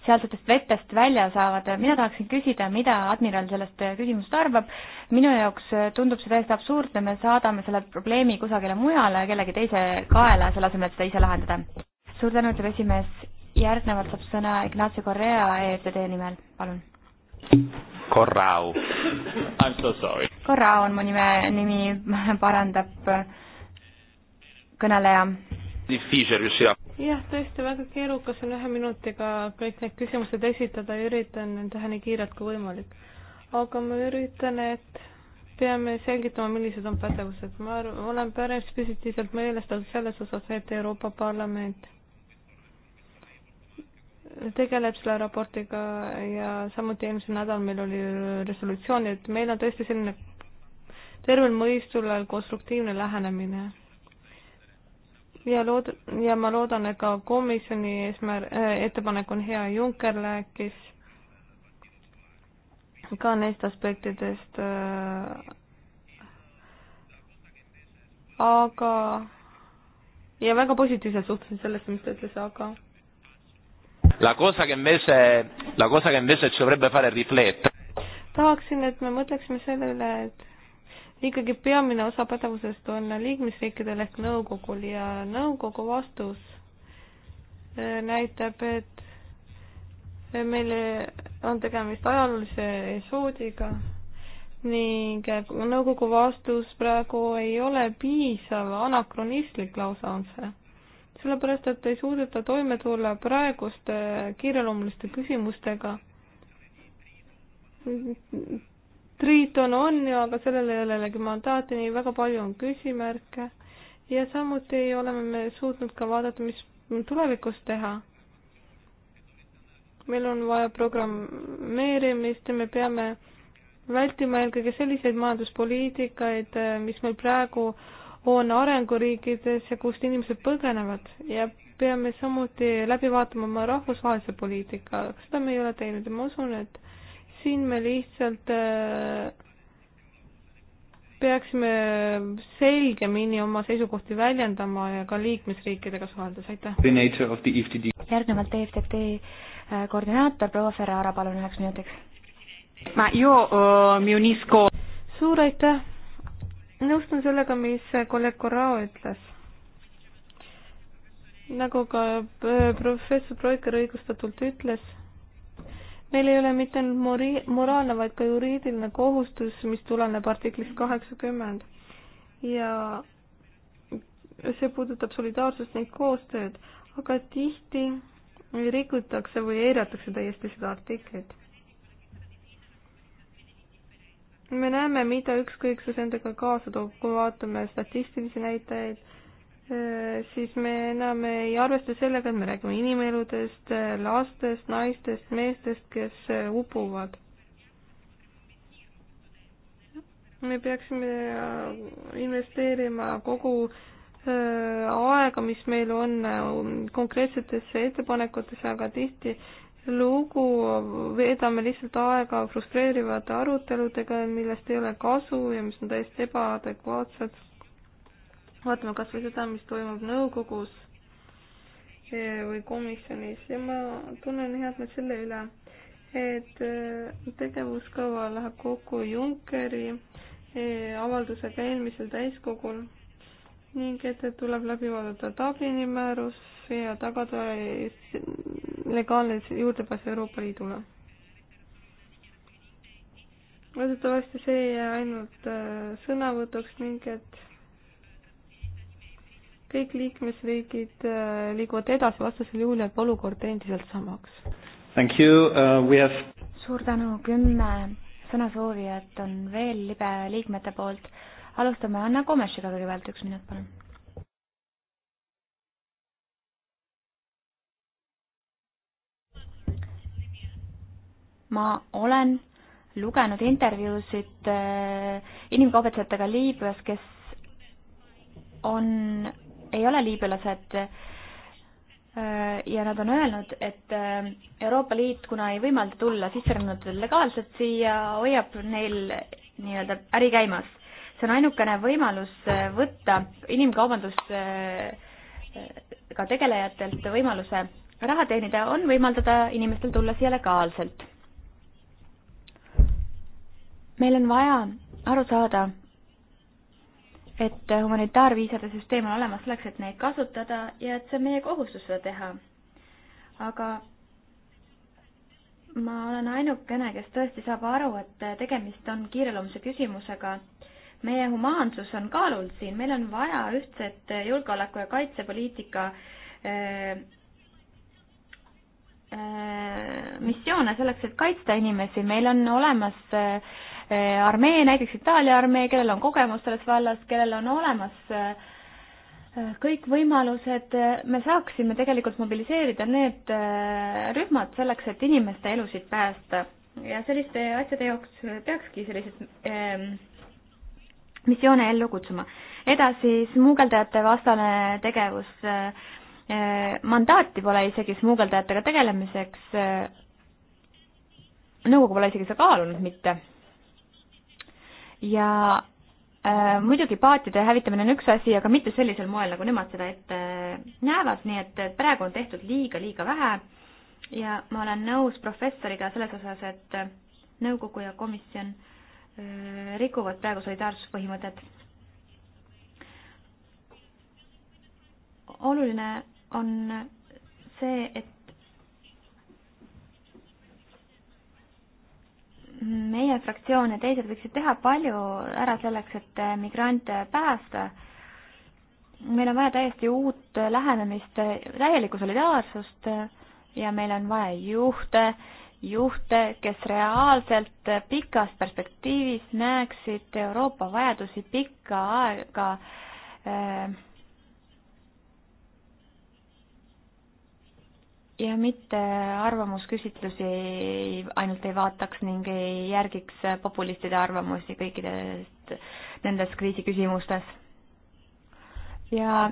sealsetest vetest välja saavad. mina tahaksin küsida, mida admiral sellest küsimusest arvab. minu jaoks tundub see täiesti absurdne, me saadame selle probleemi kusagile mujale, kellegi teise kaela, selle asemel, et seda ise lahendada. suur tänu, ütleb esimees. järgnevalt saab sõna Ignacio Correa EFTD nimel, palun. Corrao. I m so sorry. Corrao on mu nime, nimi parandab kõneleja. jah, tõesti väga keerukas on ühe minutiga kõik need küsimused esitada ja üritan teha nii kiirelt kui võimalik. aga ma üritan, et peame selgitama, millised on pädevused. ma arvan, olen päris positiivselt meelestatud selles osas, et Euroopa Parlament tegeleb selle raportiga ja samuti eelmisel nädalal meil oli resolutsioon, et meil on tõesti selline tervel mõistusel konstruktiivne lähenemine ja lood- ja ma loodan, et ka komisjoni eesmär- äh,, ettepanek on hea, Juncker rääkis ka neist aspektidest äh,. aga ja väga positiivselt suhtusin sellesse, mis ta ütles, aga. La cosa che invece, la cosa che invece ci dovrebbe fare riflettere. tahaksin, et me mõtleksime selle üle, et ikkagi peamine osa pädevusest on liikmesriikidel ehk nõukogul ja nõukogu vastus eh, näitab, et eh, meil on tegemist ajaloolise esoodiga ning eh, nõukogu vastus praegu ei ole piisav, anakronistlik lausa on see. sellepärast, et ei suudeta toime tulla praeguste kiireloomuliste küsimustega Triiton on ju, aga sellel ei ole jällegi mandaati, nii väga palju on küsimärke ja samuti oleme me suutnud ka vaadata, mis tulevikus teha. meil on vaja programmeerimist ja me peame vältima eelkõige selliseid majanduspoliitikaid, mis meil praegu on arenguriikides ja kust inimesed põgenevad ja peame samuti läbi vaatama oma rahvusvahelise poliitika, seda me ei ole teinud ja ma usun, et siin me lihtsalt äh, peaksime selgemini oma seisukohti väljendama ja ka liikmesriikidega suheldes, aitäh. E järgnevalt EFTT äh, koordinaator proua Ferrara, palun üheks minutiks. suur aitäh, nõustun sellega, mis kolleeg Corrao ütles nagu ka äh, professor Broiker õigustatult ütles meil ei ole mitte ainult mori-, moraalne, vaid ka juriidiline kohustus, mis tuleneb artiklist kaheksakümmend. ja see puudutab solidaarsust ning koostööd, aga tihti rikutakse või eiratakse täiesti seda artiklit. me näeme, mida ükskõiksus endaga kaasa toob, kui vaatame statistilisi näitajaid Äh, siis me enam ei arvesta sellega, et me räägime inimeludest, lastest, naistest, meestest, kes äh, upuvad. me peaksime äh, investeerima kogu aega, mis meil on konkreetsetesse ettepanekutesse, aga tihti lugu veedame lihtsalt aega frustreerivate aruteludega, millest ei ole kasu ja mis on täiesti ebaadekvaatsed vaatame kas või seda, mis toimub nõukogus eh, või komisjonis ja ma tunnen head meelt selle üle, et eh, tegevuskava läheb kokku Junckeri eh, avaldusega eelmisel täiskogul ning et tuleb läbi vaadata Dublini määrus ja tagada legaalne juurdepääs Euroopa Liidule. loodetavasti see ei jää ainult sõnavõtuks ning et kõik liikmesriigid äh, liiguvad edasi, vastasel juhul jääb olukord endiselt samaks. Thank you uh,, we have suur tänu, kümme sõnasoovijat on veel libe liikmete poolt. alustame Anna Komešiga kõigepealt, üks minut, palun. ma olen lugenud intervjuusid äh, inimkaubitsejatega Liibüas, kes on ei ole liibülased ja nad on öelnud, et äh, Euroopa Liit, kuna ei võimalda tulla sisserännanutel legaalselt siia, hoiab neil nii-öelda äri käimas. see on ainukene võimalus äh, võtta inimkaubandusega äh, tegelejatelt võimaluse raha teenida, on võimaldada inimestel tulla siia legaalselt. meil on vaja aru saada, et humanitaarviisade süsteem on olemas selleks, et neid kasutada ja et see on meie kohustus seda teha. aga ma olen ainukene, kes tõesti saab aru, et tegemist on kiireloomse küsimusega. meie humaansus on kaalul siin, meil on vaja ühtset julgeoleku- ja kaitsepoliitika äh, äh, missioone selleks, et kaitsta inimesi, meil on olemas äh, Eh, armee, näiteks Itaalia armee, kellel on kogemus selles vallas, kellel on olemas eh, kõik võimalused, eh, me saaksime tegelikult mobiliseerida need rühmad selleks, et inimeste elusid päästa. ja selliste asjade jaoks peakski selliseid missioone ellu kutsuma. edasi, smuugeldajate vastane tegevus. mandaati pole isegi smuugeldajatega tegelemiseks. nõukogu pole isegi seda kaalunud mitte ja äh, muidugi paatide hävitamine on üks asi, aga mitte sellisel moel, nagu nemad seda ette äh, näevad, nii et äh, praegu on tehtud liiga-liiga vähe ja ma olen nõus professoriga selles osas, et äh, nõukogu ja komisjon äh, rikuvad praegu solidaarsuspõhimõtet. oluline on see, et meie fraktsioon ja teised võiksid teha palju ära selleks, et eh, migrante päästa. meil on vaja täiesti uut lähenemist, eh, täielikku solidaarsust eh, ja meil on vaja juhte, juhte, kes reaalselt pikas perspektiivis näeksid Euroopa vajadusi pikka aega äh, ja mitte arvamusküsitlusi ainult ei vaataks ning ei järgiks populistide arvamusi kõikidest nendes kriisiküsimustes. ja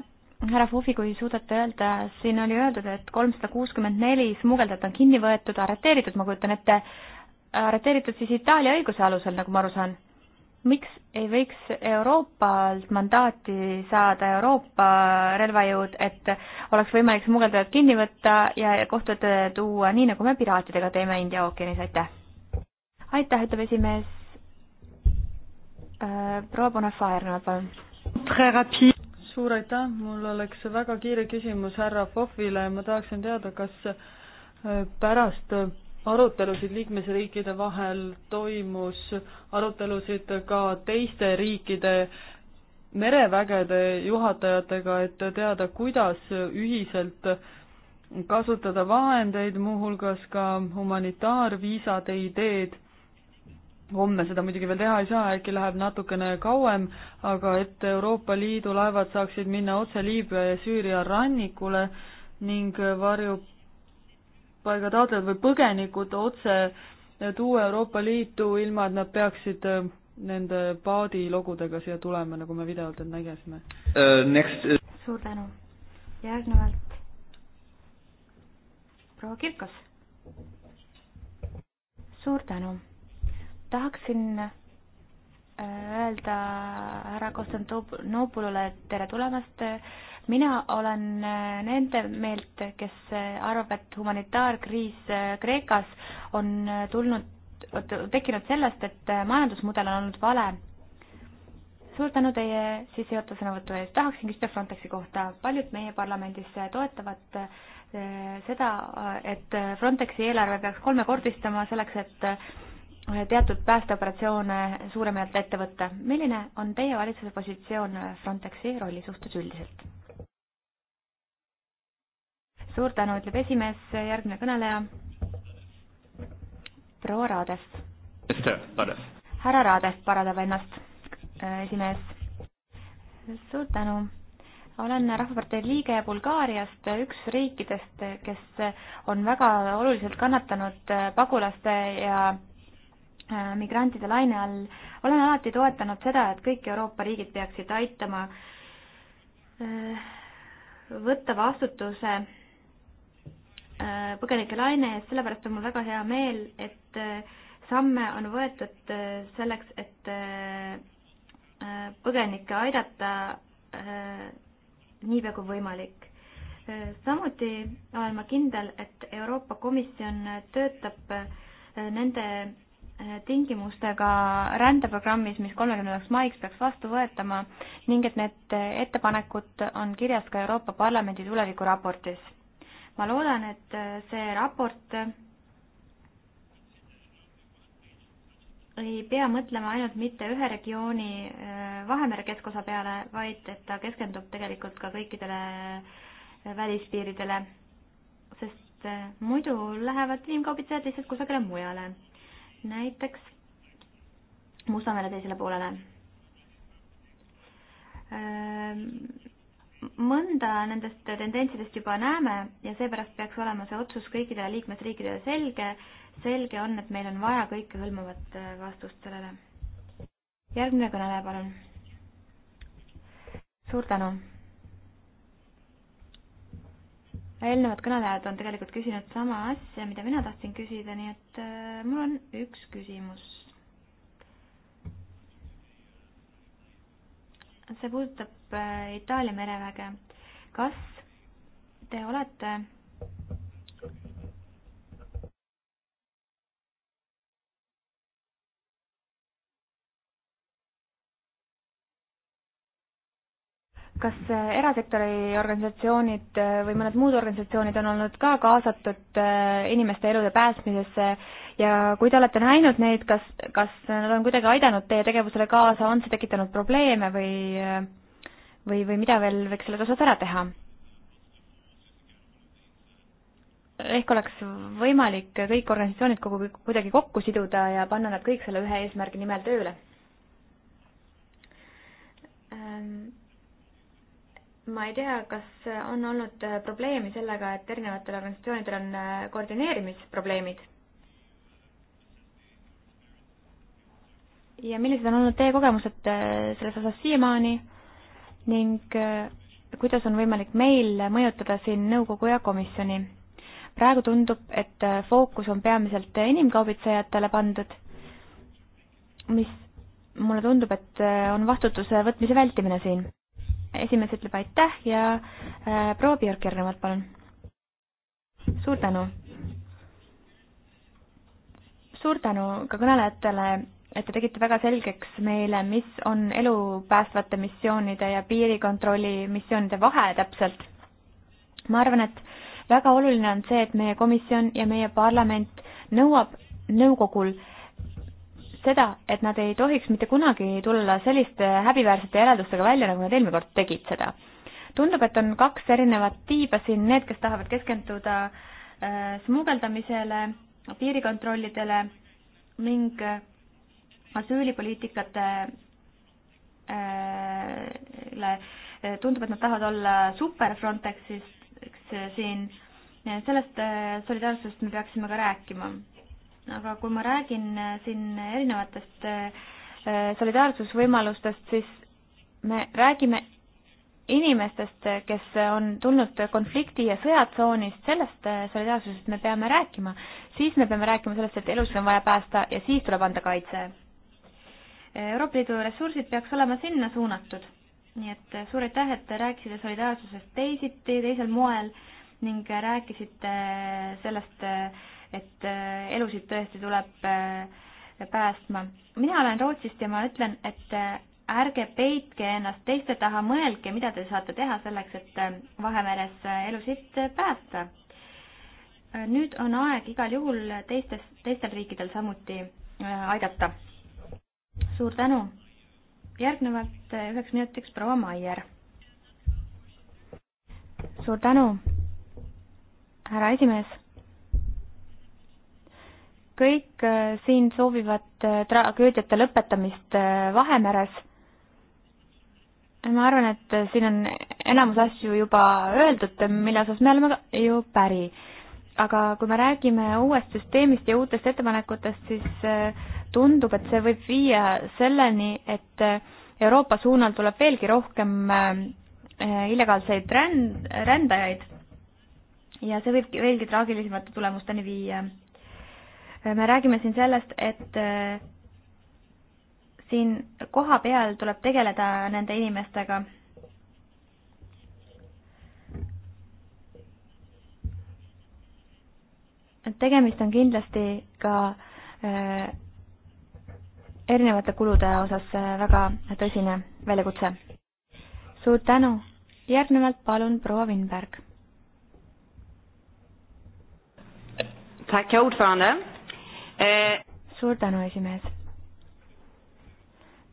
härra Fufi, kui suudate öelda, siin oli öeldud, et kolmsada kuuskümmend neli smugeldajat on kinni võetud, arreteeritud, ma kujutan ette, arreteeritud siis Itaalia õiguse alusel, nagu ma aru saan miks ei võiks Euroopalt mandaati saada Euroopa relvajõud, et oleks võimalik smugeldajad kinni võtta ja kohtu ette tuua, nii nagu me piraatidega teeme India ookeanis, aitäh! aitäh, ütleb esimees äh,. proua Bonafa järgnevalt, palun. suur aitäh, mul oleks väga kiire küsimus härra Fofile, ma tahaksin teada, kas äh, pärast arutelusid liikmesriikide vahel, toimus arutelusid ka teiste riikide merevägede juhatajatega, et teada, kuidas ühiselt kasutada vahendeid, muuhulgas ka humanitaarviisade ideed. homme seda muidugi veel teha ei saa, äkki läheb natukene kauem, aga et Euroopa Liidu laevad saaksid minna otse Liibüa ja Süüria rannikule ning varjup varjupaigataotlejad või põgenikud otse tuua Euroopa Liitu, ilma et nad peaksid äh, nende paadilogudega siia tulema, nagu me videolt nüüd nägesime uh,. Next... suur tänu. järgnevalt proua Kirkas. suur tänu. tahaksin äh, öelda härra Konstantinopolule tere tulemast äh, mina olen äh, nende meelt, kes äh, arvab, et humanitaarkriis äh, Kreekas on tulnud, tekkinud sellest, et majandusmudel on olnud vale suur tänu teie sissejuhatava sõnavõtu eest. tahaksin küsida Frontexi kohta. paljud meie parlamendis toetavad seda, et Frontexi eelarve peaks kolmekordistama selleks, et teatud päästeoperatsioone suuremalt ette võtta. milline on teie valitsuse positsioon Frontexi rolli suhtes üldiselt? suur tänu, ütleb esimees, järgmine kõneleja. proua Raades. härra Raades parandab ennast, äh, esimees. suur tänu. olen Rahvapartei liige Bulgaariast, üks riikidest, kes on väga oluliselt kannatanud äh, pagulaste ja äh, migrantide laine all. olen alati toetanud seda, et kõik Euroopa riigid peaksid aitama võtta vastutuse Äh, põgenike laine eest, sellepärast on mul väga hea meel, et äh, samme on võetud äh, selleks, et põgenikke aidata niipea kui võimalik. samuti olen ma kindel, et Euroopa Komisjon töötab nende tingimustega rändeprogrammis, mis kolmekümnendaks maiks peaks vastu võetama ning et need ettepanekud on kirjas ka Euroopa Parlamendi tulevikuraportis ma loodan, et äh, see raport äh, ei pea mõtlema ainult mitte ühe regiooni äh, Vahemere keskosa peale, vaid et ta keskendub tegelikult ka kõikidele välispiiridele, sest muidu lähevad inimkaubitsejad lihtsalt kusagile mujale, näiteks Mustamere teisele poolele mõnda nendest tendentsidest juba näeme ja seepärast peaks olema see otsus kõikidele liikmesriikidele selge. selge on, et meil on vaja kõikehõlmavat äh, vastust sellele. järgmine kõneleja, palun. suur tänu. eelnevad kõnelejad on tegelikult küsinud sama asja, mida mina tahtsin küsida, nii et äh, mul on üks küsimus see puudutab äh, Itaalia mereväge. kas te olete kas eh, erasektori organisatsioonid eh, või mõned muud organisatsioonid on olnud ka kaasatud eh, inimeste elude päästmisesse ja kui te olete näinud neid, kas, kas nad on kuidagi aidanud teie tegevusele kaasa, on see tekitanud probleeme või, või, või mida veel võiks selles osas ära teha? ehk oleks võimalik kõik organisatsioonid kogu, kuidagi kokku siduda ja panna nad kõik selle ühe eesmärgi nimel tööle ähm.? ma ei tea, kas on olnud äh, probleemi sellega, et erinevatel organisatsioonidel on äh, koordineerimisprobleemid? ja millised on olnud teie kogemused äh, selles osas siiamaani ning kuidas on võimalik meil mõjutada siin nõukogu ja komisjoni? praegu tundub, et fookus on peamiselt inimkaubitsejatele pandud, mis mulle tundub, et on vastutuse võtmise vältimine siin esimees ütleb aitäh ja äh, proua Björk järgnevalt, palun. suur tänu. suur tänu ka kõnelejatele, et te tegite väga selgeks meile, mis on elupäästvate missioonide ja piirikontrolli missioonide vahe täpselt. ma arvan, et väga oluline on see, et meie komisjon ja meie parlament nõuab nõukogul äh, seda, et nad ei tohiks mitte kunagi tulla selliste häbiväärsete järeldustega välja, nagu nad eelmine kord tegid seda. tundub, et on kaks erinevat tiiba siin, need, kes tahavad keskenduda äh, smugeldamisele, piirikontrollidele ning asüülipoliitikatele äh,, äh, äh tundub, et nad tahavad olla super Frontexist äh, siin, sellest äh, solidaarsusest me peaksime ka rääkima aga kui ma räägin äh, siin erinevatest äh, äh, solidaarsusvõimalustest, siis me räägime inimestest, kes on tulnud konflikti ja sõjatsoonist, sellest solidaarsusest me peame rääkima. siis me peame rääkima sellest, et elusid on vaja päästa ja siis tuleb anda kaitse. Euroopa Liidu ressursid peaks olema sinna suunatud. nii et suur aitäh, et te rääkisite solidaarsusest teisiti, teisel moel ning rääkisite sellest äh, et äh, elusid tõesti tuleb äh, päästma. mina olen Rootsist ja ma ütlen, et äh, ärge peitke ennast teiste taha, mõelge, mida te saate teha selleks, et Vahemeres elusid päästa. nüüd on aeg igal juhul teistes, teistel riikidel samuti aidata. suur tänu. järgnevalt üheks minutiks proua Maier. suur tänu, härra esimees kõik äh, siin soovivad äh, tragöödiate lõpetamist äh, Vahemeres. ma arvan, et siin on enamus asju juba öeldud, mille osas me oleme ju päri. aga kui me räägime uuest süsteemist ja uutest ettepanekutest, siis tundub, et see võib viia selleni, et Euroopa suunal tuleb veelgi rohkem illegaalseid ränd-, rändajaid ja see võib veelgi traagilisemate tulemusteni viia me räägime siin sellest, et äh, siin kohapeal tuleb tegeleda nende inimestega. tegemist on kindlasti ka äh, erinevate kulude osas äh, väga tõsine väljakutse. suur tänu. järgnevalt palun proua Winberg. tack, ordförande suur tänu, esimees.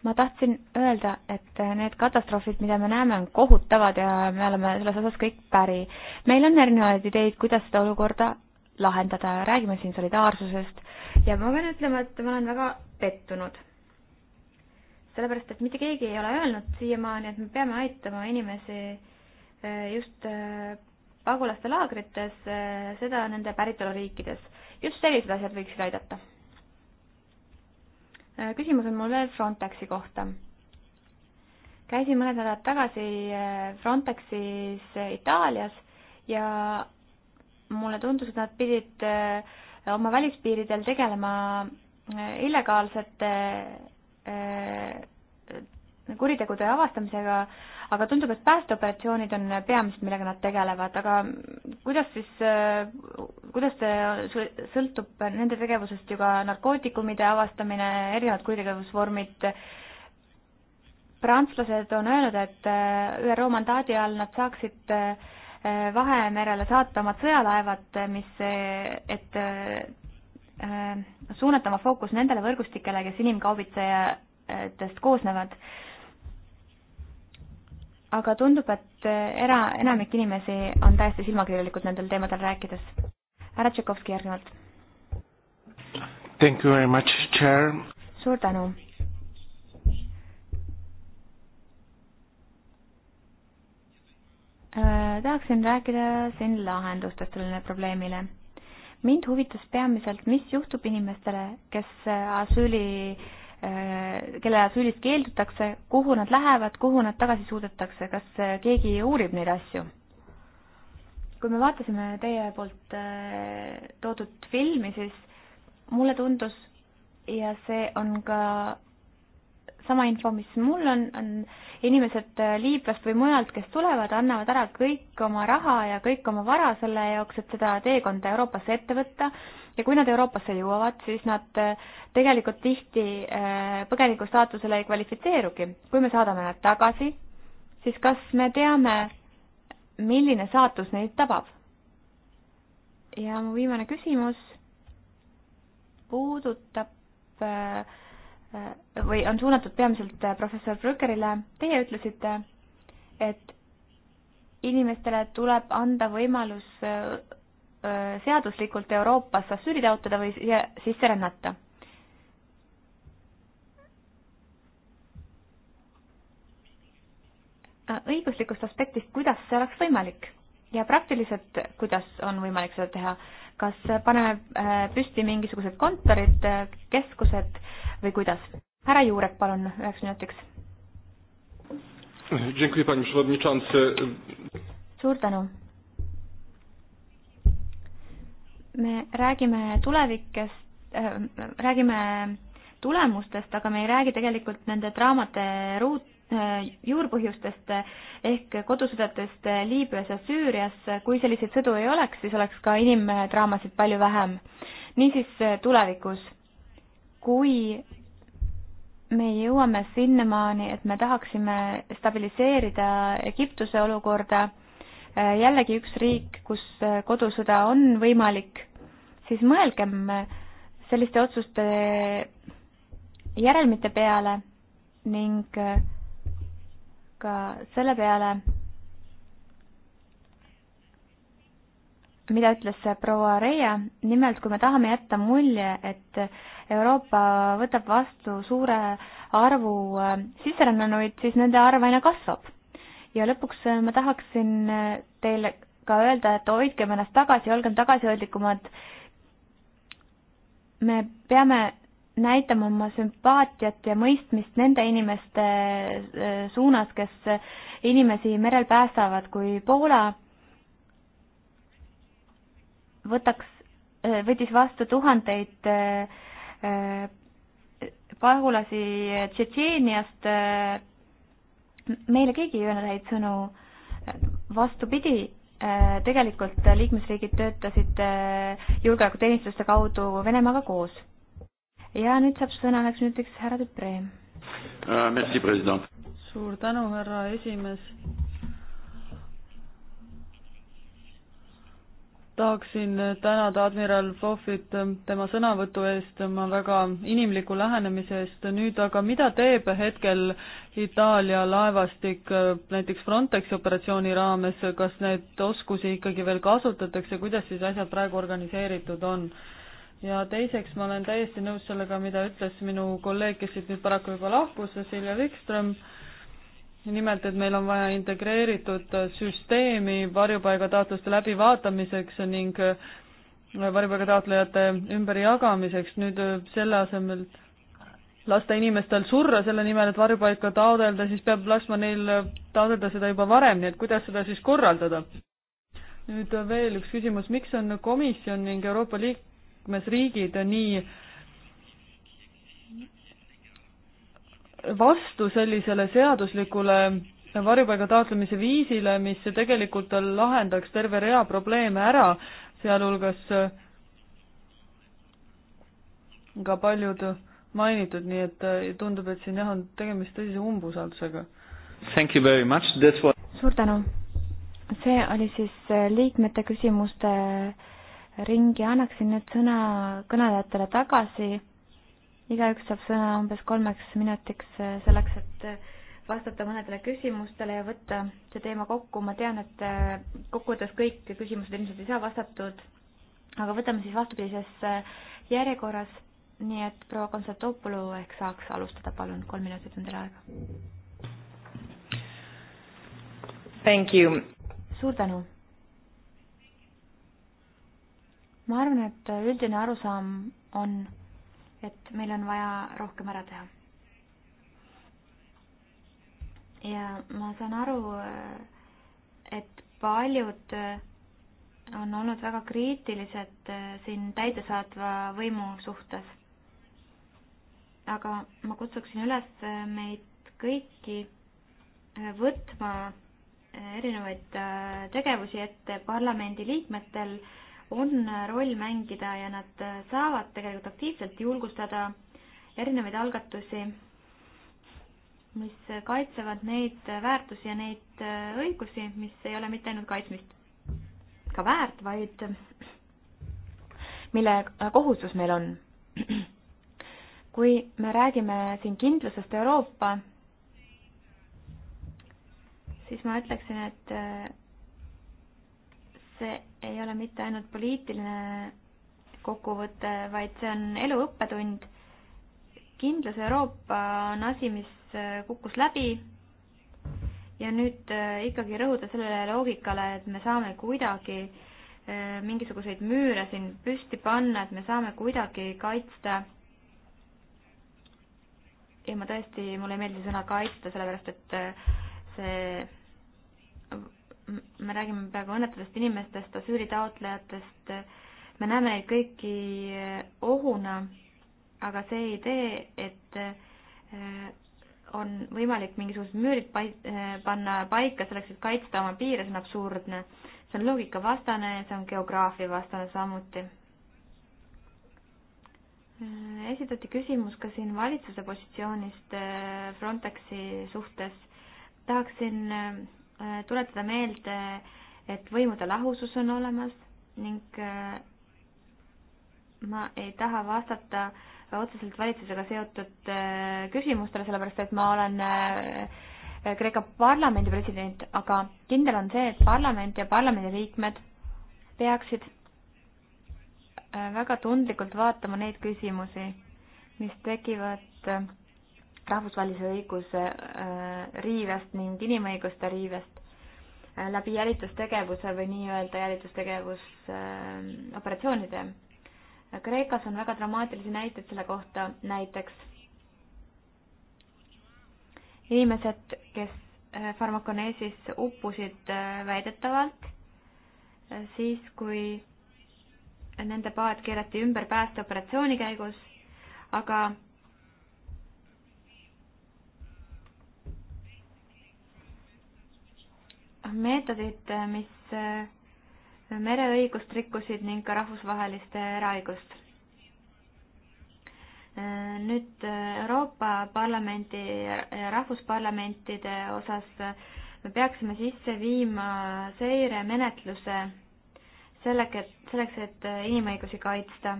ma tahtsin öelda, et need katastroofid, mida me näeme, on kohutavad ja me oleme selles osas kõik päri. meil on erinevaid ideid, kuidas seda olukorda lahendada, räägime siin solidaarsusest ja ma pean ütlema, et ma olen väga pettunud. sellepärast, et mitte keegi ei ole öelnud siiamaani, et me peame aitama inimesi eh, just eh, pagulaste laagrites, eh, seda nende päritoluriikides. just sellised asjad võiksid aidata. Eh, küsimus on mul veel Frontexi kohta. käisin mõned nädalad tagasi eh, Frontexis Itaalias ja mulle tundus, et nad pidid oma välispiiridel tegelema illegaalsete kuritegude avastamisega, aga tundub, et päästeoperatsioonid on peamised, millega nad tegelevad, aga kuidas siis, äh, kuidas see sõltub nende tegevusest ju ka narkootikumide avastamine, erinevad kuritegevusvormid, prantslased on öelnud, et äh, ÜRO mandaadi all nad saaksid äh, Vahemerele saata oma sõjalaevad, mis, et suunata oma fookus nendele võrgustikele, kes inimkaubitsejatest koosnevad aga tundub, et eh, era, enamik inimesi on täiesti silmakirjalikud nendel teemadel rääkides. härra Tšekovski järgnevalt. Thank you very much, chair. suur tänu. Äh, tahaksin rääkida siin lahendustest sellele probleemile. mind huvitas peamiselt, mis juhtub inimestele, kes äh, asüüli äh, Äh, kelle asüülist keeldutakse, kuhu nad lähevad, kuhu nad tagasi suudetakse, kas äh, keegi uurib neid asju? kui me vaatasime teie poolt äh, toodud filmi, siis mulle tundus ja see on ka sama info, mis mul on, on inimesed Liibüast või mujalt, kes tulevad, annavad ära kõik oma raha ja kõik oma vara selle jaoks, et seda teekonda Euroopasse ette võtta ja kui nad Euroopasse jõuavad, siis nad äh, tegelikult tihti äh, põgeniku staatusele ei kvalifitseerugi. kui me saadame nad tagasi, siis kas me teame, milline saatus neid tabab? ja mu viimane küsimus puudutab äh, või on suunatud peamiselt professor Brückerile. Teie ütlesite, et inimestele tuleb anda võimalus Äh, seaduslikult Euroopasse asüüli taotleda või sisse rännata. Äh, õiguslikust aspektist, kuidas see oleks võimalik ja praktiliselt, kuidas on võimalik seda teha, kas paneme äh, püsti mingisugused kontorid, keskused või kuidas? härra Juurek, palun üheks minutiks. suur tänu me räägime tulevikest äh,, räägime tulemustest, aga me ei räägi tegelikult nende draamade ruut- äh,, juurpõhjustest ehk kodusõdadest Liibüas ja Süürias. kui selliseid sõdu ei oleks, siis oleks ka inimdraamasid palju vähem. niisiis äh, tulevikus, kui me jõuame sinnamaani, et me tahaksime stabiliseerida Egiptuse olukorda Äh, jällegi üks riik, kus äh, kodusõda on võimalik, siis mõelgem äh, selliste otsuste järelmite peale ning ka selle peale, mida ütles proua Reia, nimelt kui me tahame jätta mulje, et Euroopa võtab vastu suure arvu sisserännanuid, siis nende arv aina kasvab ja lõpuks äh, ma tahaksin äh, teile ka öelda, et hoidkem ennast tagasi, olgem tagasihoidlikumad. me peame näitama oma sümpaatiat ja mõistmist nende inimeste äh, suunas, kes inimesi merel päästavad, kui Poola võtaks, võttis vastu tuhandeid pagulasi Tšetšeeniast meile keegi ei öelnud häid sõnu. vastupidi, äh, tegelikult liikmesriigid töötasid äh, julgeolekuteenistuste kaudu Venemaaga koos. ja nüüd saab sõna üheks minutiks härra Dupree. Äh, merci, president. suur tänu, härra esimees tahaksin tänada admiral Fofit tema sõnavõtu eest, oma väga inimliku lähenemise eest, nüüd aga mida teeb hetkel Itaalia laevastik näiteks Frontexi operatsiooni raames, kas neid oskusi ikkagi veel kasutatakse, kuidas siis asjad praegu organiseeritud on? ja teiseks, ma olen täiesti nõus sellega, mida ütles minu kolleeg, kes siit nüüd paraku juba lahkus, Cecilia Wikström, nimelt, et meil on vaja integreeritud süsteemi varjupaigataotluste läbivaatamiseks ning varjupaigataotlejate ümberjagamiseks, nüüd äh, selle asemel lasta inimestel surra selle nimel, et varjupaika taodelda, siis peab laskma neil äh, taodelda seda juba varem, nii et kuidas seda siis korraldada? nüüd äh, veel üks küsimus, miks on komisjon ning Euroopa liikmesriigid nii äh, vastu sellisele seaduslikule varjupaiga taotlemise viisile, mis tegelikult lahendaks terve rea probleeme ära, sealhulgas ka paljud mainitud, nii et tundub, et siin jah, on tegemist tõsise umbusaldusega. Thank you very much, that's what suur tänu. see oli siis äh, liikmete küsimuste ring ja annaksin nüüd sõna kõnelejatele tagasi igaüks saab sõna umbes kolmeks minutiks eh, selleks, et eh, vastata mõnedele küsimustele ja võtta see teema kokku. ma tean, et eh, kokkuvõttes kõik küsimused ilmselt ei saa vastatud, aga võtame siis vastupidises järjekorras. nii et proua Konstantopolu ehk saaks alustada, palun, kolm minutit on teil aega. Thank you. suur tänu ma arvan, et üldine arusaam on et meil on vaja rohkem ära teha. ja ma saan aru, et paljud on olnud väga kriitilised siin täidesaatva võimu suhtes. aga ma kutsuksin üles meid kõiki võtma erinevaid tegevusi ette parlamendi liikmetel äh, on äh, roll mängida ja nad äh, saavad tegelikult aktiivselt julgustada erinevaid algatusi, mis äh, kaitsevad neid väärtusi ja neid õigusi, mis ei ole mitte ainult kaitsmist ka väärt, vaid mille kohustus meil on. kui me räägime siin kindlusest Euroopa, siis ma ütleksin, et see ei ole mitte ainult poliitiline kokkuvõte, vaid see on elu õppetund. kindlas Euroopa on asi, mis äh, kukkus läbi ja nüüd äh, ikkagi rõhuda sellele loogikale, et me saame kuidagi äh, mingisuguseid müüre siin püsti panna, et me saame kuidagi kaitsta ja ma tõesti, mulle ei meeldi sõna kaitsta, sellepärast et see me räägime praegu õnnetutest inimestest, asüüli taotlejatest, me näeme neid kõiki eh, ohuna, aga see idee, et eh, on võimalik mingisugused müürid eh, panna paika selleks, et kaitsta oma piire, see on absurdne. see on loogikavastane, see on geograafia vastane samuti. esitati küsimus ka siin valitsuse positsioonist Frontexi suhtes. tahaksin Äh, tuletada meelde, et võimude lahusus on olemas ning äh, ma ei taha vastata otseselt valitsusega seotud äh, küsimustele, sellepärast et ma olen Kreeka parlamendi president, aga kindel on see, et parlament ja parlamendiliikmed peaksid väga tundlikult vaatama neid küsimusi, mis tekivad rahvusvahelise õiguse äh, riivest ning inimõiguste riivest äh, läbi jälitustegevuse või nii-öelda jälitustegevusoperatsioonide. Äh, Kreekas on väga dramaatilisi näiteid selle kohta, näiteks inimesed, kes farmakoneesis uppusid väidetavalt siis, kui nende paat keerati ümber päästeoperatsiooni käigus, aga meetodid, mis äh, mereõigust rikkusid ning ka rahvusvahelist eraõigust. Äh, nüüd äh, Euroopa Parlamendi ja rahvusparlamentide osas me peaksime sisse viima seiremenetluse selleks, et, selleks, et inimõigusi kaitsta.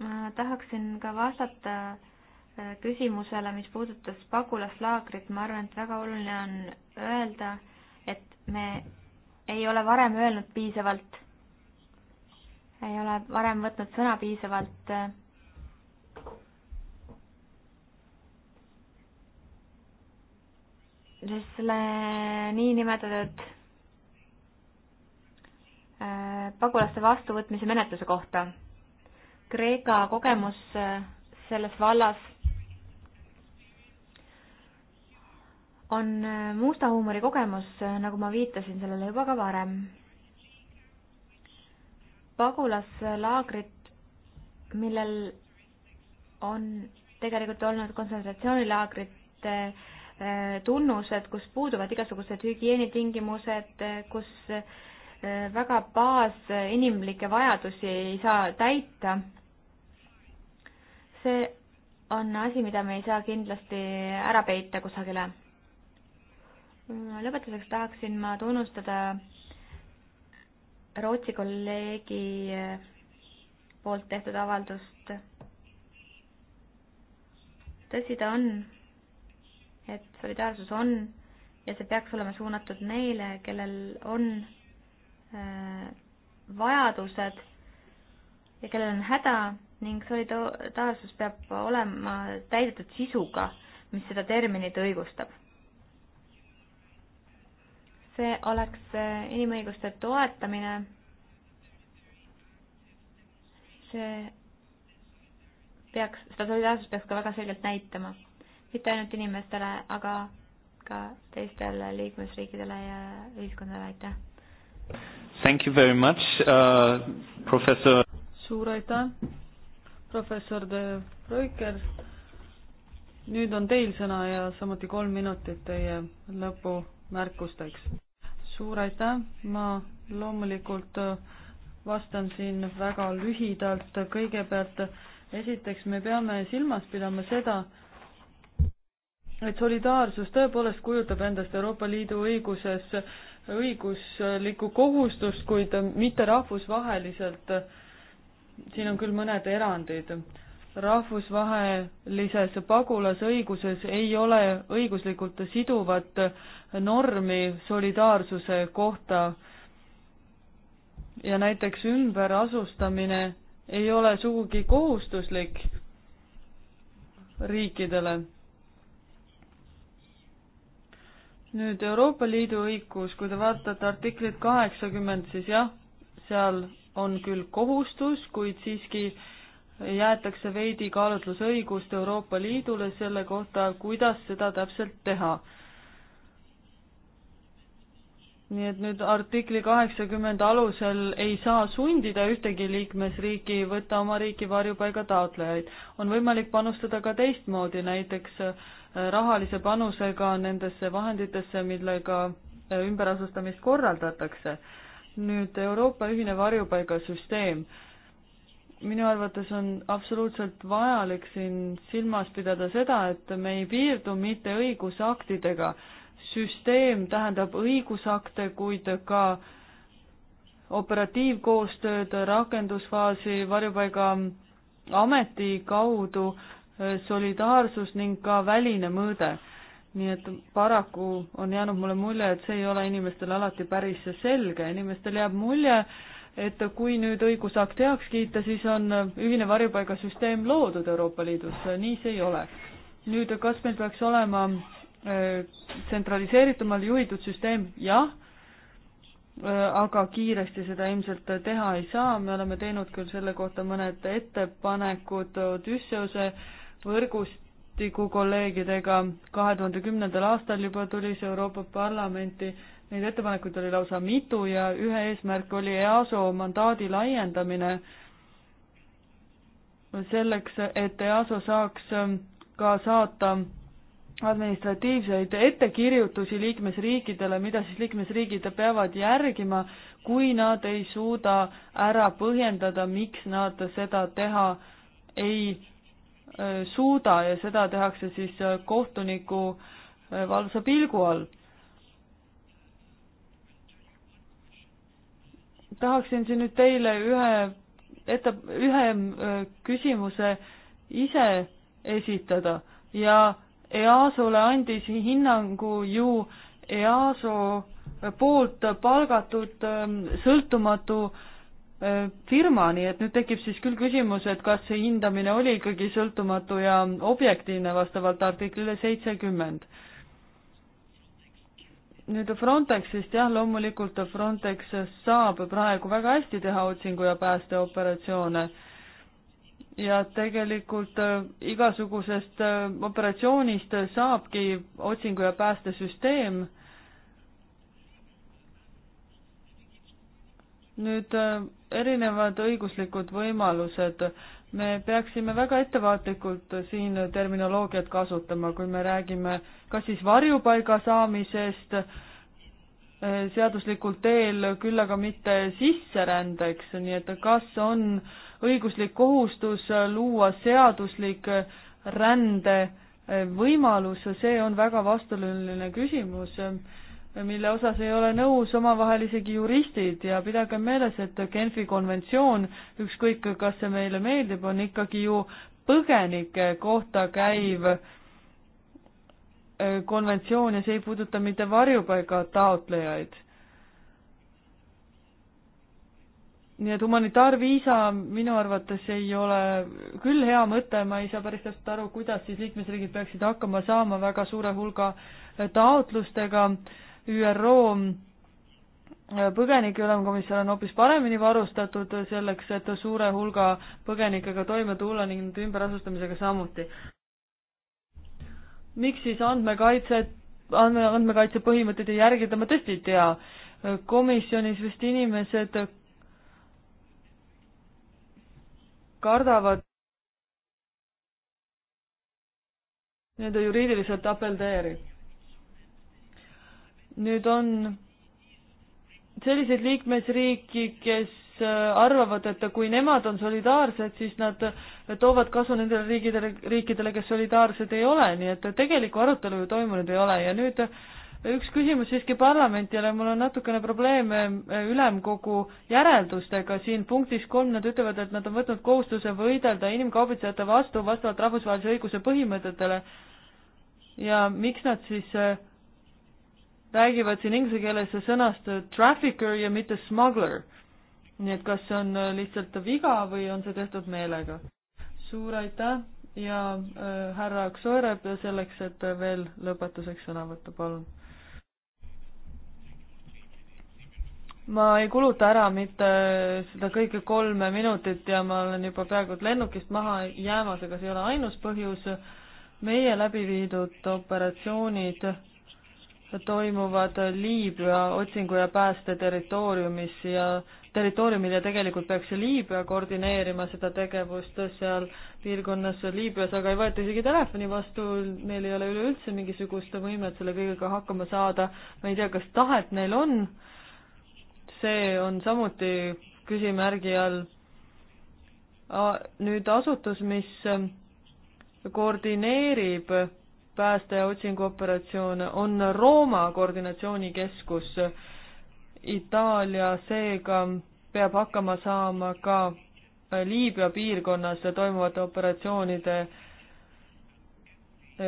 ma tahaksin ka vastata Äh, küsimusele, mis puudutas pagulaslaagrit, ma arvan, et väga oluline on öelda, et me ei ole varem öelnud piisavalt, ei ole varem võtnud sõna piisavalt. Äh, sest selle niinimetatud äh, pagulaste vastuvõtmise menetluse kohta. Kreeka kogemus selles vallas on äh, musta huumori kogemus, äh, nagu ma viitasin sellele juba ka varem. pagulaslaagrid, millel on tegelikult olnud kontsentratsioonilaagrite äh, tunnused, kus puuduvad igasugused hügieenitingimused, kus väga baasinimlikke vajadusi ei saa täita. see on asi, mida me ei saa kindlasti ära peita kusagile. Mm, lõpetuseks tahaksin ma tunnustada Rootsi kolleegi eh, poolt tehtud avaldust. tõsi ta on, et solidaarsus on ja see peaks olema suunatud neile, kellel on eh, vajadused ja kellel on häda ning solidaarsus peab olema täidetud sisuga, mis seda terminit õigustab see oleks inimõiguste toetamine. see peaks, seda solidaarsust peaks ka väga selgelt näitama, mitte ainult inimestele, aga ka teistele liikmesriikidele ja ühiskondadele, aitäh. Thank you very much uh,, professor. suur aitäh, professor De Breuker. nüüd on teil sõna ja samuti kolm minutit teie lõpumärkusteks suur aitäh, ma loomulikult äh, vastan siin väga lühidalt, kõigepealt esiteks me peame silmas pidama seda, et solidaarsus tõepoolest kujutab endast Euroopa Liidu õiguses õiguslikku kohustust, kuid mitte rahvusvaheliselt. siin on küll mõned erandid rahvusvahelises pagulasõiguses ei ole õiguslikult siduvat normi solidaarsuse kohta ja näiteks ümberasustamine ei ole sugugi kohustuslik riikidele. nüüd Euroopa Liidu õigus, kui te vaatate artiklit kaheksakümmend, siis jah, seal on küll kohustus, kuid siiski äh, jäetakse veidi kaalutlusõigust Euroopa Liidule selle kohta, kuidas seda täpselt teha. nii et nüüd artikli kaheksakümmend alusel ei saa sundida ühtegi liikmesriiki võtta oma riiki varjupaiga taotlejaid. on võimalik panustada ka teistmoodi, näiteks äh, rahalise panusega nendesse vahenditesse, millega äh, ümberasustamist korraldatakse. nüüd Euroopa ühine varjupaigasüsteem minu arvates on absoluutselt vajalik siin silmas pidada seda, et me ei piirdu mitte õigusaktidega. süsteem tähendab õigusakte, kuid ka operatiivkoostööd rakendusfaasi varjupaiga ameti kaudu, äh, solidaarsus ning ka väline mõõde. nii et paraku on jäänud mulle mulje, et see ei ole inimestele alati päris selge, inimestel jääb mulje, et kui nüüd õigusakt heaks kiita, siis on ühine varjupaigasüsteem loodud Euroopa Liidus, nii see ei ole. nüüd, kas meil peaks olema äh, tsentraliseeritumalt juhitud süsteem, jah, äh, aga kiiresti seda ilmselt teha ei saa, me oleme teinud küll selle kohta mõned ettepanekud Odüsseuse võrgustiku kolleegidega, kahe tuhande kümnendal aastal juba tuli see Euroopa Parlamenti Neid ettepanekuid oli lausa mitu ja ühe eesmärk oli EASO mandaadi laiendamine selleks, et EASO saaks ähm, ka saata administratiivseid ettekirjutusi liikmesriikidele, mida siis liikmesriigid peavad järgima, kui nad ei suuda ära põhjendada, miks nad seda teha ei äh, suuda ja seda tehakse siis äh, kohtuniku äh, valvsa pilgu all. tahaksin siin nüüd teile ühe ette, ühe küsimuse ise esitada ja EASO-le andis hinnangu ju EASO poolt palgatud sõltumatu firma, nii et nüüd tekib siis küll küsimus, et kas see hindamine oli ikkagi sõltumatu ja objektiivne vastavalt artiklile seitsekümmend nüüd Frontexist, jah, loomulikult Frontex saab praegu väga hästi teha otsingu- ja päästeoperatsioone ja tegelikult äh, igasugusest äh, operatsioonist saabki otsingu- ja päästesüsteem. nüüd äh, erinevad õiguslikud võimalused me peaksime väga ettevaatlikult siin terminoloogiat kasutama, kui me räägime kas siis varjupaiga saamisest eh, seaduslikul teel, küll aga mitte sisserändeks, nii et kas on õiguslik kohustus luua seaduslik rände eh, võimalus, see on väga vastuoluline küsimus mille osas ei ole nõus omavahel isegi juristid ja pidage meeles, et Genfi konventsioon, ükskõik kas see meile meeldib, on ikkagi ju põgenike kohta käiv äh, konventsioon ja see ei puuduta mitte varjupaiga taotlejaid. nii et humanitaarviisa minu arvates ei ole küll hea mõte, ma ei saa päris täpselt aru, kuidas siis liikmesriigid peaksid hakkama saama väga suure hulga äh, taotlustega äh, ÜRO äh, põgenike ülemkomisjon on hoopis paremini varustatud selleks, et suure hulga põgenikega toime tulla ning ümberasustamisega samuti. miks siis andmekaitset, andme, andmekaitse põhimõtteid ei järgida, ma tõesti ei tea. komisjonis vist inimesed kardavad nii-öelda juriidiliselt apelleerida nüüd on selliseid liikmesriiki, kes äh, arvavad, et kui nemad on solidaarsed, siis nad toovad kasu nendele riigidele, riikidele, kes solidaarsed ei ole, nii et tegelikku arutelu ju toimunud ei ole ja nüüd üks küsimus siiski parlamentile, mul on natukene probleeme äh, ülemkogu järeldustega siin punktis kolm, nad ütlevad, et nad on võtnud kohustuse võidelda inimkaubitsejate vastu vastavalt rahvusvahelise õiguse põhimõtetele. ja miks nad siis äh, räägivad siin inglise keeles sõnast äh, trafficker ja mitte smuggler. nii et kas see on äh, lihtsalt viga või on see tehtud meelega? suur aitäh ja äh, härra Xoreb selleks, et äh, veel lõpetuseks sõna võtta, palun. ma ei kuluta ära mitte seda kõike kolme minutit ja ma olen juba peaaegu lennukist maha jäämas, aga see ei ole ainus põhjus. meie läbi viidud operatsioonid toimuvad Liibüa otsingu ja pääste territooriumis ja territooriumil ja tegelikult peaks Liibüa koordineerima seda tegevust seal piirkonnas Liibüas, aga ei võeta isegi telefoni vastu, neil ei ole üleüldse mingisugust võimet selle kõigega hakkama saada, ma ei tea, kas tahet neil on, see on samuti küsimärgi all. nüüd asutus, mis koordineerib pääste- ja otsinguoperatsioon on Rooma koordinatsioonikeskus. Itaalia seega peab hakkama saama ka äh, Liibüa piirkonnas toimuvate operatsioonide äh,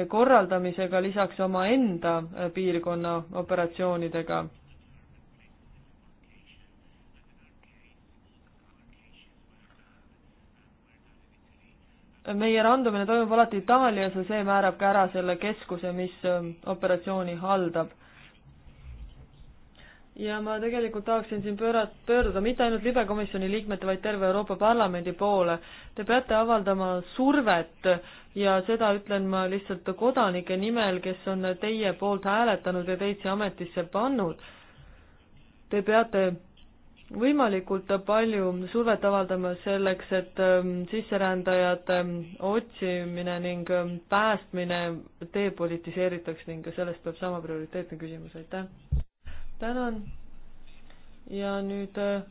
korraldamisega, lisaks omaenda äh, piirkonna operatsioonidega meie randumine toimub alati Itaalias ja see määrab ka ära selle keskuse, mis ähm, operatsiooni haldab. ja ma tegelikult tahaksin siin pööra-, pöörduda mitte ainult libekomisjoni liikmete, vaid terve Euroopa Parlamendi poole. Te peate avaldama survet ja seda ütlen ma lihtsalt kodanike nimel, kes on teie poolt hääletanud ja teid siia ametisse pannud. Te peate võimalikult palju survet avaldama selleks, et ähm, sisserändajate ähm, otsimine ning ähm, päästmine depolitiseeritaks ning sellest peab saama prioriteetne küsimus, aitäh! tänan ja nüüd äh,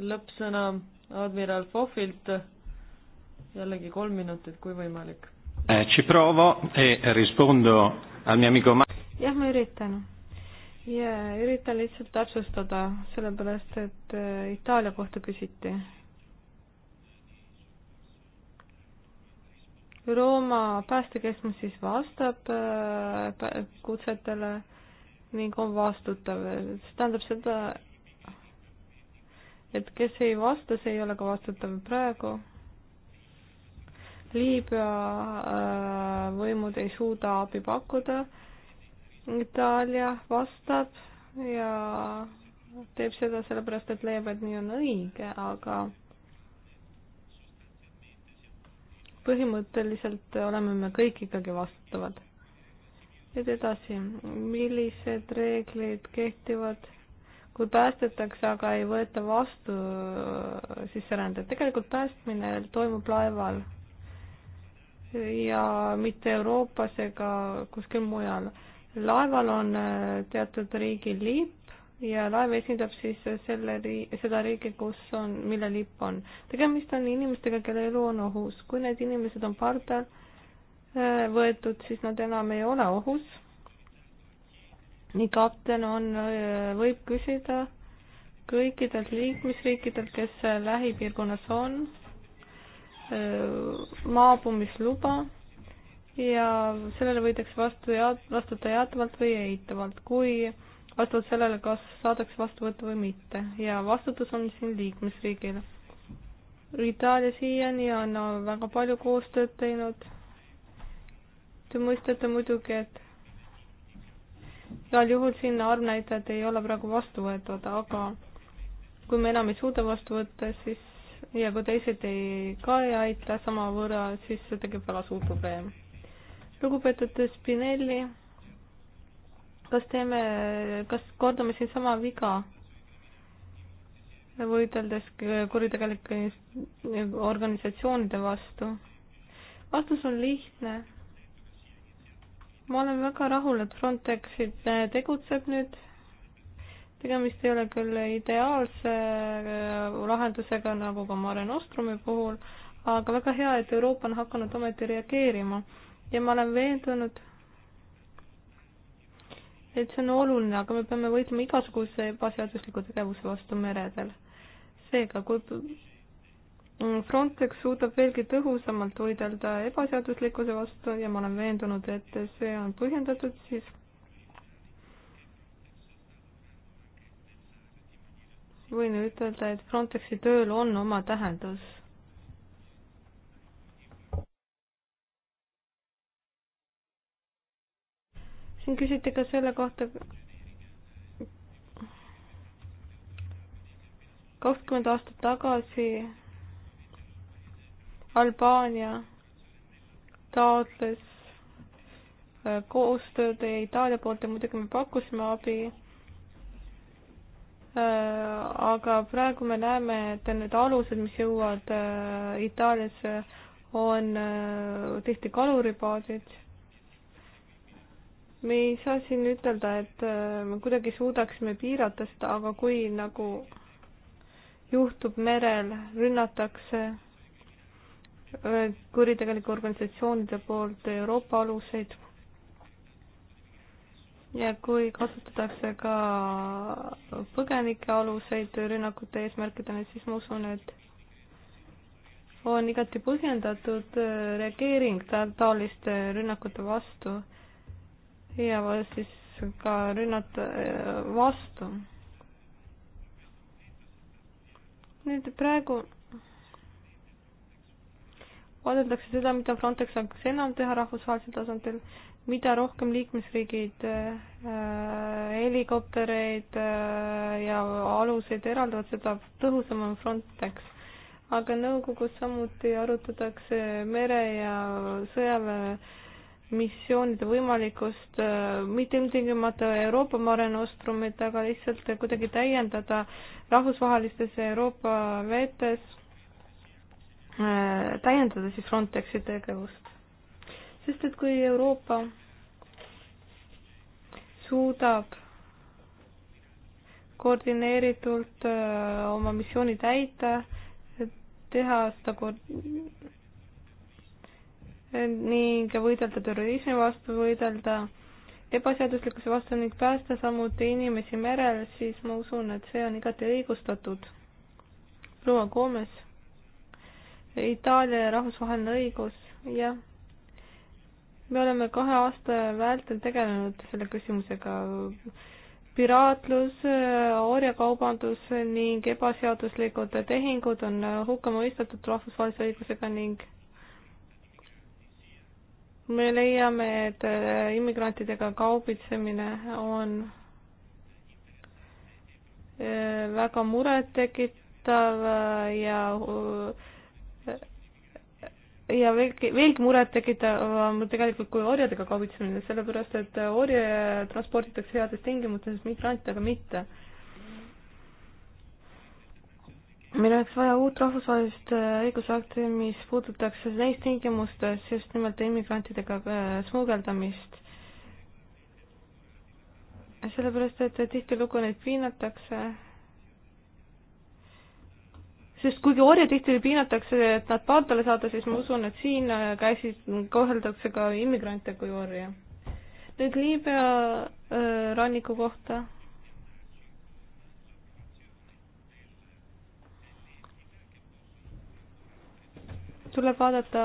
lõppsõna admiral Fofilt, jällegi kolm minutit, kui võimalik. Eh, e jah, ma üritan jaa, üritan lihtsalt täpsustada, sellepärast et äh, Itaalia kohta küsiti. Rooma päästekeskus siis vastab äh, kutsetele ning on vastutav, see tähendab seda, et kes ei vasta, see ei ole ka vastutav praegu. Liibüa äh, võimud ei suuda abi pakkuda Itaalia vastab ja teeb seda sellepärast, et leiab, et nii on õige, aga põhimõtteliselt oleme me kõik ikkagi vastutavad. nüüd edasi, millised reeglid kehtivad, kui päästetakse, aga ei võeta vastu äh, sisserändajat, tegelikult päästmine toimub laeval ja mitte Euroopas ega kuskil mujal laeval on äh, teatud riigi lipp ja laev esindab siis äh, selle riigi, seda riigi, kus on, mille lipp on. tegemist on inimestega, kelle elu on ohus. kui need inimesed on pardal äh, võetud, siis nad enam ei ole ohus. nii kapten on, võib küsida kõikidelt liikmesriikidelt, kes lähipiirkonnas on, maabumisluba ja sellele võidakse vastu ja vastuta jaatavalt või eitavalt, kui vastavalt sellele, kas saadakse vastu võtta või mitte ja vastutus on siin liikmesriigil. Itaalia siiani on no, väga palju koostööd teinud. Te mõistate muidugi, et igal juhul sinna arvnäitajad ei ole praegu vastu võetud, aga kui me enam ei suuda vastu võtta, siis ja kui teised ei, ka ei aita samavõrra, siis see tekib väga suur probleem lugupeetud Spinelli, kas teeme, kas kordame siin sama viga? võideldes kuritegelike organisatsioonide vastu. vastus on lihtne. ma olen väga rahul, et Frontex tegutseb nüüd. tegemist ei ole küll ideaalse äh, lahendusega, nagu ka Mare Nostrumi puhul, aga väga hea, et Euroopa on hakanud ometi reageerima ja ma olen veendunud, et see on oluline, aga me peame võitlema igasuguse ebaseadusliku tegevuse vastu meredel. seega, kui Frontex suudab veelgi tõhusamalt võidelda ebaseaduslikkuse vastu ja ma olen veendunud, et see on põhjendatud, siis võin ütelda, et Frontexi tööl on oma tähendus siin küsiti ka selle kohta, kakskümmend aastat tagasi Albaania taotles äh, koostööd Itaalia poolt ja muidugi me pakkusime abi. Äh, aga praegu me näeme, et need alused, mis jõuavad äh, Itaaliasse, on tihti kaluripaadid me ei saa siin ütelda, et äh, me kuidagi suudaksime piirata seda, aga kui nagu juhtub merel, rünnatakse äh, kuritegelike organisatsioonide poolt Euroopa aluseid ja kui kasutatakse ka põgenike aluseid rünnakute eesmärkidena, siis ma usun, et on igati põhjendatud äh, reageering taoliste rünnakute vastu ja siis ka rünnata äh, vastu. nüüd praegu vaadeldakse seda, mida Frontex saaks enam teha rahvusvahelisel tasandil, mida rohkem liikmesriigid äh, helikoptereid äh, ja aluseid eraldavad, seda tõhusam on Frontex. aga nõukogus samuti arutatakse mere ja sõjaväe äh, missioonide võimalikust, äh, mitte ilmtingimata Euroopa Mare Nostrumit, aga lihtsalt kuidagi täiendada rahvusvahelistes Euroopa vetes, äh, täiendada siis Frontexi tegevust. sest et kui Euroopa suudab koordineeritult äh, oma missiooni täita, teha seda ning võidelda terrorismi vastu, võidelda ebaseaduslikkuse vastu ning päästa samuti inimesi merel, siis ma usun, et see on igati õigustatud. proua Gomes, Itaalia ja rahvusvaheline õigus, jah. me oleme kahe aasta vältel tegelenud selle küsimusega. piraatlus, orjakaubandus ning ebaseaduslikud tehingud on hukka mõistetud rahvusvahelise õigusega ning me leiame, et äh, immigrantidega kaubitsemine on äh, väga murettekitav äh, ja ja veelgi, veelgi murettekitavam tegelikult kui orjadega kaubitsemine, sellepärast et orje transporditakse heades tingimustes, migrante aga mitte meil oleks vaja uut rahvusvahelist äh, õigusakti, mis puudutaks neis tingimustes just nimelt immigrantidega äh, smugeldamist. sellepärast, et tihtilugu neid piinatakse. sest kuigi orje tihti piinatakse, et nad paatale saada, siis ma usun, et siin äh, käsi koheldakse ka immigrante kui orje. nüüd Liibüa ranniku kohta tuleb vaadata,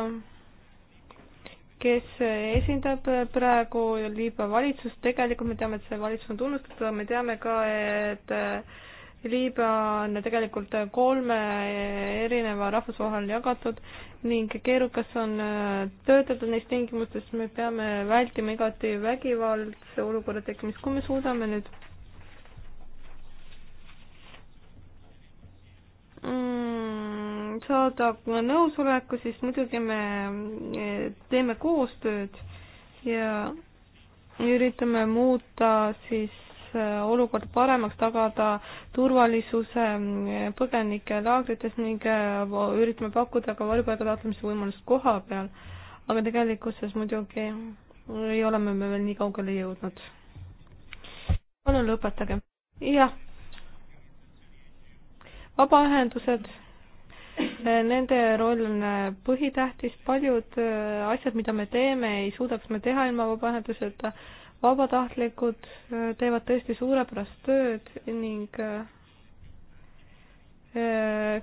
kes esindab praegu Liibüa valitsust, tegelikult me teame, et see valitsus on tunnustatud, me teame ka, et Liibüa on tegelikult kolme erineva rahvuse vahel jagatud ning keerukas on töötada neis tingimustes, me peame vältima igati vägivaldse olukorra tekkimist, kui me suudame nüüd mm, saadab nõusoleku, siis muidugi me e, teeme koostööd ja üritame muuta siis e, olukord paremaks, tagada turvalisuse e, põgenike laagrites ning üritame pakkuda ka varjupaiga taotlemise võimalust koha peal. aga tegelikkuses muidugi ei ole me veel nii kaugele jõudnud. palun lõpetage. jah. vabaühendused Nende roll on äh, põhitähtis, paljud äh, asjad, mida me teeme, ei suudaks me teha ilma vabaühenduseta. vabatahtlikud äh, teevad tõesti suurepärast tööd ning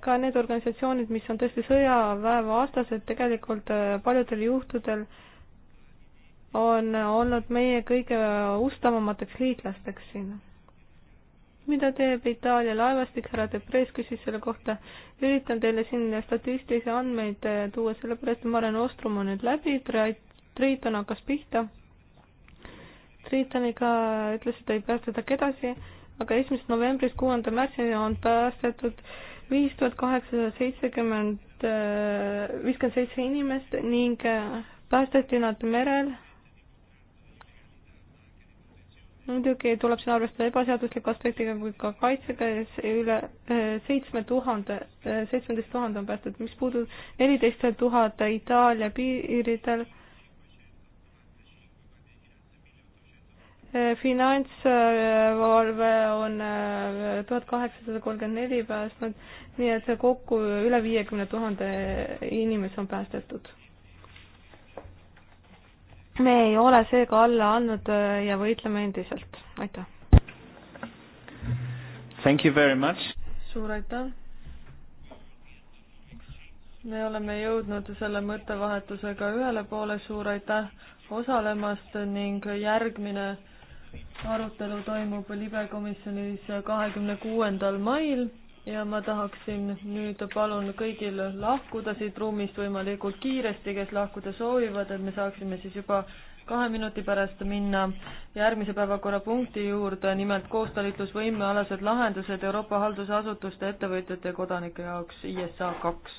ka need organisatsioonid, mis on tõesti sõjaväevastased, tegelikult paljudel juhtudel on olnud meie kõige ustavamamateks liitlasteks siin mida teeb Itaalia laevastik, härra Deprez küsis selle kohta. üritan teile siin statistilisi andmeid eh, tuua, sellepärast et Mare Nostrum on nüüd läbi, Triiton hakkas pihta. Triitoniga ütles, et ei päästeta kedasi, aga esimesest novembrist kuuenda märtsini on päästetud viis tuhat kaheksasada seitsekümmend, eh, viiskümmend seitse inimest ning eh, päästeti nad merel muidugi tuleb siin arvestada ebaseadusliku aspektiga kui ka kaitsega ja üle äh, seitsme tuhande, äh, seitsmeteist tuhande on päästetud, mis puudub neliteist tuhat Itaalia piiridel. Äh, finantsvalve on tuhat kaheksasada kolmkümmend neli päästnud, nii et kokku üle viiekümne tuhande inimese on päästetud me ei ole seega alla andnud äh, ja võitleme endiselt, aitäh. Thank you very much. suur aitäh. me oleme jõudnud selle mõttevahetusega ühele poole, suur aitäh osalemast ning järgmine arutelu toimub libekomisjonis kahekümne kuuendal mail ja ma tahaksin nüüd palun kõigil lahkuda siit ruumist võimalikult kiiresti, kes lahkuda soovivad, et me saaksime siis juba kahe minuti pärast minna järgmise päevakorrapunkti juurde, nimelt koostalitlusvõimealased lahendused Euroopa haldusasutuste, ettevõtjate ja kodanike jaoks ISA kaks.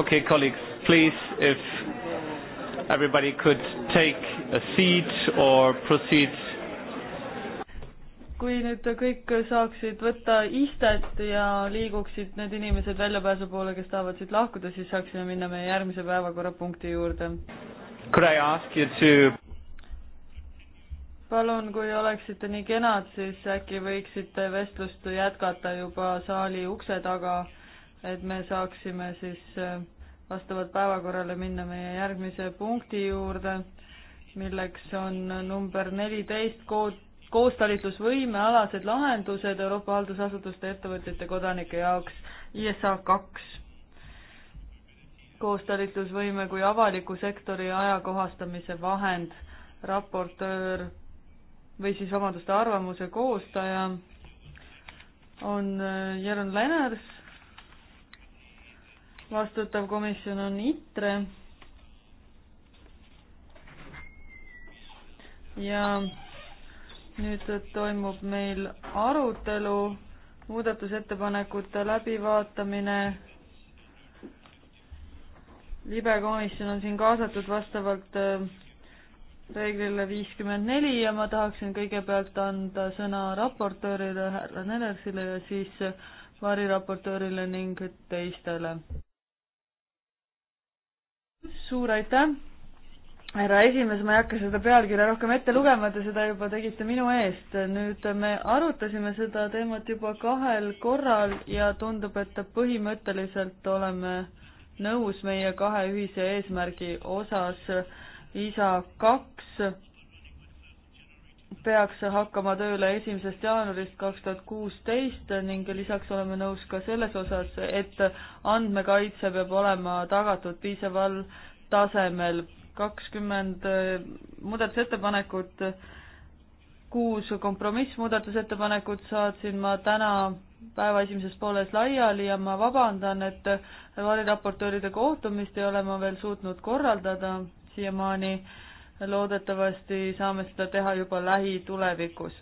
Okay, colleagues, please, if everybody could take a seat or proceed. kui nüüd kõik saaksid võtta istet ja liiguksid need inimesed väljapääsu poole, kes tahavad siit lahkuda, siis saaksime minna meie järgmise päevakorrapunkti juurde. Could I ask you to palun, kui oleksite nii kenad, siis äkki võiksite vestlust jätkata juba saali ukse taga et me saaksime siis äh, vastavalt päevakorrale minna meie järgmise punkti juurde, milleks on number neliteist koostalitlusvõimealased lahendused Euroopa haldusasutuste ettevõtjate kodanike jaoks ISA kaks. koostalitlusvõime kui avaliku sektori ajakohastamise vahend, raportöör või siis vabandust, arvamuse koostaja on äh, Jeroen Lenners vastutav komisjon on ITRE. ja nüüd toimub meil arutelu, muudatusettepanekute läbivaatamine. libekomisjon on siin kaasatud vastavalt äh, reeglile viiskümmend neli ja ma tahaksin kõigepealt anda sõna raportöörile härra Nenersile ja siis äh, variraportöörile ning teistele suur aitäh, härra esimees, ma ei hakka seda pealkirja rohkem ette lugema, te seda juba tegite minu eest. nüüd me arutasime seda teemat juba kahel korral ja tundub, et põhimõtteliselt oleme nõus meie kahe ühise eesmärgi osas. isa kaks peaks hakkama tööle esimesest jaanuarist kaks tuhat kuusteist ning lisaks oleme nõus ka selles osas, et andmekaitse peab olema tagatud piisaval tasemel. kakskümmend äh, muudatusettepanekut, kuus kompromissmuudatusettepanekut saatsin ma täna päeva esimeses pooles laiali ja ma vabandan, et variraportööride kohtumist ei ole ma veel suutnud korraldada siiamaani loodetavasti saame seda teha juba lähitulevikus.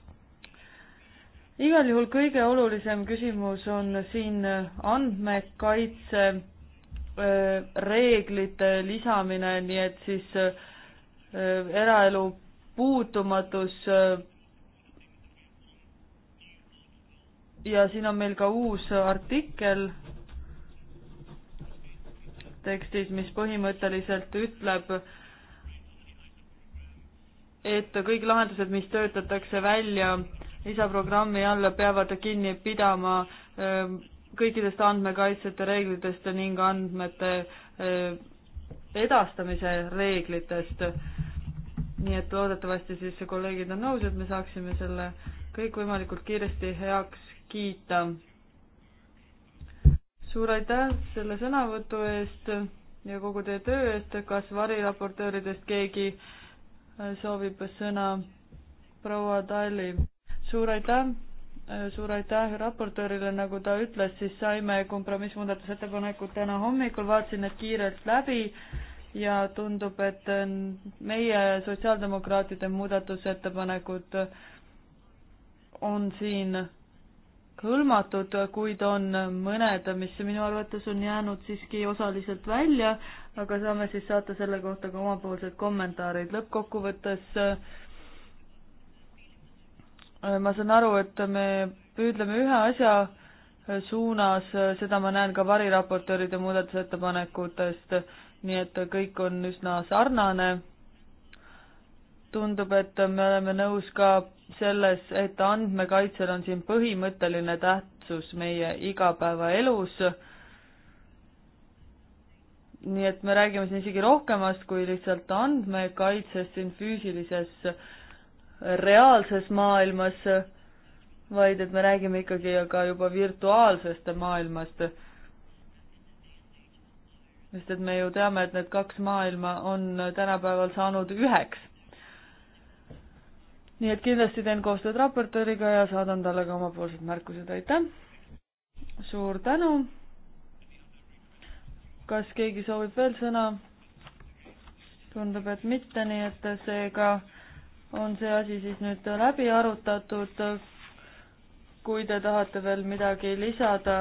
igal juhul kõige olulisem küsimus on siin andmekaitse äh, reeglite lisamine, nii et siis äh, eraelu puutumatus äh, ja siin on meil ka uus artikkel tekstis, mis põhimõtteliselt ütleb, et kõik lahendused, mis töötatakse välja lisaprogrammi alla, peavad kinni pidama ähm, kõikidest andmekaitsjate reeglitest ning andmete äh, edastamise reeglitest. nii et loodetavasti siis kolleegid on nõus, et me saaksime selle kõik võimalikult kiiresti heaks kiita. suur aitäh selle sõnavõtu eest ja kogu teie töö eest, kas variraportööridest keegi äh, soovib sõna proua Talli. suur aitäh, suur aitäh raportöörile, nagu ta ütles, siis saime kompromissmuudatusettepanekud täna hommikul, vaatasin need kiirelt läbi ja tundub, et meie sotsiaaldemokraatide muudatusettepanekud on siin hõlmatud, kuid on mõned, mis minu arvates on jäänud siiski osaliselt välja, aga saame siis saata selle kohta ka omapoolsed kommentaarid. lõppkokkuvõttes äh, ma saan aru, et me püüdleme ühe asja suunas, seda ma näen ka variraportööride muudatusettepanekutest, nii et kõik on üsna sarnane. tundub, et me oleme nõus ka selles, et andmekaitsel on siin põhimõtteline tähtsus meie igapäevaelus. nii et me räägime siin isegi rohkemast kui lihtsalt andmekaitsest siin füüsilises reaalses maailmas, vaid et me räägime ikkagi ka juba virtuaalsest maailmast. sest et me ju teame, et need kaks maailma on tänapäeval saanud üheks nii et kindlasti teen koostööd raportööriga ja saadan talle ka omapoolsed märkused, aitäh! suur tänu! kas keegi soovib veel sõna? tundub, et mitte, nii et seega on see asi siis nüüd läbi arutatud. kui te tahate veel midagi lisada,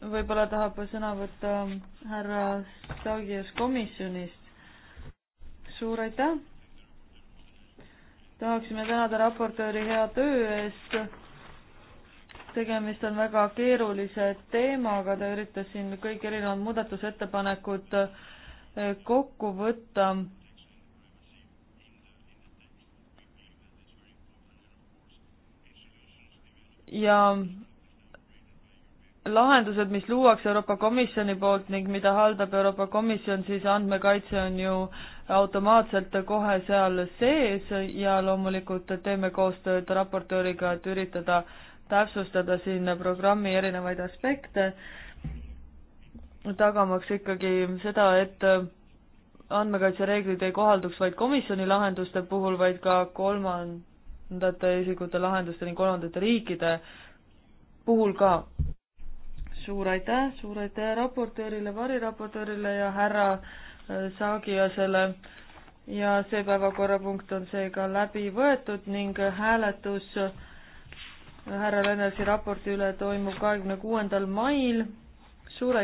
võib-olla tahab sõna võtta härra Stagias komisjonist suur aitäh! tahaksime tänada raportööri hea töö eest. tegemist on väga keerulise teemaga, ta üritas siin kõik erinevad muudatusettepanekud eh, kokku võtta. ja lahendused, mis luuakse Euroopa Komisjoni poolt ning mida haldab Euroopa Komisjon, siis andmekaitse on ju automaatselt kohe seal sees ja loomulikult teeme koostööd raportööriga, et üritada täpsustada siin programmi erinevaid aspekte, tagamaks ikkagi seda, et andmekaitsereeglid ei kohalduks vaid komisjoni lahenduste puhul, vaid ka kolmandate isikute lahenduste ning kolmandate riikide puhul ka suur aitäh, suur aitäh raportöörile, variraportöörile ja härra äh, Saagiasele. ja see päevakorrapunkt on seega läbi võetud ning hääletus äh, härra Lennartsi raporti üle toimub kahekümne kuuendal mail. suur aitäh!